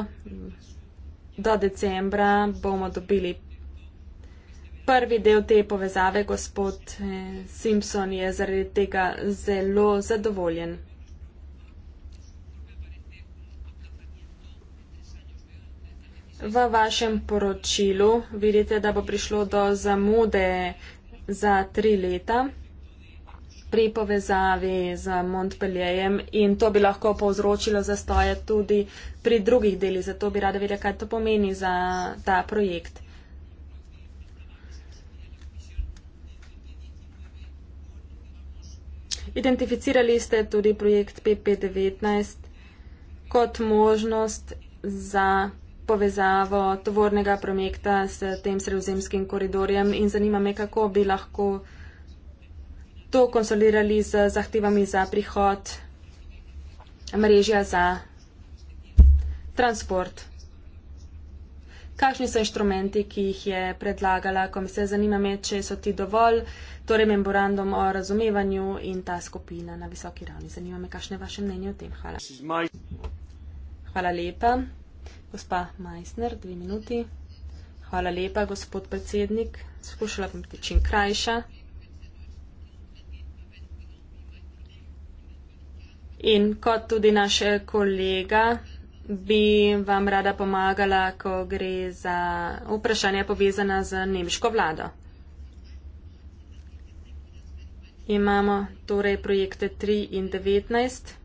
Do decembra bomo dobili prvi del te povezave. Gospod eh, Simpson je zaradi tega zelo zadovoljen. V vašem poročilu vidite, da bo prišlo do zamude za tri leta pri povezavi z Montpellierjem in to bi lahko povzročilo zastoje tudi pri drugih delih. Zato bi rada vedela, kaj to pomeni za ta projekt. Identificirali ste tudi projekt PP19 kot možnost za povezavo tovornega prometa s tem sredozemskim koridorjem in zanima me, kako bi lahko to konsolirali z zahtevami za prihod mrežja za transport. Kakšni so inštrumenti, ki jih je predlagala komisija? Zanima me, če so ti dovolj, torej memorandum o razumevanju in ta skupina na visoki ravni. Zanima me, kakšne vaše mnenje o tem. Hvala. Hvala lepa. Gospa Majsner, dve minuti. Hvala lepa, gospod predsednik. Skušala bom biti čim krajša. In kot tudi naš kolega, bi vam rada pomagala, ko gre za vprašanja povezana z nemško vlado. Imamo torej projekte 3 in 19.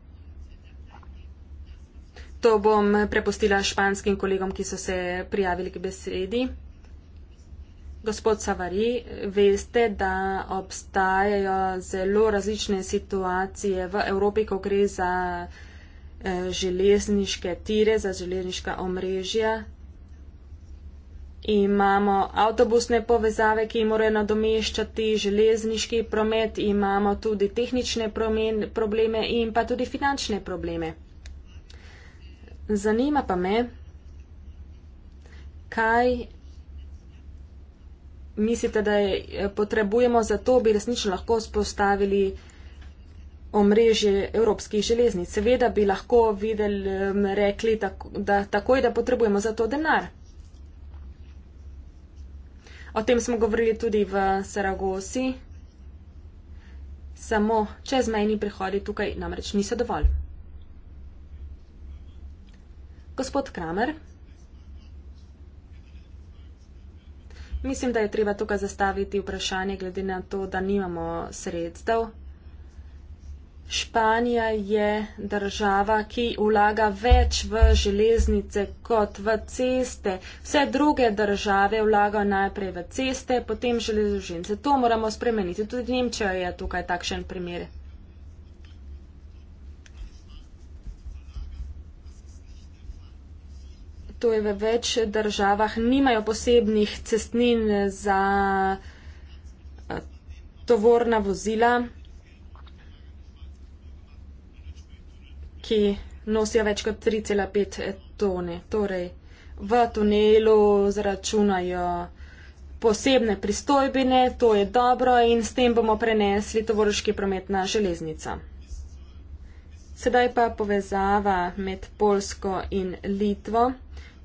To bom prepustila španskim kolegom, ki so se prijavili k besedi. Gospod Savari, veste, da obstajajo zelo različne situacije v Evropi, ko gre za eh, železniške tire, za železniška omrežja. Imamo avtobusne povezave, ki morajo nadomeščati železniški promet, imamo tudi tehnične promen, probleme in pa tudi finančne probleme. Zanima pa me, kaj mislite, da eh, potrebujemo za to, bi resnično lahko spostavili omrežje evropskih železnic. Seveda bi lahko videli, rekli, da takoj, da potrebujemo za to denar. O tem smo govorili tudi v Saragosi. Samo čezmejni prihodi tukaj namreč niso dovolj. Gospod Kramer, mislim, da je treba tukaj zastaviti vprašanje glede na to, da nimamo sredstev. Španija je država, ki vlaga več v železnice kot v ceste. Vse druge države vlagajo najprej v ceste, potem železnice. To moramo spremeniti. Tudi Nemčija je tukaj takšen primer. to je v več državah, nimajo posebnih cestnin za eh, tovorna vozila, ki nosijo več kot 3,5 tone. Torej, v tunelu zaračunajo posebne pristojbine, to je dobro in s tem bomo prenesli tovoriški promet na železnica. Sedaj pa povezava med Polsko in Litvo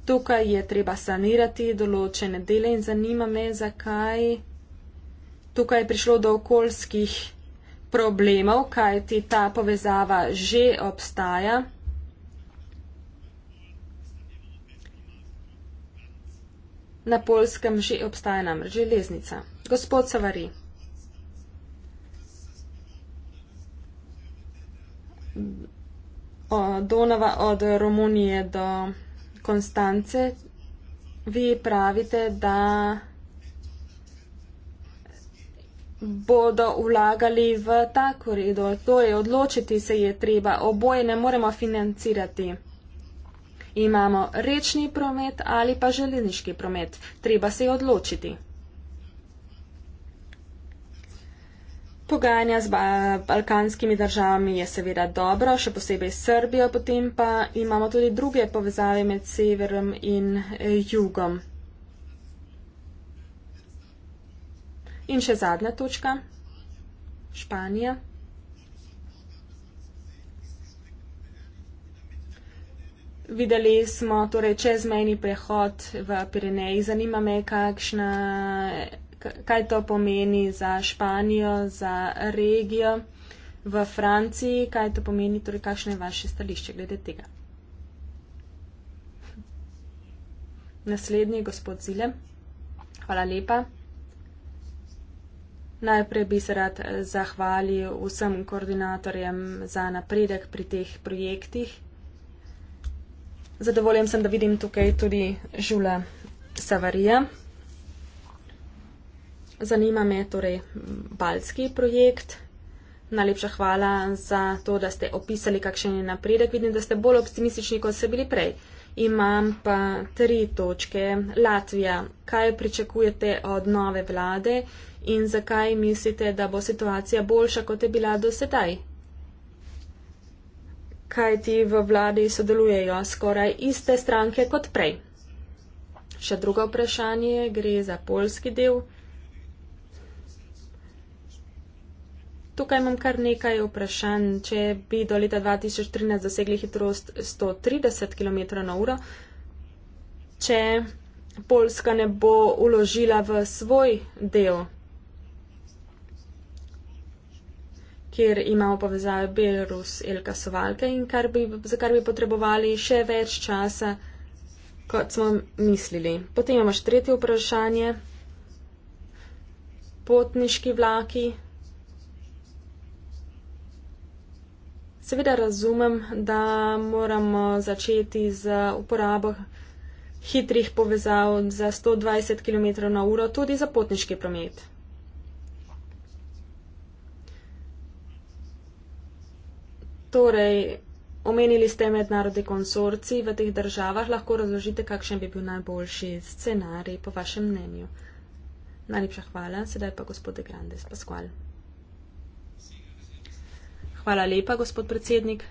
tukaj je treba sanirati določene dele in zanima me, zakaj tukaj je prišlo do okoljskih problemov, kaj ti ta povezava že obstaja. Na polskem že obstaja namreč železnica. Gospod Savari. Donava od Romunije do Konstance, vi pravite, da bodo vlagali v ta koridor. To je odločiti se je treba. Oboje ne moremo financirati. Imamo rečni promet ali pa železniški promet. Treba se je odločiti. Pogajanja z balkanskimi državami je seveda dobro, še posebej Srbijo, potem pa imamo tudi druge povezave med severom in eh, jugom. In še zadnja točka, Španija. Videli smo torej čezmejni prehod v Pirenej, zanima me, kakšna kaj to pomeni za Španijo, za regijo v Franciji, kaj to pomeni, torej kakšno je vaše stališče glede tega. Naslednji je gospod Zile. Hvala lepa. Najprej bi se rad eh, zahvalil vsem koordinatorjem za napredek pri teh projektih. Zadovoljen sem, da vidim tukaj tudi žula Savarija. Zanima me torej balski projekt. Najlepša hvala za to, da ste opisali, kakšen je napredek. Vidim, da ste bolj optimistični, kot ste bili prej. Imam pa tri točke. Latvija, kaj pričakujete od nove vlade in zakaj mislite, da bo situacija boljša, kot je bila do sedaj? Kaj ti v vladi sodelujejo skoraj iste stranke kot prej? Še drugo vprašanje gre za polski del. Tukaj imam kar nekaj vprašanj. Če bi do leta 2013 dosegli hitrost 130 km na uro, če Poljska ne bo uložila v svoj del, kjer imamo povezave Belarus, Elka Sovalke in kar bi, za kar bi potrebovali še več časa, kot smo mislili. Potem imamo še tretje vprašanje. Potniški vlaki. Seveda razumem, da moramo začeti z uporabo hitrih povezav za 120 km na uro tudi za potniški promet. Torej, omenili ste mednarodni konsorci v teh državah, lahko razložite, kakšen bi bil najboljši scenarij po vašem mnenju. Najlepša hvala, sedaj pa gospod Grandes Pasqual. Hvala lepa, gospod predsednik.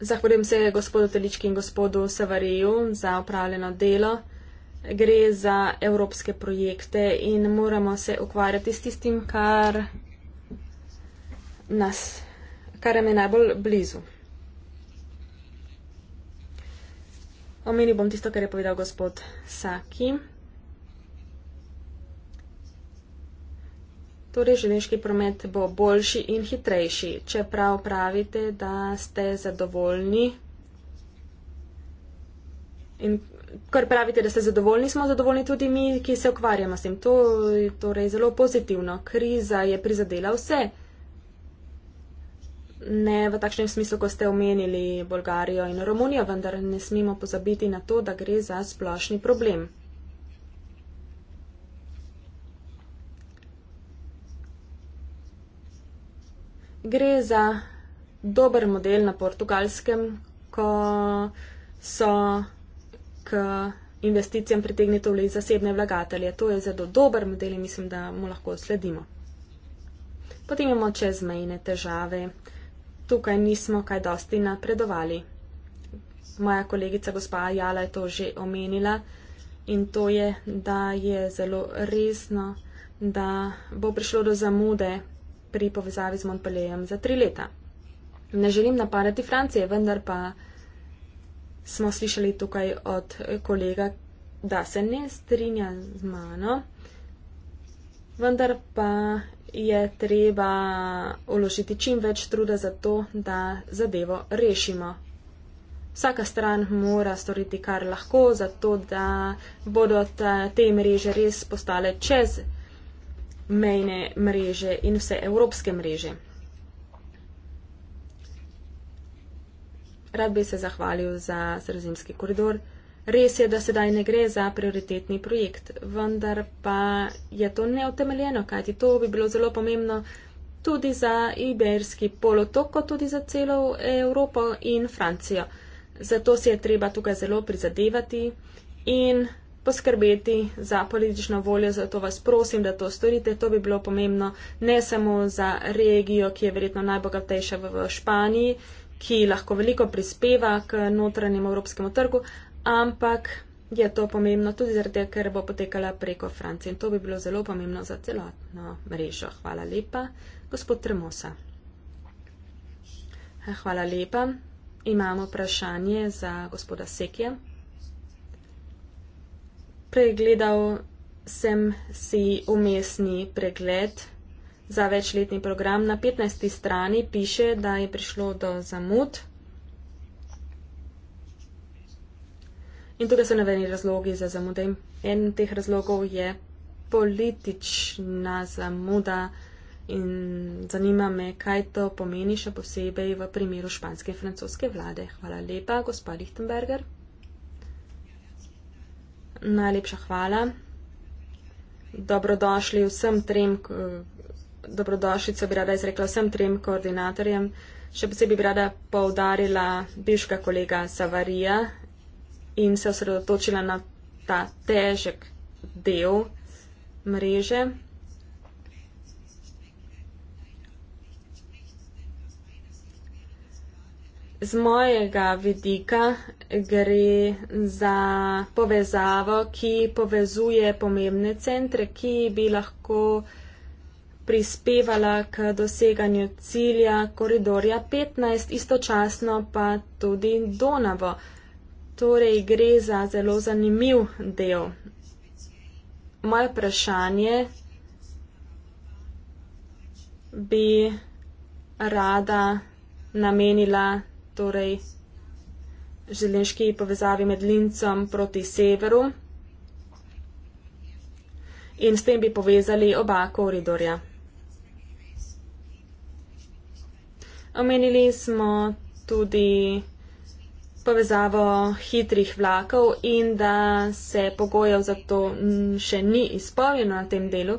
Zahvaljujem se gospodu Telički in gospodu Savariju za upravljeno delo. Gre za evropske projekte in moramo se ukvarjati s tistim, kar nas, kar nam je najbolj blizu. Omenil bom tisto, kar je povedal gospod Saki. Torej, želeniški promet bo boljši in hitrejši. Čeprav pravite, da ste zadovoljni, in kar pravite, da ste zadovoljni, smo zadovoljni tudi mi, ki se ukvarjamo s tem. To je torej zelo pozitivno. Kriza je prizadela vse ne v takšnem smislu, kot ste omenili Bolgarijo in Romunijo, vendar ne smemo pozabiti na to, da gre za splošni problem. Gre za dober model na portugalskem, ko so k investicijam pritegnili tudi zasebne vlagatelje. To je zelo dober model in mislim, da mu lahko sledimo. Potem imamo čezmejne težave tukaj nismo kaj dosti napredovali. Moja kolegica gospa Jala je to že omenila in to je, da je zelo resno, da bo prišlo do zamude pri povezavi z Montpellierjem za tri leta. Ne želim napadati Francije, vendar pa smo slišali tukaj od kolega, da se ne strinja z mano, vendar pa je treba uložiti čim več truda za to, da zadevo rešimo. Vsaka stran mora storiti, kar lahko, zato da bodo te mreže res postale čez mejne mreže in vse evropske mreže. Rad bi se zahvalil za Sredozemski koridor. Res je, da sedaj ne gre za prioritetni projekt, vendar pa je to neotemeljeno, kajti to bi bilo zelo pomembno tudi za Iberski polotok, kot tudi za celo Evropo in Francijo. Zato si je treba tukaj zelo prizadevati in poskrbeti za politično voljo, zato vas prosim, da to storite. To bi bilo pomembno ne samo za regijo, ki je verjetno najbogatejša v Španiji, ki lahko veliko prispeva k notranjem evropskemu trgu, ampak je to pomembno tudi zato, ker bo potekala preko Francije in to bi bilo zelo pomembno za celotno mrežo. Hvala lepa, gospod Tremosa. Hvala lepa. Imamo vprašanje za gospoda Sekija. Pregledal sem si umestni pregled za večletni program. Na 15. strani piše, da je prišlo do zamud. In tukaj so navedeni razlogi za zamude. En teh razlogov je politična zamuda in zanima me, kaj to pomeni še posebej v primeru španske in francoske vlade. Hvala lepa, gospod Lichtenberger. Najlepša hvala. Dobrodošli vsem trem, dobrodošlico bi rada izrekla vsem trem koordinatorjem. Še posebej bi rada poudarila bivšega kolega Savarija, in se osredotočila na ta težek del mreže. Z mojega vidika gre za povezavo, ki povezuje pomembne centre, ki bi lahko prispevala k doseganju cilja koridorja 15, istočasno pa tudi Donavo. Torej, gre za zelo zanimiv del. Moje vprašanje bi rada namenila torej, želeniški povezavi med Lincem proti severu in s tem bi povezali oba koridorja. Omenili smo tudi povezavo hitrih vlakov in da se pogojev za to še ni izpolnjeno na tem delu.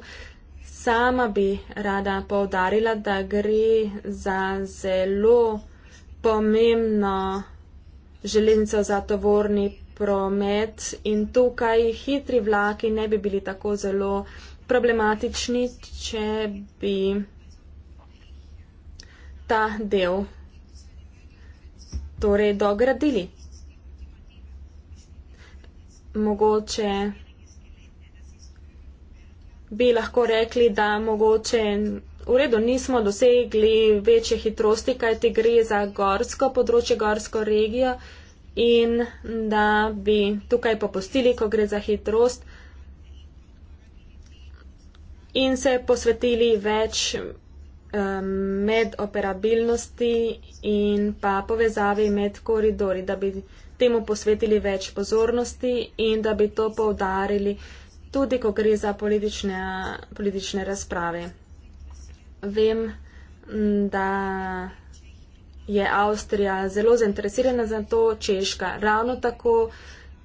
Sama bi rada povdarila, da gre za zelo pomembno železnico za tovorni promet in tukaj hitri vlaki ne bi bili tako zelo problematični, če bi ta del torej dogradili. Mogoče bi lahko rekli, da mogoče v redu nismo dosegli večje hitrosti, kaj ti gre za gorsko področje, gorsko regijo in da bi tukaj popustili, ko gre za hitrost in se posvetili več um, eh, medoperabilnosti in pa povezavi med koridori, da bi temu posvetili več pozornosti in da bi to poudarili tudi, ko gre za politične, politične razprave. Vem, da je Avstrija zelo zainteresirana za to, Češka ravno tako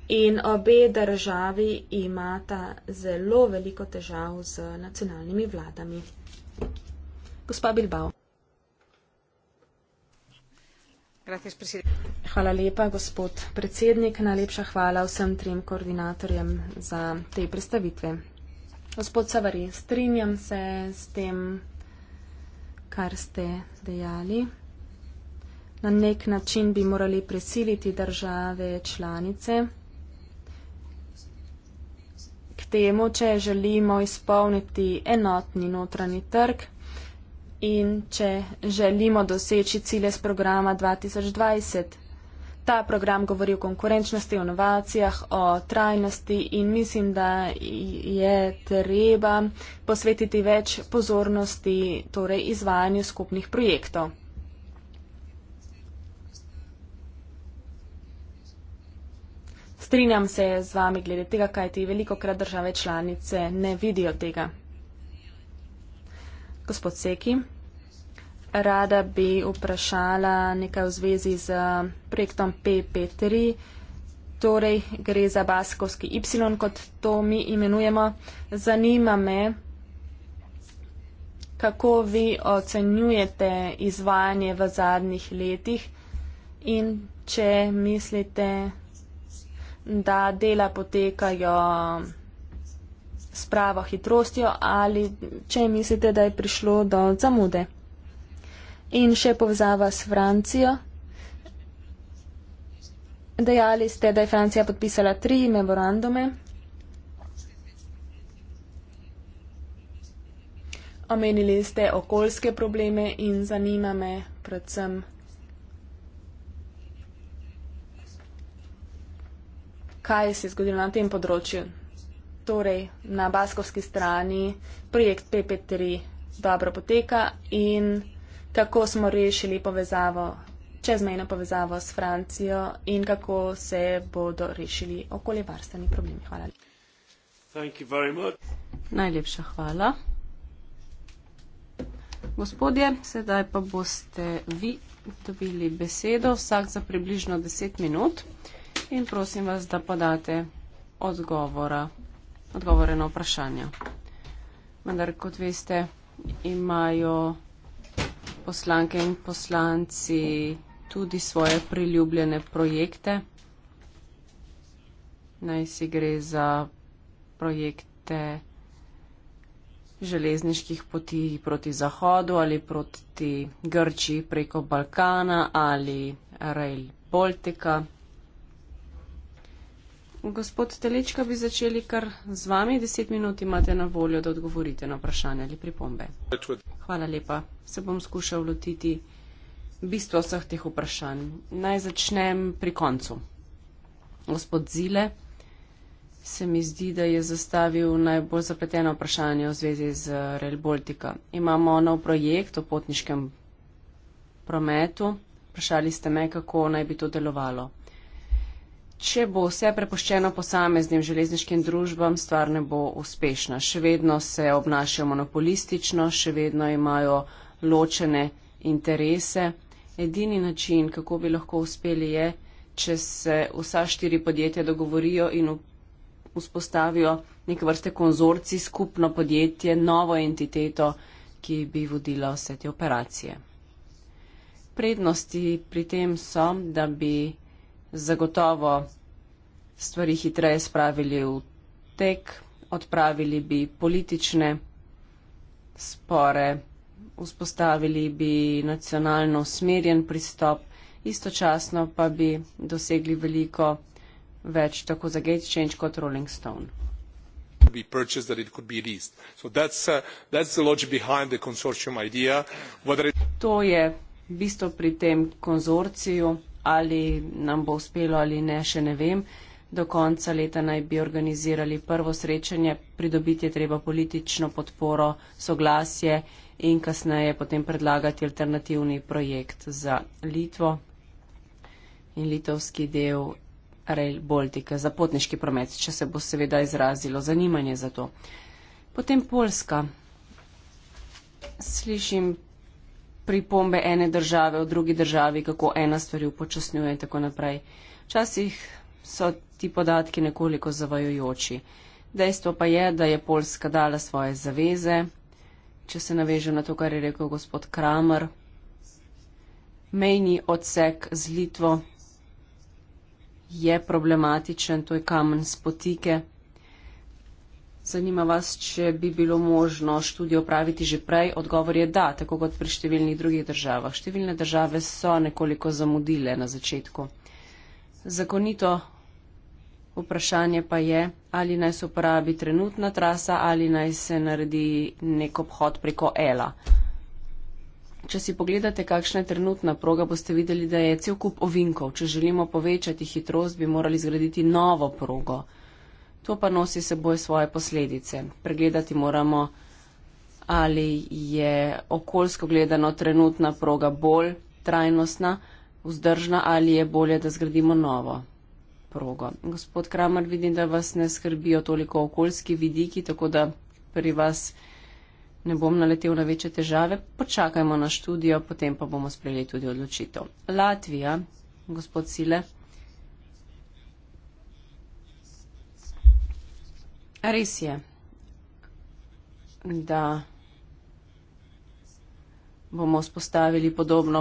in obe državi imata zelo veliko težav z nacionalnimi vladami gospa Bilbao. Hvala lepa, gospod predsednik. Najlepša hvala vsem trem koordinatorjem za te predstavitve. Gospod Savari, strinjam se s tem, kar ste dejali. Na nek način bi morali presiliti države članice k temu, če želimo izpolniti enotni notranji trg in če želimo doseči cilje z programa 2020. Ta program govori o konkurenčnosti, o inovacijah, o trajnosti in mislim, da je treba posvetiti več pozornosti torej izvajanju skupnih projektov. Strinjam se z vami glede tega, kaj ti veliko krat države članice ne vidijo tega. Gospod Seki, rada bi vprašala nekaj v zvezi z projektom PP3. Torej, gre za Baskovski Ypsilon, kot to mi imenujemo. Zanima me, kako vi ocenjujete izvajanje v zadnjih letih in če mislite, da dela potekajo s pravo hitrostjo ali če mislite, da je prišlo do zamude. In še povezava s Francijo. Dejali ste, da je Francija podpisala tri memorandume. Omenili ste okoljske probleme in zanima me predvsem. Kaj se je zgodilo na tem področju? torej na baskovski strani projekt PP3 dobro poteka in kako smo rešili povezavo, čezmejno povezavo s Francijo in kako se bodo rešili okoljevarstveni problemi. Hvala. Najlepša hvala. Gospodje, sedaj pa boste
vi dobili besedo vsak za približno 10 minut in prosim vas, da podate odgovora odgovore na vprašanja. Vendar, kot veste, imajo poslanke in poslanci tudi svoje priljubljene projekte. Naj si gre za projekte železniških poti proti Zahodu ali proti Grči preko Balkana ali Rail Baltica Gospod Telečka, bi začeli kar z vami. Deset minut imate na voljo, da odgovorite na vprašanje ali pripombe. Hvala lepa. Se bom skušal lotiti bistva vseh teh vprašanj. Naj začnem pri koncu. Gospod Zile, se mi zdi, da je zastavil najbolj zapleteno vprašanje v zvezi z Rail Baltica. Imamo nov projekt o potniškem prometu. Vprašali ste me, kako naj bi to delovalo če bo vse prepuščeno posameznim železniškim družbam, stvar ne bo uspešna. Še vedno se obnašajo monopolistično, še vedno imajo ločene interese. Edini način, kako bi lahko uspeli, je, če se vsa štiri podjetja dogovorijo in vzpostavijo nek vrste konzorci, skupno podjetje, novo entiteto, ki bi vodila vse te operacije. Prednosti pri tem so, da bi zagotovo stvari hitreje spravili v tek, odpravili bi politične spore, vzpostavili bi nacionalno usmerjen pristop, istočasno pa bi dosegli veliko več tako za Gate Change kot Rolling Stone.
Be purchased, that it could be leased. So that's, uh, that's the logic behind the consortium idea. Whether it...
To je bistvo pri tem konzorciju ali nam bo uspelo ali ne, še ne vem. Do konca leta naj bi organizirali prvo srečanje, pridobiti je treba politično podporo, soglasje in kasneje potem predlagati alternativni projekt za Litvo in litovski del Rail Baltica za potniški promet, če se bo seveda izrazilo zanimanje za to. Potem Poljska. Slišim pripombe ene države v drugi državi, kako ena stvari upočasnjuje in tako naprej. Včasih so ti podatki nekoliko zavajojoči. Dejstvo pa je, da je Poljska dala svoje zaveze, če se navežem na to, kar je rekel gospod Kramer, mejni odsek z Litvo je problematičen, to je kamen spotike. Zanima vas, če bi bilo možno študijo praviti že prej? Odgovor je da, tako kot pri številnih drugih državah. Številne države so nekoliko zamudile na začetku. Zakonito vprašanje pa je, ali naj se uporabi trenutna trasa ali naj se naredi nek obhod preko ELA. Če si pogledate, kakšna je trenutna proga, boste videli, da je cel kup ovinkov. Če želimo povečati hitrost, bi morali zgraditi novo progo. To pa nosi seboj svoje posledice. Pregledati moramo, ali je okoljsko gledano trenutna proga bolj trajnostna, vzdržna ali je bolje, da zgradimo novo progo. Gospod Kramer, vidim, da vas ne skrbijo toliko okoljski vidiki, tako da pri vas ne bom naletel na večje težave. Počakajmo na študijo, potem pa bomo sprejeli tudi odločitev. Latvija, gospod Sile. Res je, da bomo spostavili podobno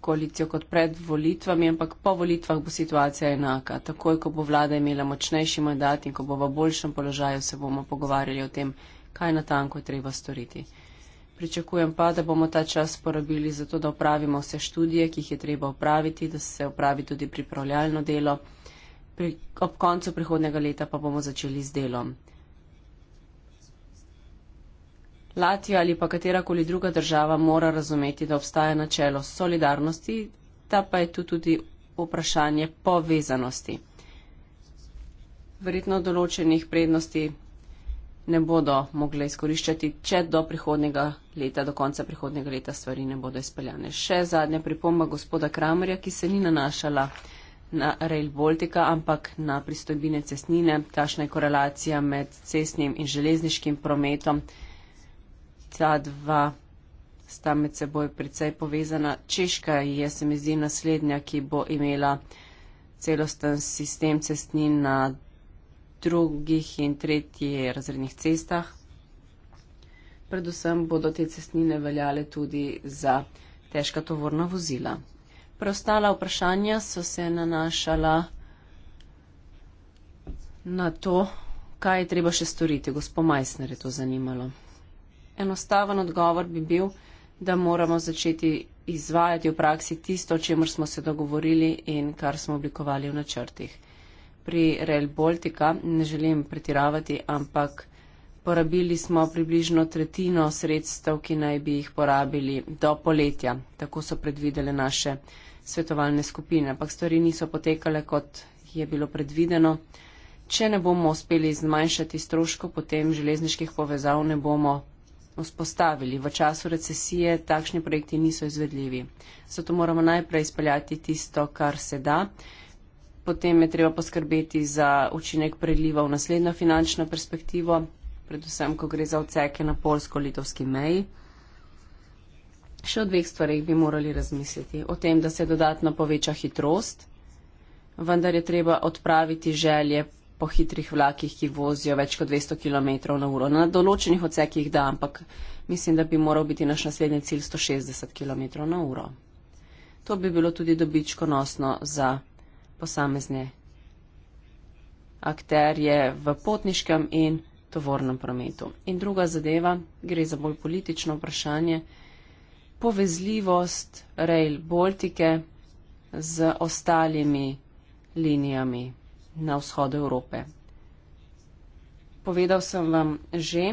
koalicijo kot pred volitvami, ampak po volitvah bo situacija enaka. Takoj, ko bo vlada imela močnejši mandat in ko bo v boljšem položaju, se bomo pogovarjali o tem, kaj na tanko je treba storiti. Pričakujem pa, da bomo ta čas porabili za to, da opravimo vse študije, ki jih je treba opraviti, da se opravi tudi pripravljalno delo pri, ob koncu prihodnega leta pa bomo začeli z delom. Latvija ali pa katerakoli druga država mora razumeti, da obstaja načelo solidarnosti, ta pa je tu tudi vprašanje povezanosti. Verjetno določenih prednosti ne bodo mogli izkoriščati, če do prihodnega leta, do konca prihodnega leta stvari ne bodo izpeljane. Še zadnja pripomba gospoda Kramerja, ki se ni nanašala na Rail Baltica, ampak na pristojbine cestnine, kakšna je korelacija med cestnim in železniškim prometom. Ta dva sta med seboj precej povezana. Češka je, se mi zdi, naslednja, ki bo imela celosten sistem cestnin na drugih in tretjih razrednih cestah. Predvsem bodo te cestnine veljale tudi za težka tovorna vozila. Preostala vprašanja so se nanašala na to, kaj je treba še storiti. Gospod Majsner je to zanimalo. Enostaven odgovor bi bil, da moramo začeti izvajati v praksi tisto, o čemer smo se dogovorili in kar smo oblikovali v načrtih. Pri Real Baltica ne želim pretiravati, ampak porabili smo približno tretjino sredstev, ki naj bi jih porabili do poletja. Tako so predvidele naše svetovalne skupine, ampak stvari niso potekale, kot je bilo predvideno. Če ne bomo uspeli zmanjšati stroško, potem železniških povezav ne bomo vzpostavili. V času recesije takšni projekti niso izvedljivi. Zato moramo najprej izpeljati tisto, kar se da. Potem je treba poskrbeti za učinek preliva v naslednjo finančno perspektivo, predvsem, ko gre za odseke na polsko-litovski meji. Še o dveh stvarih bi morali razmisliti. O tem, da se dodatno poveča hitrost, vendar je treba odpraviti želje po hitrih vlakih, ki vozijo več kot 200 km na uro. Na določenih odsekih da, ampak mislim, da bi moral biti naš naslednji cilj 160 km na uro. To bi bilo tudi dobičkonosno za posamezne akterje v potniškem in tovornem prometu. In druga zadeva, gre za bolj politično vprašanje povezljivost Rail Baltike z ostalimi linijami na vzhodu Evrope. Povedal sem vam že,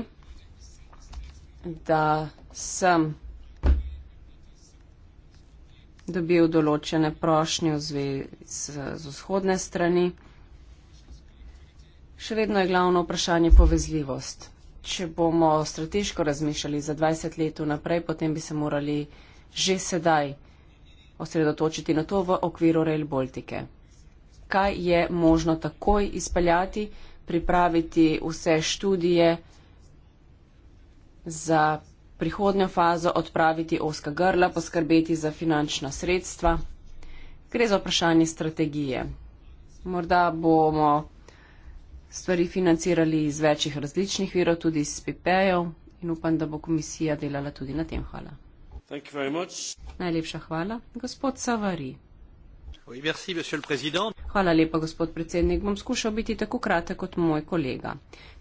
da sem dobil določene prošnje v zvezi z vzhodne strani. Še vedno je glavno vprašanje povezljivost če bomo strateško razmišljali za 20 let naprej, potem bi se morali že sedaj osredotočiti na to v okviru Rail Baltike. Kaj je možno takoj izpeljati, pripraviti vse študije za prihodnjo fazo, odpraviti oska grla, poskrbeti za finančna sredstva. Gre za vprašanje strategije. Morda bomo stvari financirali iz večjih različnih virov, tudi iz PPE-jev in upam, da bo komisija delala tudi na tem. Hvala. Najlepša hvala, gospod Savari. Oui, merci, hvala lepa, gospod predsednik. Bom skušal biti tako kratek kot moj kolega.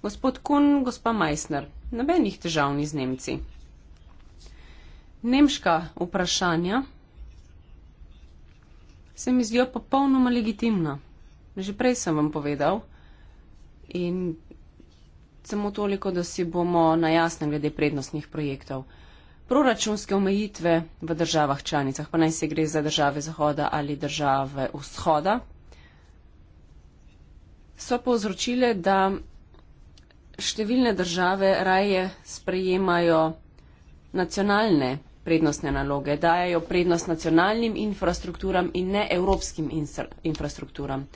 Gospod Kun, gospa Meissner, nobenih težav ni z Nemci. Nemška vprašanja se mi zdijo popolnoma legitimna. Že prej sem vam povedal, In samo toliko, da si bomo na jasne glede prednostnih projektov. Proračunske omejitve v državah članicah, pa naj se gre za države Zahoda ali države Vzhoda, so povzročile, da številne države raje sprejemajo nacionalne prednostne naloge, dajajo prednost nacionalnim infrastrukturam in ne evropskim infrastrukturam.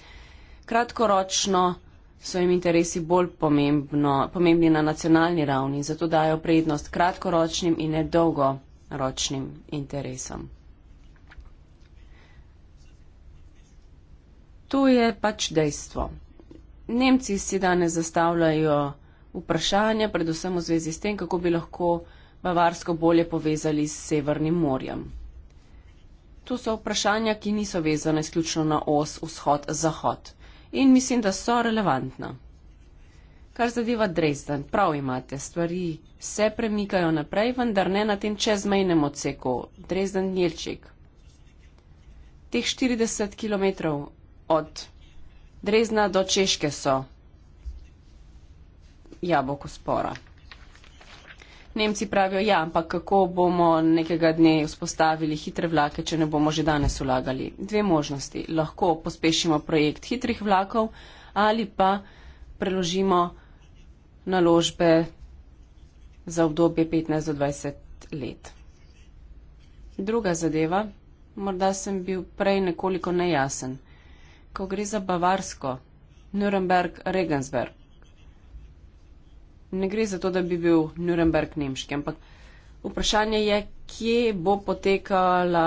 Kratkoročno so jim interesi bolj pomembno, pomembni na nacionalni ravni, zato dajo prednost kratkoročnim in nedolgoročnim interesom. To je pač dejstvo. Nemci si danes zastavljajo vprašanja, predvsem v zvezi s tem, kako bi lahko Bavarsko bolje povezali s Severnim morjem. To so vprašanja, ki niso vezane sključno na os vzhod-zahod in mislim, da so relevantna. Kar zadeva Dresden, prav imate, stvari se premikajo naprej, vendar ne na tem čezmejnem odseku Dresden-Njelčik. Teh 40 km od Drezna do Češke so jabolko spora. Nemci pravijo, ja, ampak kako bomo nekega dne vzpostavili hitre vlake, če ne bomo že danes ulagali. Dve možnosti. Lahko pospešimo projekt hitrih vlakov ali pa preložimo naložbe za obdobje 15 do 20 let. Druga zadeva, morda sem bil prej nekoliko nejasen. Ko gre za Bavarsko, Nuremberg, Regensberg, ne gre za to, da bi bil Nuremberg nemški, ampak vprašanje je, kje bo potekala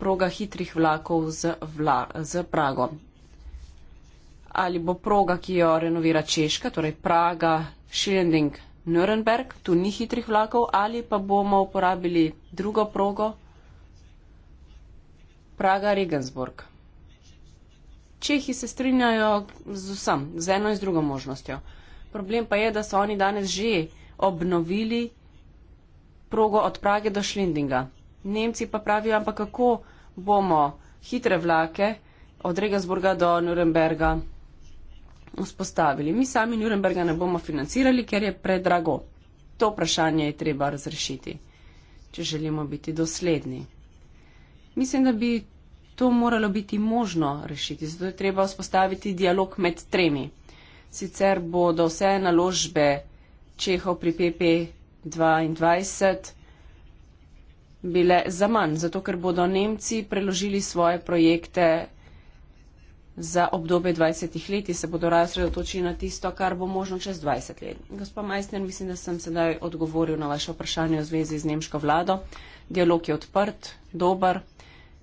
proga hitrih vlakov z, vla, z Prago. Ali bo proga, ki jo renovira Češka, torej Praga, Schilling, Nuremberg, tu ni hitrih vlakov, ali pa bomo uporabili drugo progo, Praga, Regensburg. Čehi se strinjajo z vsem, z eno in z drugo možnostjo. Problem pa je, da so oni danes že obnovili progo od Prage do Šlindinga. Nemci pa pravijo, ampak kako bomo hitre vlake od Regensburga do Nuremberga vzpostavili. Mi sami Nuremberga ne bomo financirali, ker je predrago. To vprašanje je treba razrešiti, če želimo biti dosledni. Mislim, da bi to moralo biti možno rešiti, zato je treba vzpostaviti dialog med tremi sicer bodo vse naložbe Čehov pri PP22 bile za manj, zato ker bodo Nemci preložili svoje projekte za obdobje 20 let in se bodo razredotočili na tisto, kar bo možno čez 20 let. Gospod Majstner, mislim, da sem sedaj odgovoril na vaše vprašanje v zvezi z nemško vlado. Dialog je odprt, dober.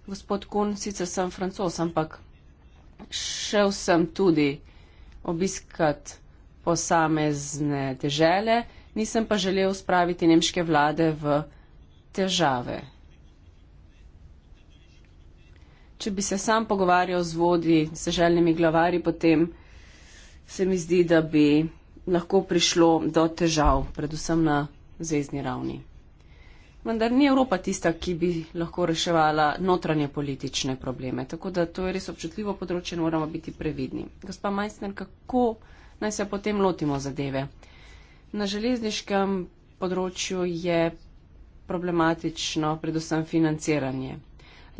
Gospod Kun, sicer sem francos, ampak šel sem tudi obiskati posamezne dežele, nisem pa želel spraviti nemške vlade v težave. Če bi se sam pogovarjal z vodji, z želnimi glavari, potem se mi zdi, da bi lahko prišlo do težav, predvsem na zvezdni ravni. Vendar ni Evropa tista, ki bi lahko reševala notranje politične probleme. Tako da to je res občutljivo področje in moramo biti previdni. Gospa Majstner, kako naj se potem lotimo zadeve? Na železniškem področju je problematično predvsem financiranje.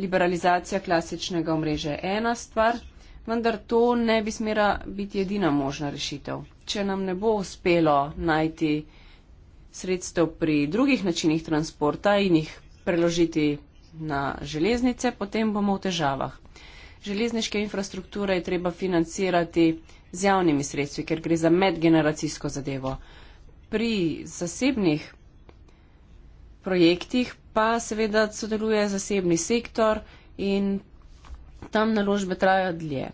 Liberalizacija klasičnega omrežja je ena stvar, vendar to ne bi smela biti edina možna rešitev. Če nam ne bo uspelo najti sredstev pri drugih načinih transporta in jih preložiti na železnice, potem bomo v težavah. Železniške infrastrukture je treba financirati z javnimi sredstvi, ker gre za medgeneracijsko zadevo. Pri zasebnih projektih pa seveda sodeluje zasebni sektor in tam naložbe trajajo dlje.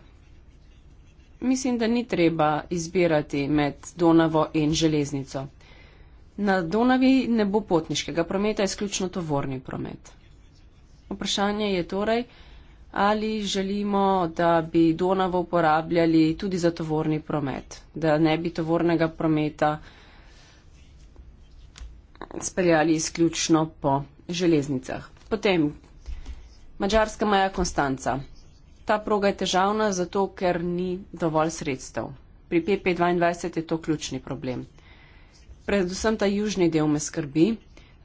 Mislim, da ni treba izbirati med Donavo in železnico. Na Donavi ne bo potniškega prometa, izključno tovorni promet. Vprašanje je torej, ali želimo, da bi Donavo uporabljali tudi za tovorni promet, da ne bi tovornega prometa speljali izključno po železnicah. Potem Mačarska maja Konstanca. Ta proga je težavna zato, ker ni dovolj sredstev. Pri PP22 je to ključni problem predvsem ta južni del me skrbi,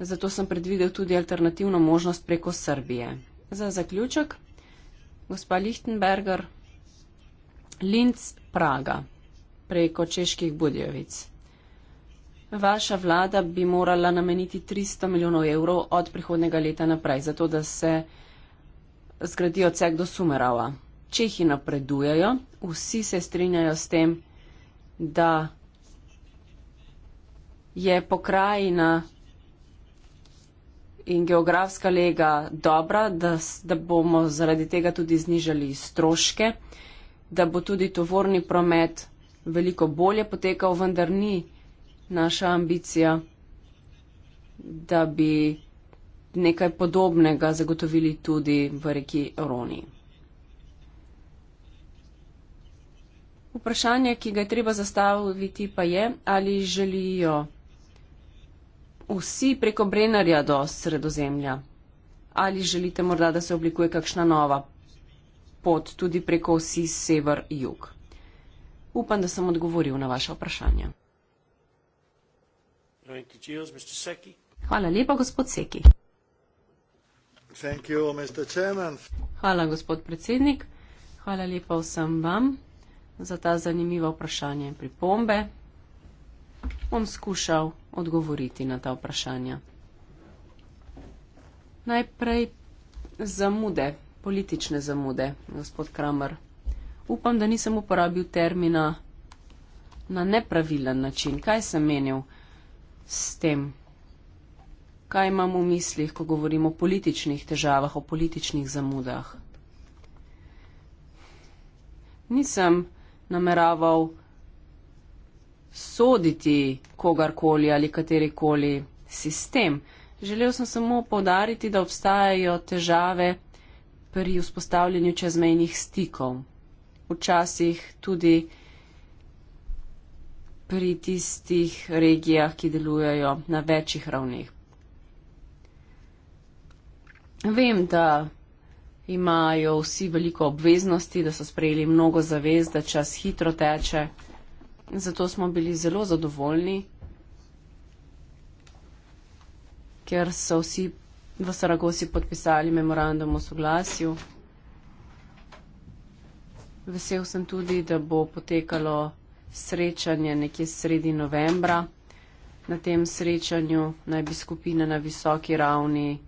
zato sem predvidel tudi alternativno možnost preko Srbije. Za zaključek, gospa Lichtenberger, Linz, Praga, preko Čeških Budjevic. Vaša vlada bi morala nameniti 300 milijonov evrov od prihodnega leta naprej, zato da se zgradi odsek do Sumerava. Čehi napredujejo, vsi se strinjajo s tem, da je pokrajina in geografska lega dobra, da, da bomo zaradi tega tudi znižali stroške, da bo tudi tovorni promet veliko bolje potekal, vendar ni naša ambicija, da bi nekaj podobnega zagotovili tudi v reki Evroniji. Vprašanje, ki ga je treba zastaviti, pa je, ali želijo vsi preko Brenarja do Sredozemlja? Ali želite morda, da se oblikuje kakšna nova pot tudi preko vsi sever-jug? Upam, da sem odgovoril na vaše vprašanje. Hvala lepa, gospod Seki.
You,
Hvala, gospod predsednik. Hvala lepa vsem vam za ta zanimiva vprašanja in pripombe bom skušal odgovoriti na ta vprašanja. Najprej zamude, politične zamude, gospod Kramer. Upam, da nisem uporabil termina na nepravilen način. Kaj sem menil s tem? Kaj imam v mislih, ko govorim o političnih težavah, o političnih zamudah? Nisem nameraval soditi kogarkoli ali katerikoli sistem. Želel sem samo povdariti, da obstajajo težave pri vzpostavljanju čezmejnih stikov. Včasih tudi pri tistih regijah, ki delujejo na večjih ravneh. Vem, da imajo vsi veliko obveznosti, da so sprejeli mnogo zavez, da čas hitro teče zato smo bili zelo zadovoljni, ker so vsi v Saragosi podpisali memorandum o soglasju. Vesel sem tudi, da bo potekalo srečanje nekje sredi novembra. Na tem srečanju naj bi skupine na visoki ravni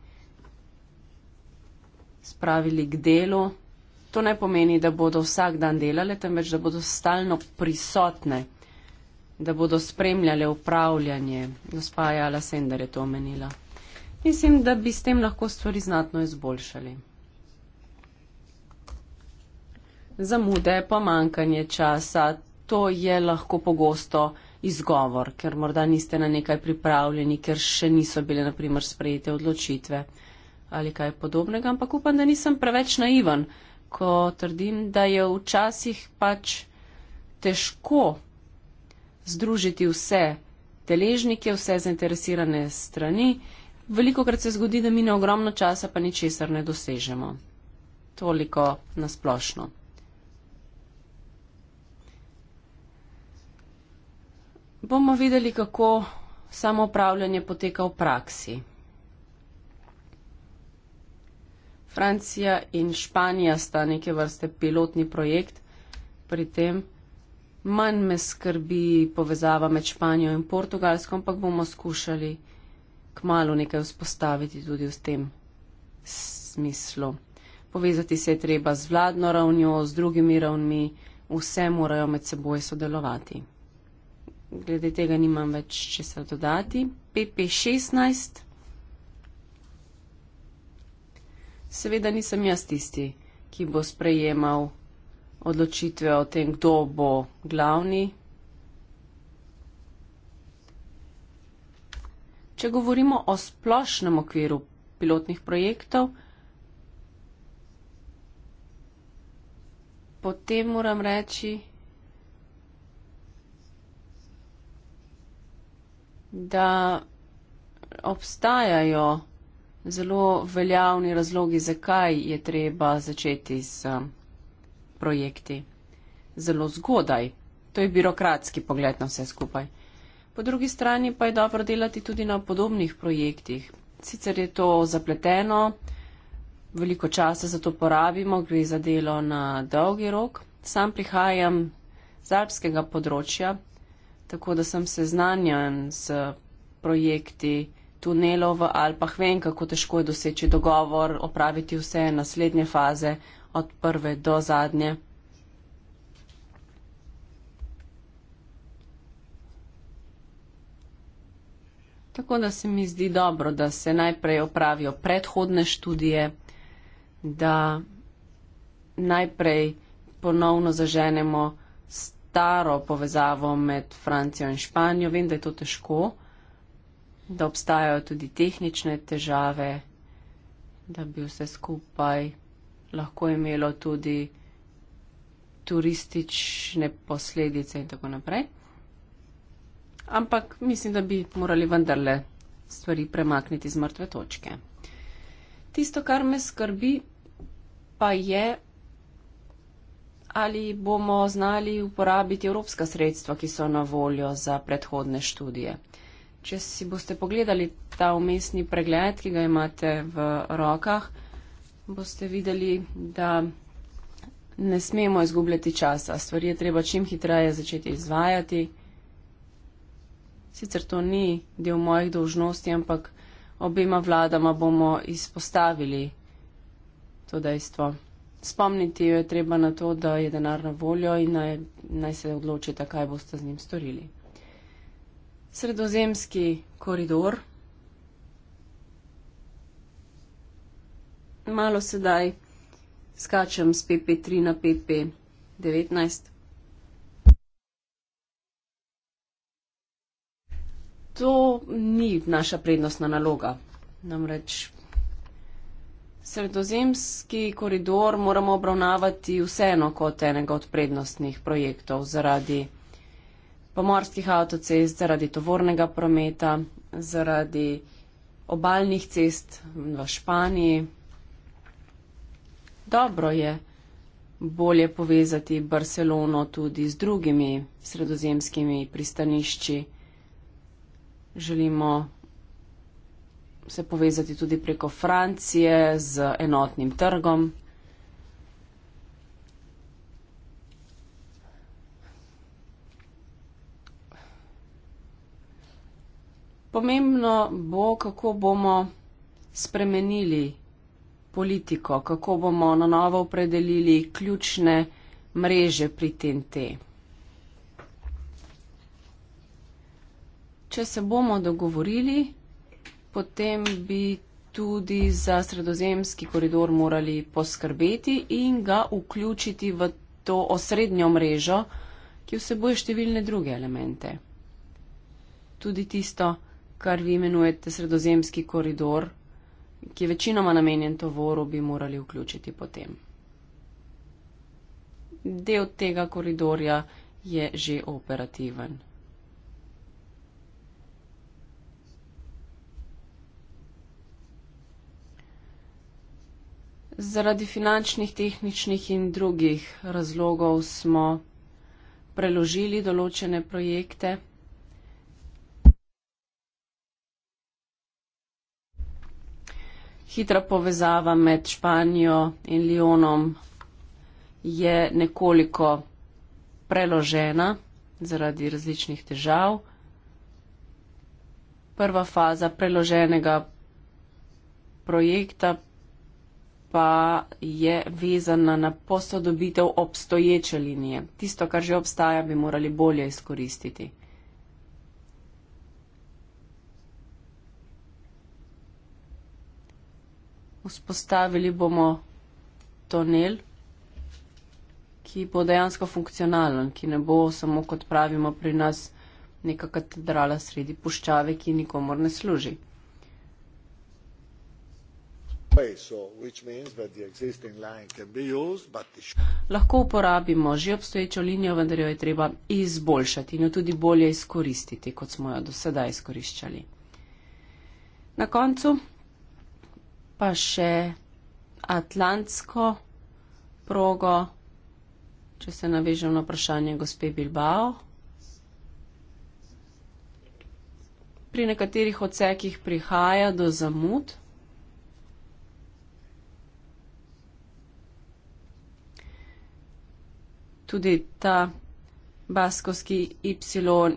spravili k delu. To ne pomeni, da bodo vsak dan delale, temveč da bodo stalno prisotne, da bodo spremljale upravljanje. Gospa Jala Sender je to omenila. Mislim, da bi s tem lahko stvari znatno izboljšali. Zamude, pomankanje časa, to je lahko pogosto izgovor, ker morda niste na nekaj pripravljeni, ker še niso bile, naprimer, sprejete odločitve ali kaj podobnega, ampak upam, da nisem preveč naivan ko trdim, da je včasih pač težko združiti vse deležnike, vse zainteresirane strani. Veliko krat se zgodi, da mine ogromno časa, pa ničesar ne dosežemo. Toliko nasplošno. Bomo videli, kako samo upravljanje poteka v praksi. Francija in Španija sta neke vrste pilotni projekt. Pri tem manj me skrbi povezava med Španijo in Portugalsko, ampak bomo skušali k malu nekaj vzpostaviti tudi v tem smislu. Povezati se je treba z vladno ravnjo, z drugimi ravnmi, vse morajo med seboj sodelovati. Glede tega nimam več česa dodati. PP 16. seveda nisem jaz tisti, ki bo sprejemal odločitve o tem, kdo bo glavni. Če govorimo o splošnem okviru pilotnih projektov, potem moram reči, da obstajajo zelo veljavni razlogi, zakaj je treba začeti s eh, projekti zelo zgodaj. To je birokratski pogled na vse skupaj. Po drugi strani pa je dobro delati tudi na podobnih projektih. Sicer je to zapleteno, veliko časa za to porabimo, gre za delo na dolgi rok. Sam prihajam z alpskega področja, tako da sem seznanjen s projekti, tunelov v Alpah, vem, kako težko je doseči dogovor, opraviti vse naslednje faze, od prve do zadnje. Tako da se mi zdi dobro, da se najprej opravijo predhodne študije, da najprej ponovno zaženemo staro povezavo med Francijo in Španijo. Vem, da je to težko da obstajajo tudi tehnične težave, da bi vse skupaj lahko imelo tudi turistične posledice in tako naprej. Ampak mislim, da bi morali vendarle stvari premakniti z mrtve točke. Tisto, kar me skrbi, pa je, ali bomo znali uporabiti evropska sredstva, ki so na voljo za predhodne študije. Če si boste pogledali ta umestni pregled, ki ga imate v rokah, boste videli, da ne smemo izgubljati časa. Stvari je treba čim hitreje začeti izvajati. Sicer to ni del mojih dolžnosti, ampak obema vladama bomo izpostavili to dejstvo. Spomniti jo je treba na to, da je denar na voljo in naj, naj se odločite, kaj boste z njim storili. Sredozemski koridor. Malo sedaj skačem z PP3 na PP19. To ni naša prednostna naloga. Namreč sredozemski koridor moramo obravnavati vseeno kot enega od prednostnih projektov zaradi pomorskih avtocest, zaradi tovornega prometa, zaradi obaljnih cest v Španiji. Dobro je bolje povezati Barcelono tudi z drugimi sredozemskimi pristanišči. Želimo se povezati tudi preko Francije z enotnim trgom. Pomembno bo, kako bomo spremenili politiko, kako bomo na novo opredelili ključne mreže pri TNT. Če se bomo dogovorili, potem bi tudi za sredozemski koridor morali poskrbeti in ga vključiti v to osrednjo mrežo, ki vsebuje številne druge elemente. Tudi tisto, kar vi imenujete sredozemski koridor, ki je večinoma namenjen tovoru, bi morali vključiti potem. Del tega koridorja je že operativen. Zaradi finančnih, tehničnih in drugih razlogov smo preložili določene projekte. hitra povezava med Španijo in Lyonom je nekoliko preložena zaradi različnih težav. Prva faza preloženega projekta pa je vezana na posodobitev obstoječe linije. Tisto, kar že obstaja, bi morali bolje izkoristiti. vzpostavili bomo tunel, ki bo dejansko funkcionalen, ki ne bo samo, kot pravimo pri nas, neka katedrala sredi puščave, ki nikomor ne služi. Lahko uporabimo že obstoječo linijo, vendar jo je treba izboljšati in jo tudi bolje izkoristiti, kot smo jo do sedaj izkoriščali. Na koncu pa še atlantsko progo, če se navežem na vprašanje gospe Bilbao. Pri nekaterih odsekih prihaja do zamud. Tudi ta baskovski Y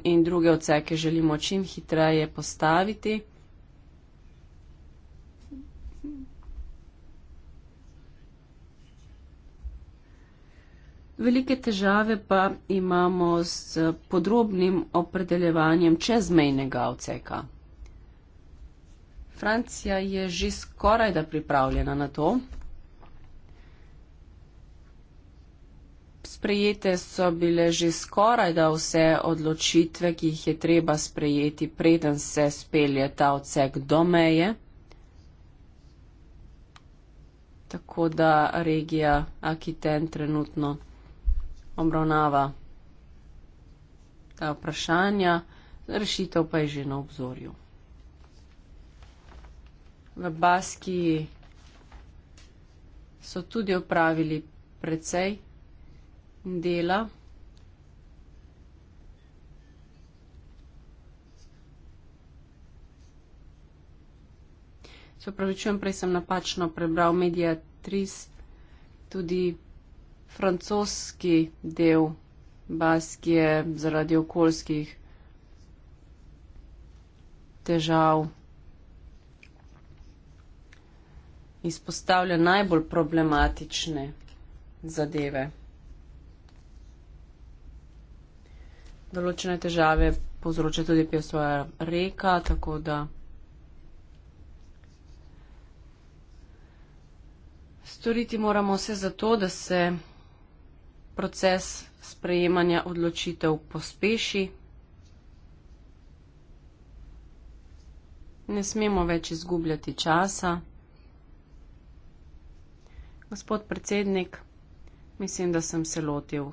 in druge odseke želimo čim hitreje postaviti. Velike težave pa imamo s podrobnim opredeljevanjem čezmejnega odseka. Francija je že skoraj da pripravljena na to. Sprejete so bile že skoraj da vse odločitve, ki jih je treba sprejeti, preden se spelje ta odsek do meje. Tako da regija Akiten trenutno obravnava ta vprašanja, rešitev pa je že na obzorju. V Baskiji so tudi opravili precej dela. Se opravičujem, prej sem napačno prebral Mediatris, tudi francoski del Baskije zaradi okoljskih težav izpostavlja najbolj problematične zadeve. Določene težave povzroča tudi pevstva reka, tako da storiti moramo vse za to, da se proces sprejemanja odločitev pospeši. Ne smemo več izgubljati časa. Gospod predsednik, mislim, da sem se lotil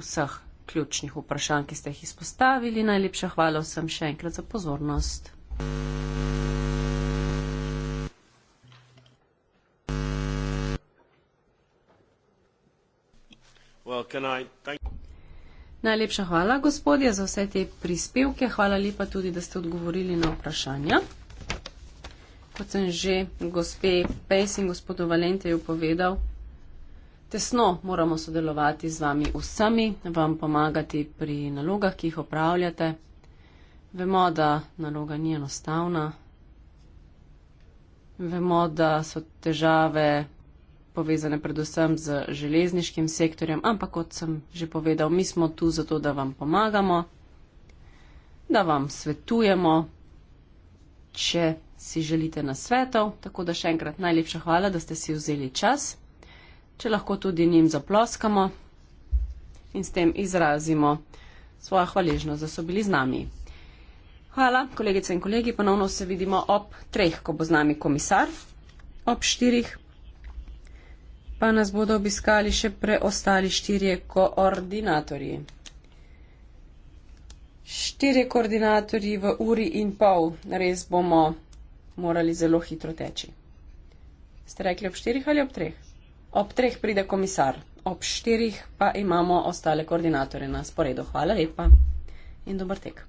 vseh ključnih vprašanj, ki ste jih izpostavili. Najlepša hvala vsem še enkrat za pozornost. Najlepša hvala, gospodje, za vse te prispevke. Hvala lepa tudi, da ste odgovorili na vprašanja. Kot sem že gospe Pejs in gospodu Valenteju povedal, tesno moramo sodelovati z vami vsemi, vam pomagati pri nalogah, ki jih opravljate. Vemo, da naloga ni enostavna. Vemo, da so težave povezane predvsem z železniškim sektorjem, ampak kot sem že povedal, mi smo tu zato, da vam pomagamo, da vam svetujemo, če si želite nasvetov. Tako da še enkrat najlepša hvala, da ste si vzeli čas. Če lahko tudi njim zaploskamo in s tem izrazimo svojo hvaležnost, da so bili z nami. Hvala, kolegice in kolegi, ponovno se vidimo ob treh, ko bo z nami komisar. Ob štirih pa nas bodo obiskali še preostali štirje koordinatorji. Štirje koordinatorji v uri in pol, res bomo morali zelo hitro teči. Ste rekli ob štirih ali ob treh? Ob treh pride komisar, ob štirih pa imamo ostale koordinatorje na sporedu. Hvala lepa in dober tek.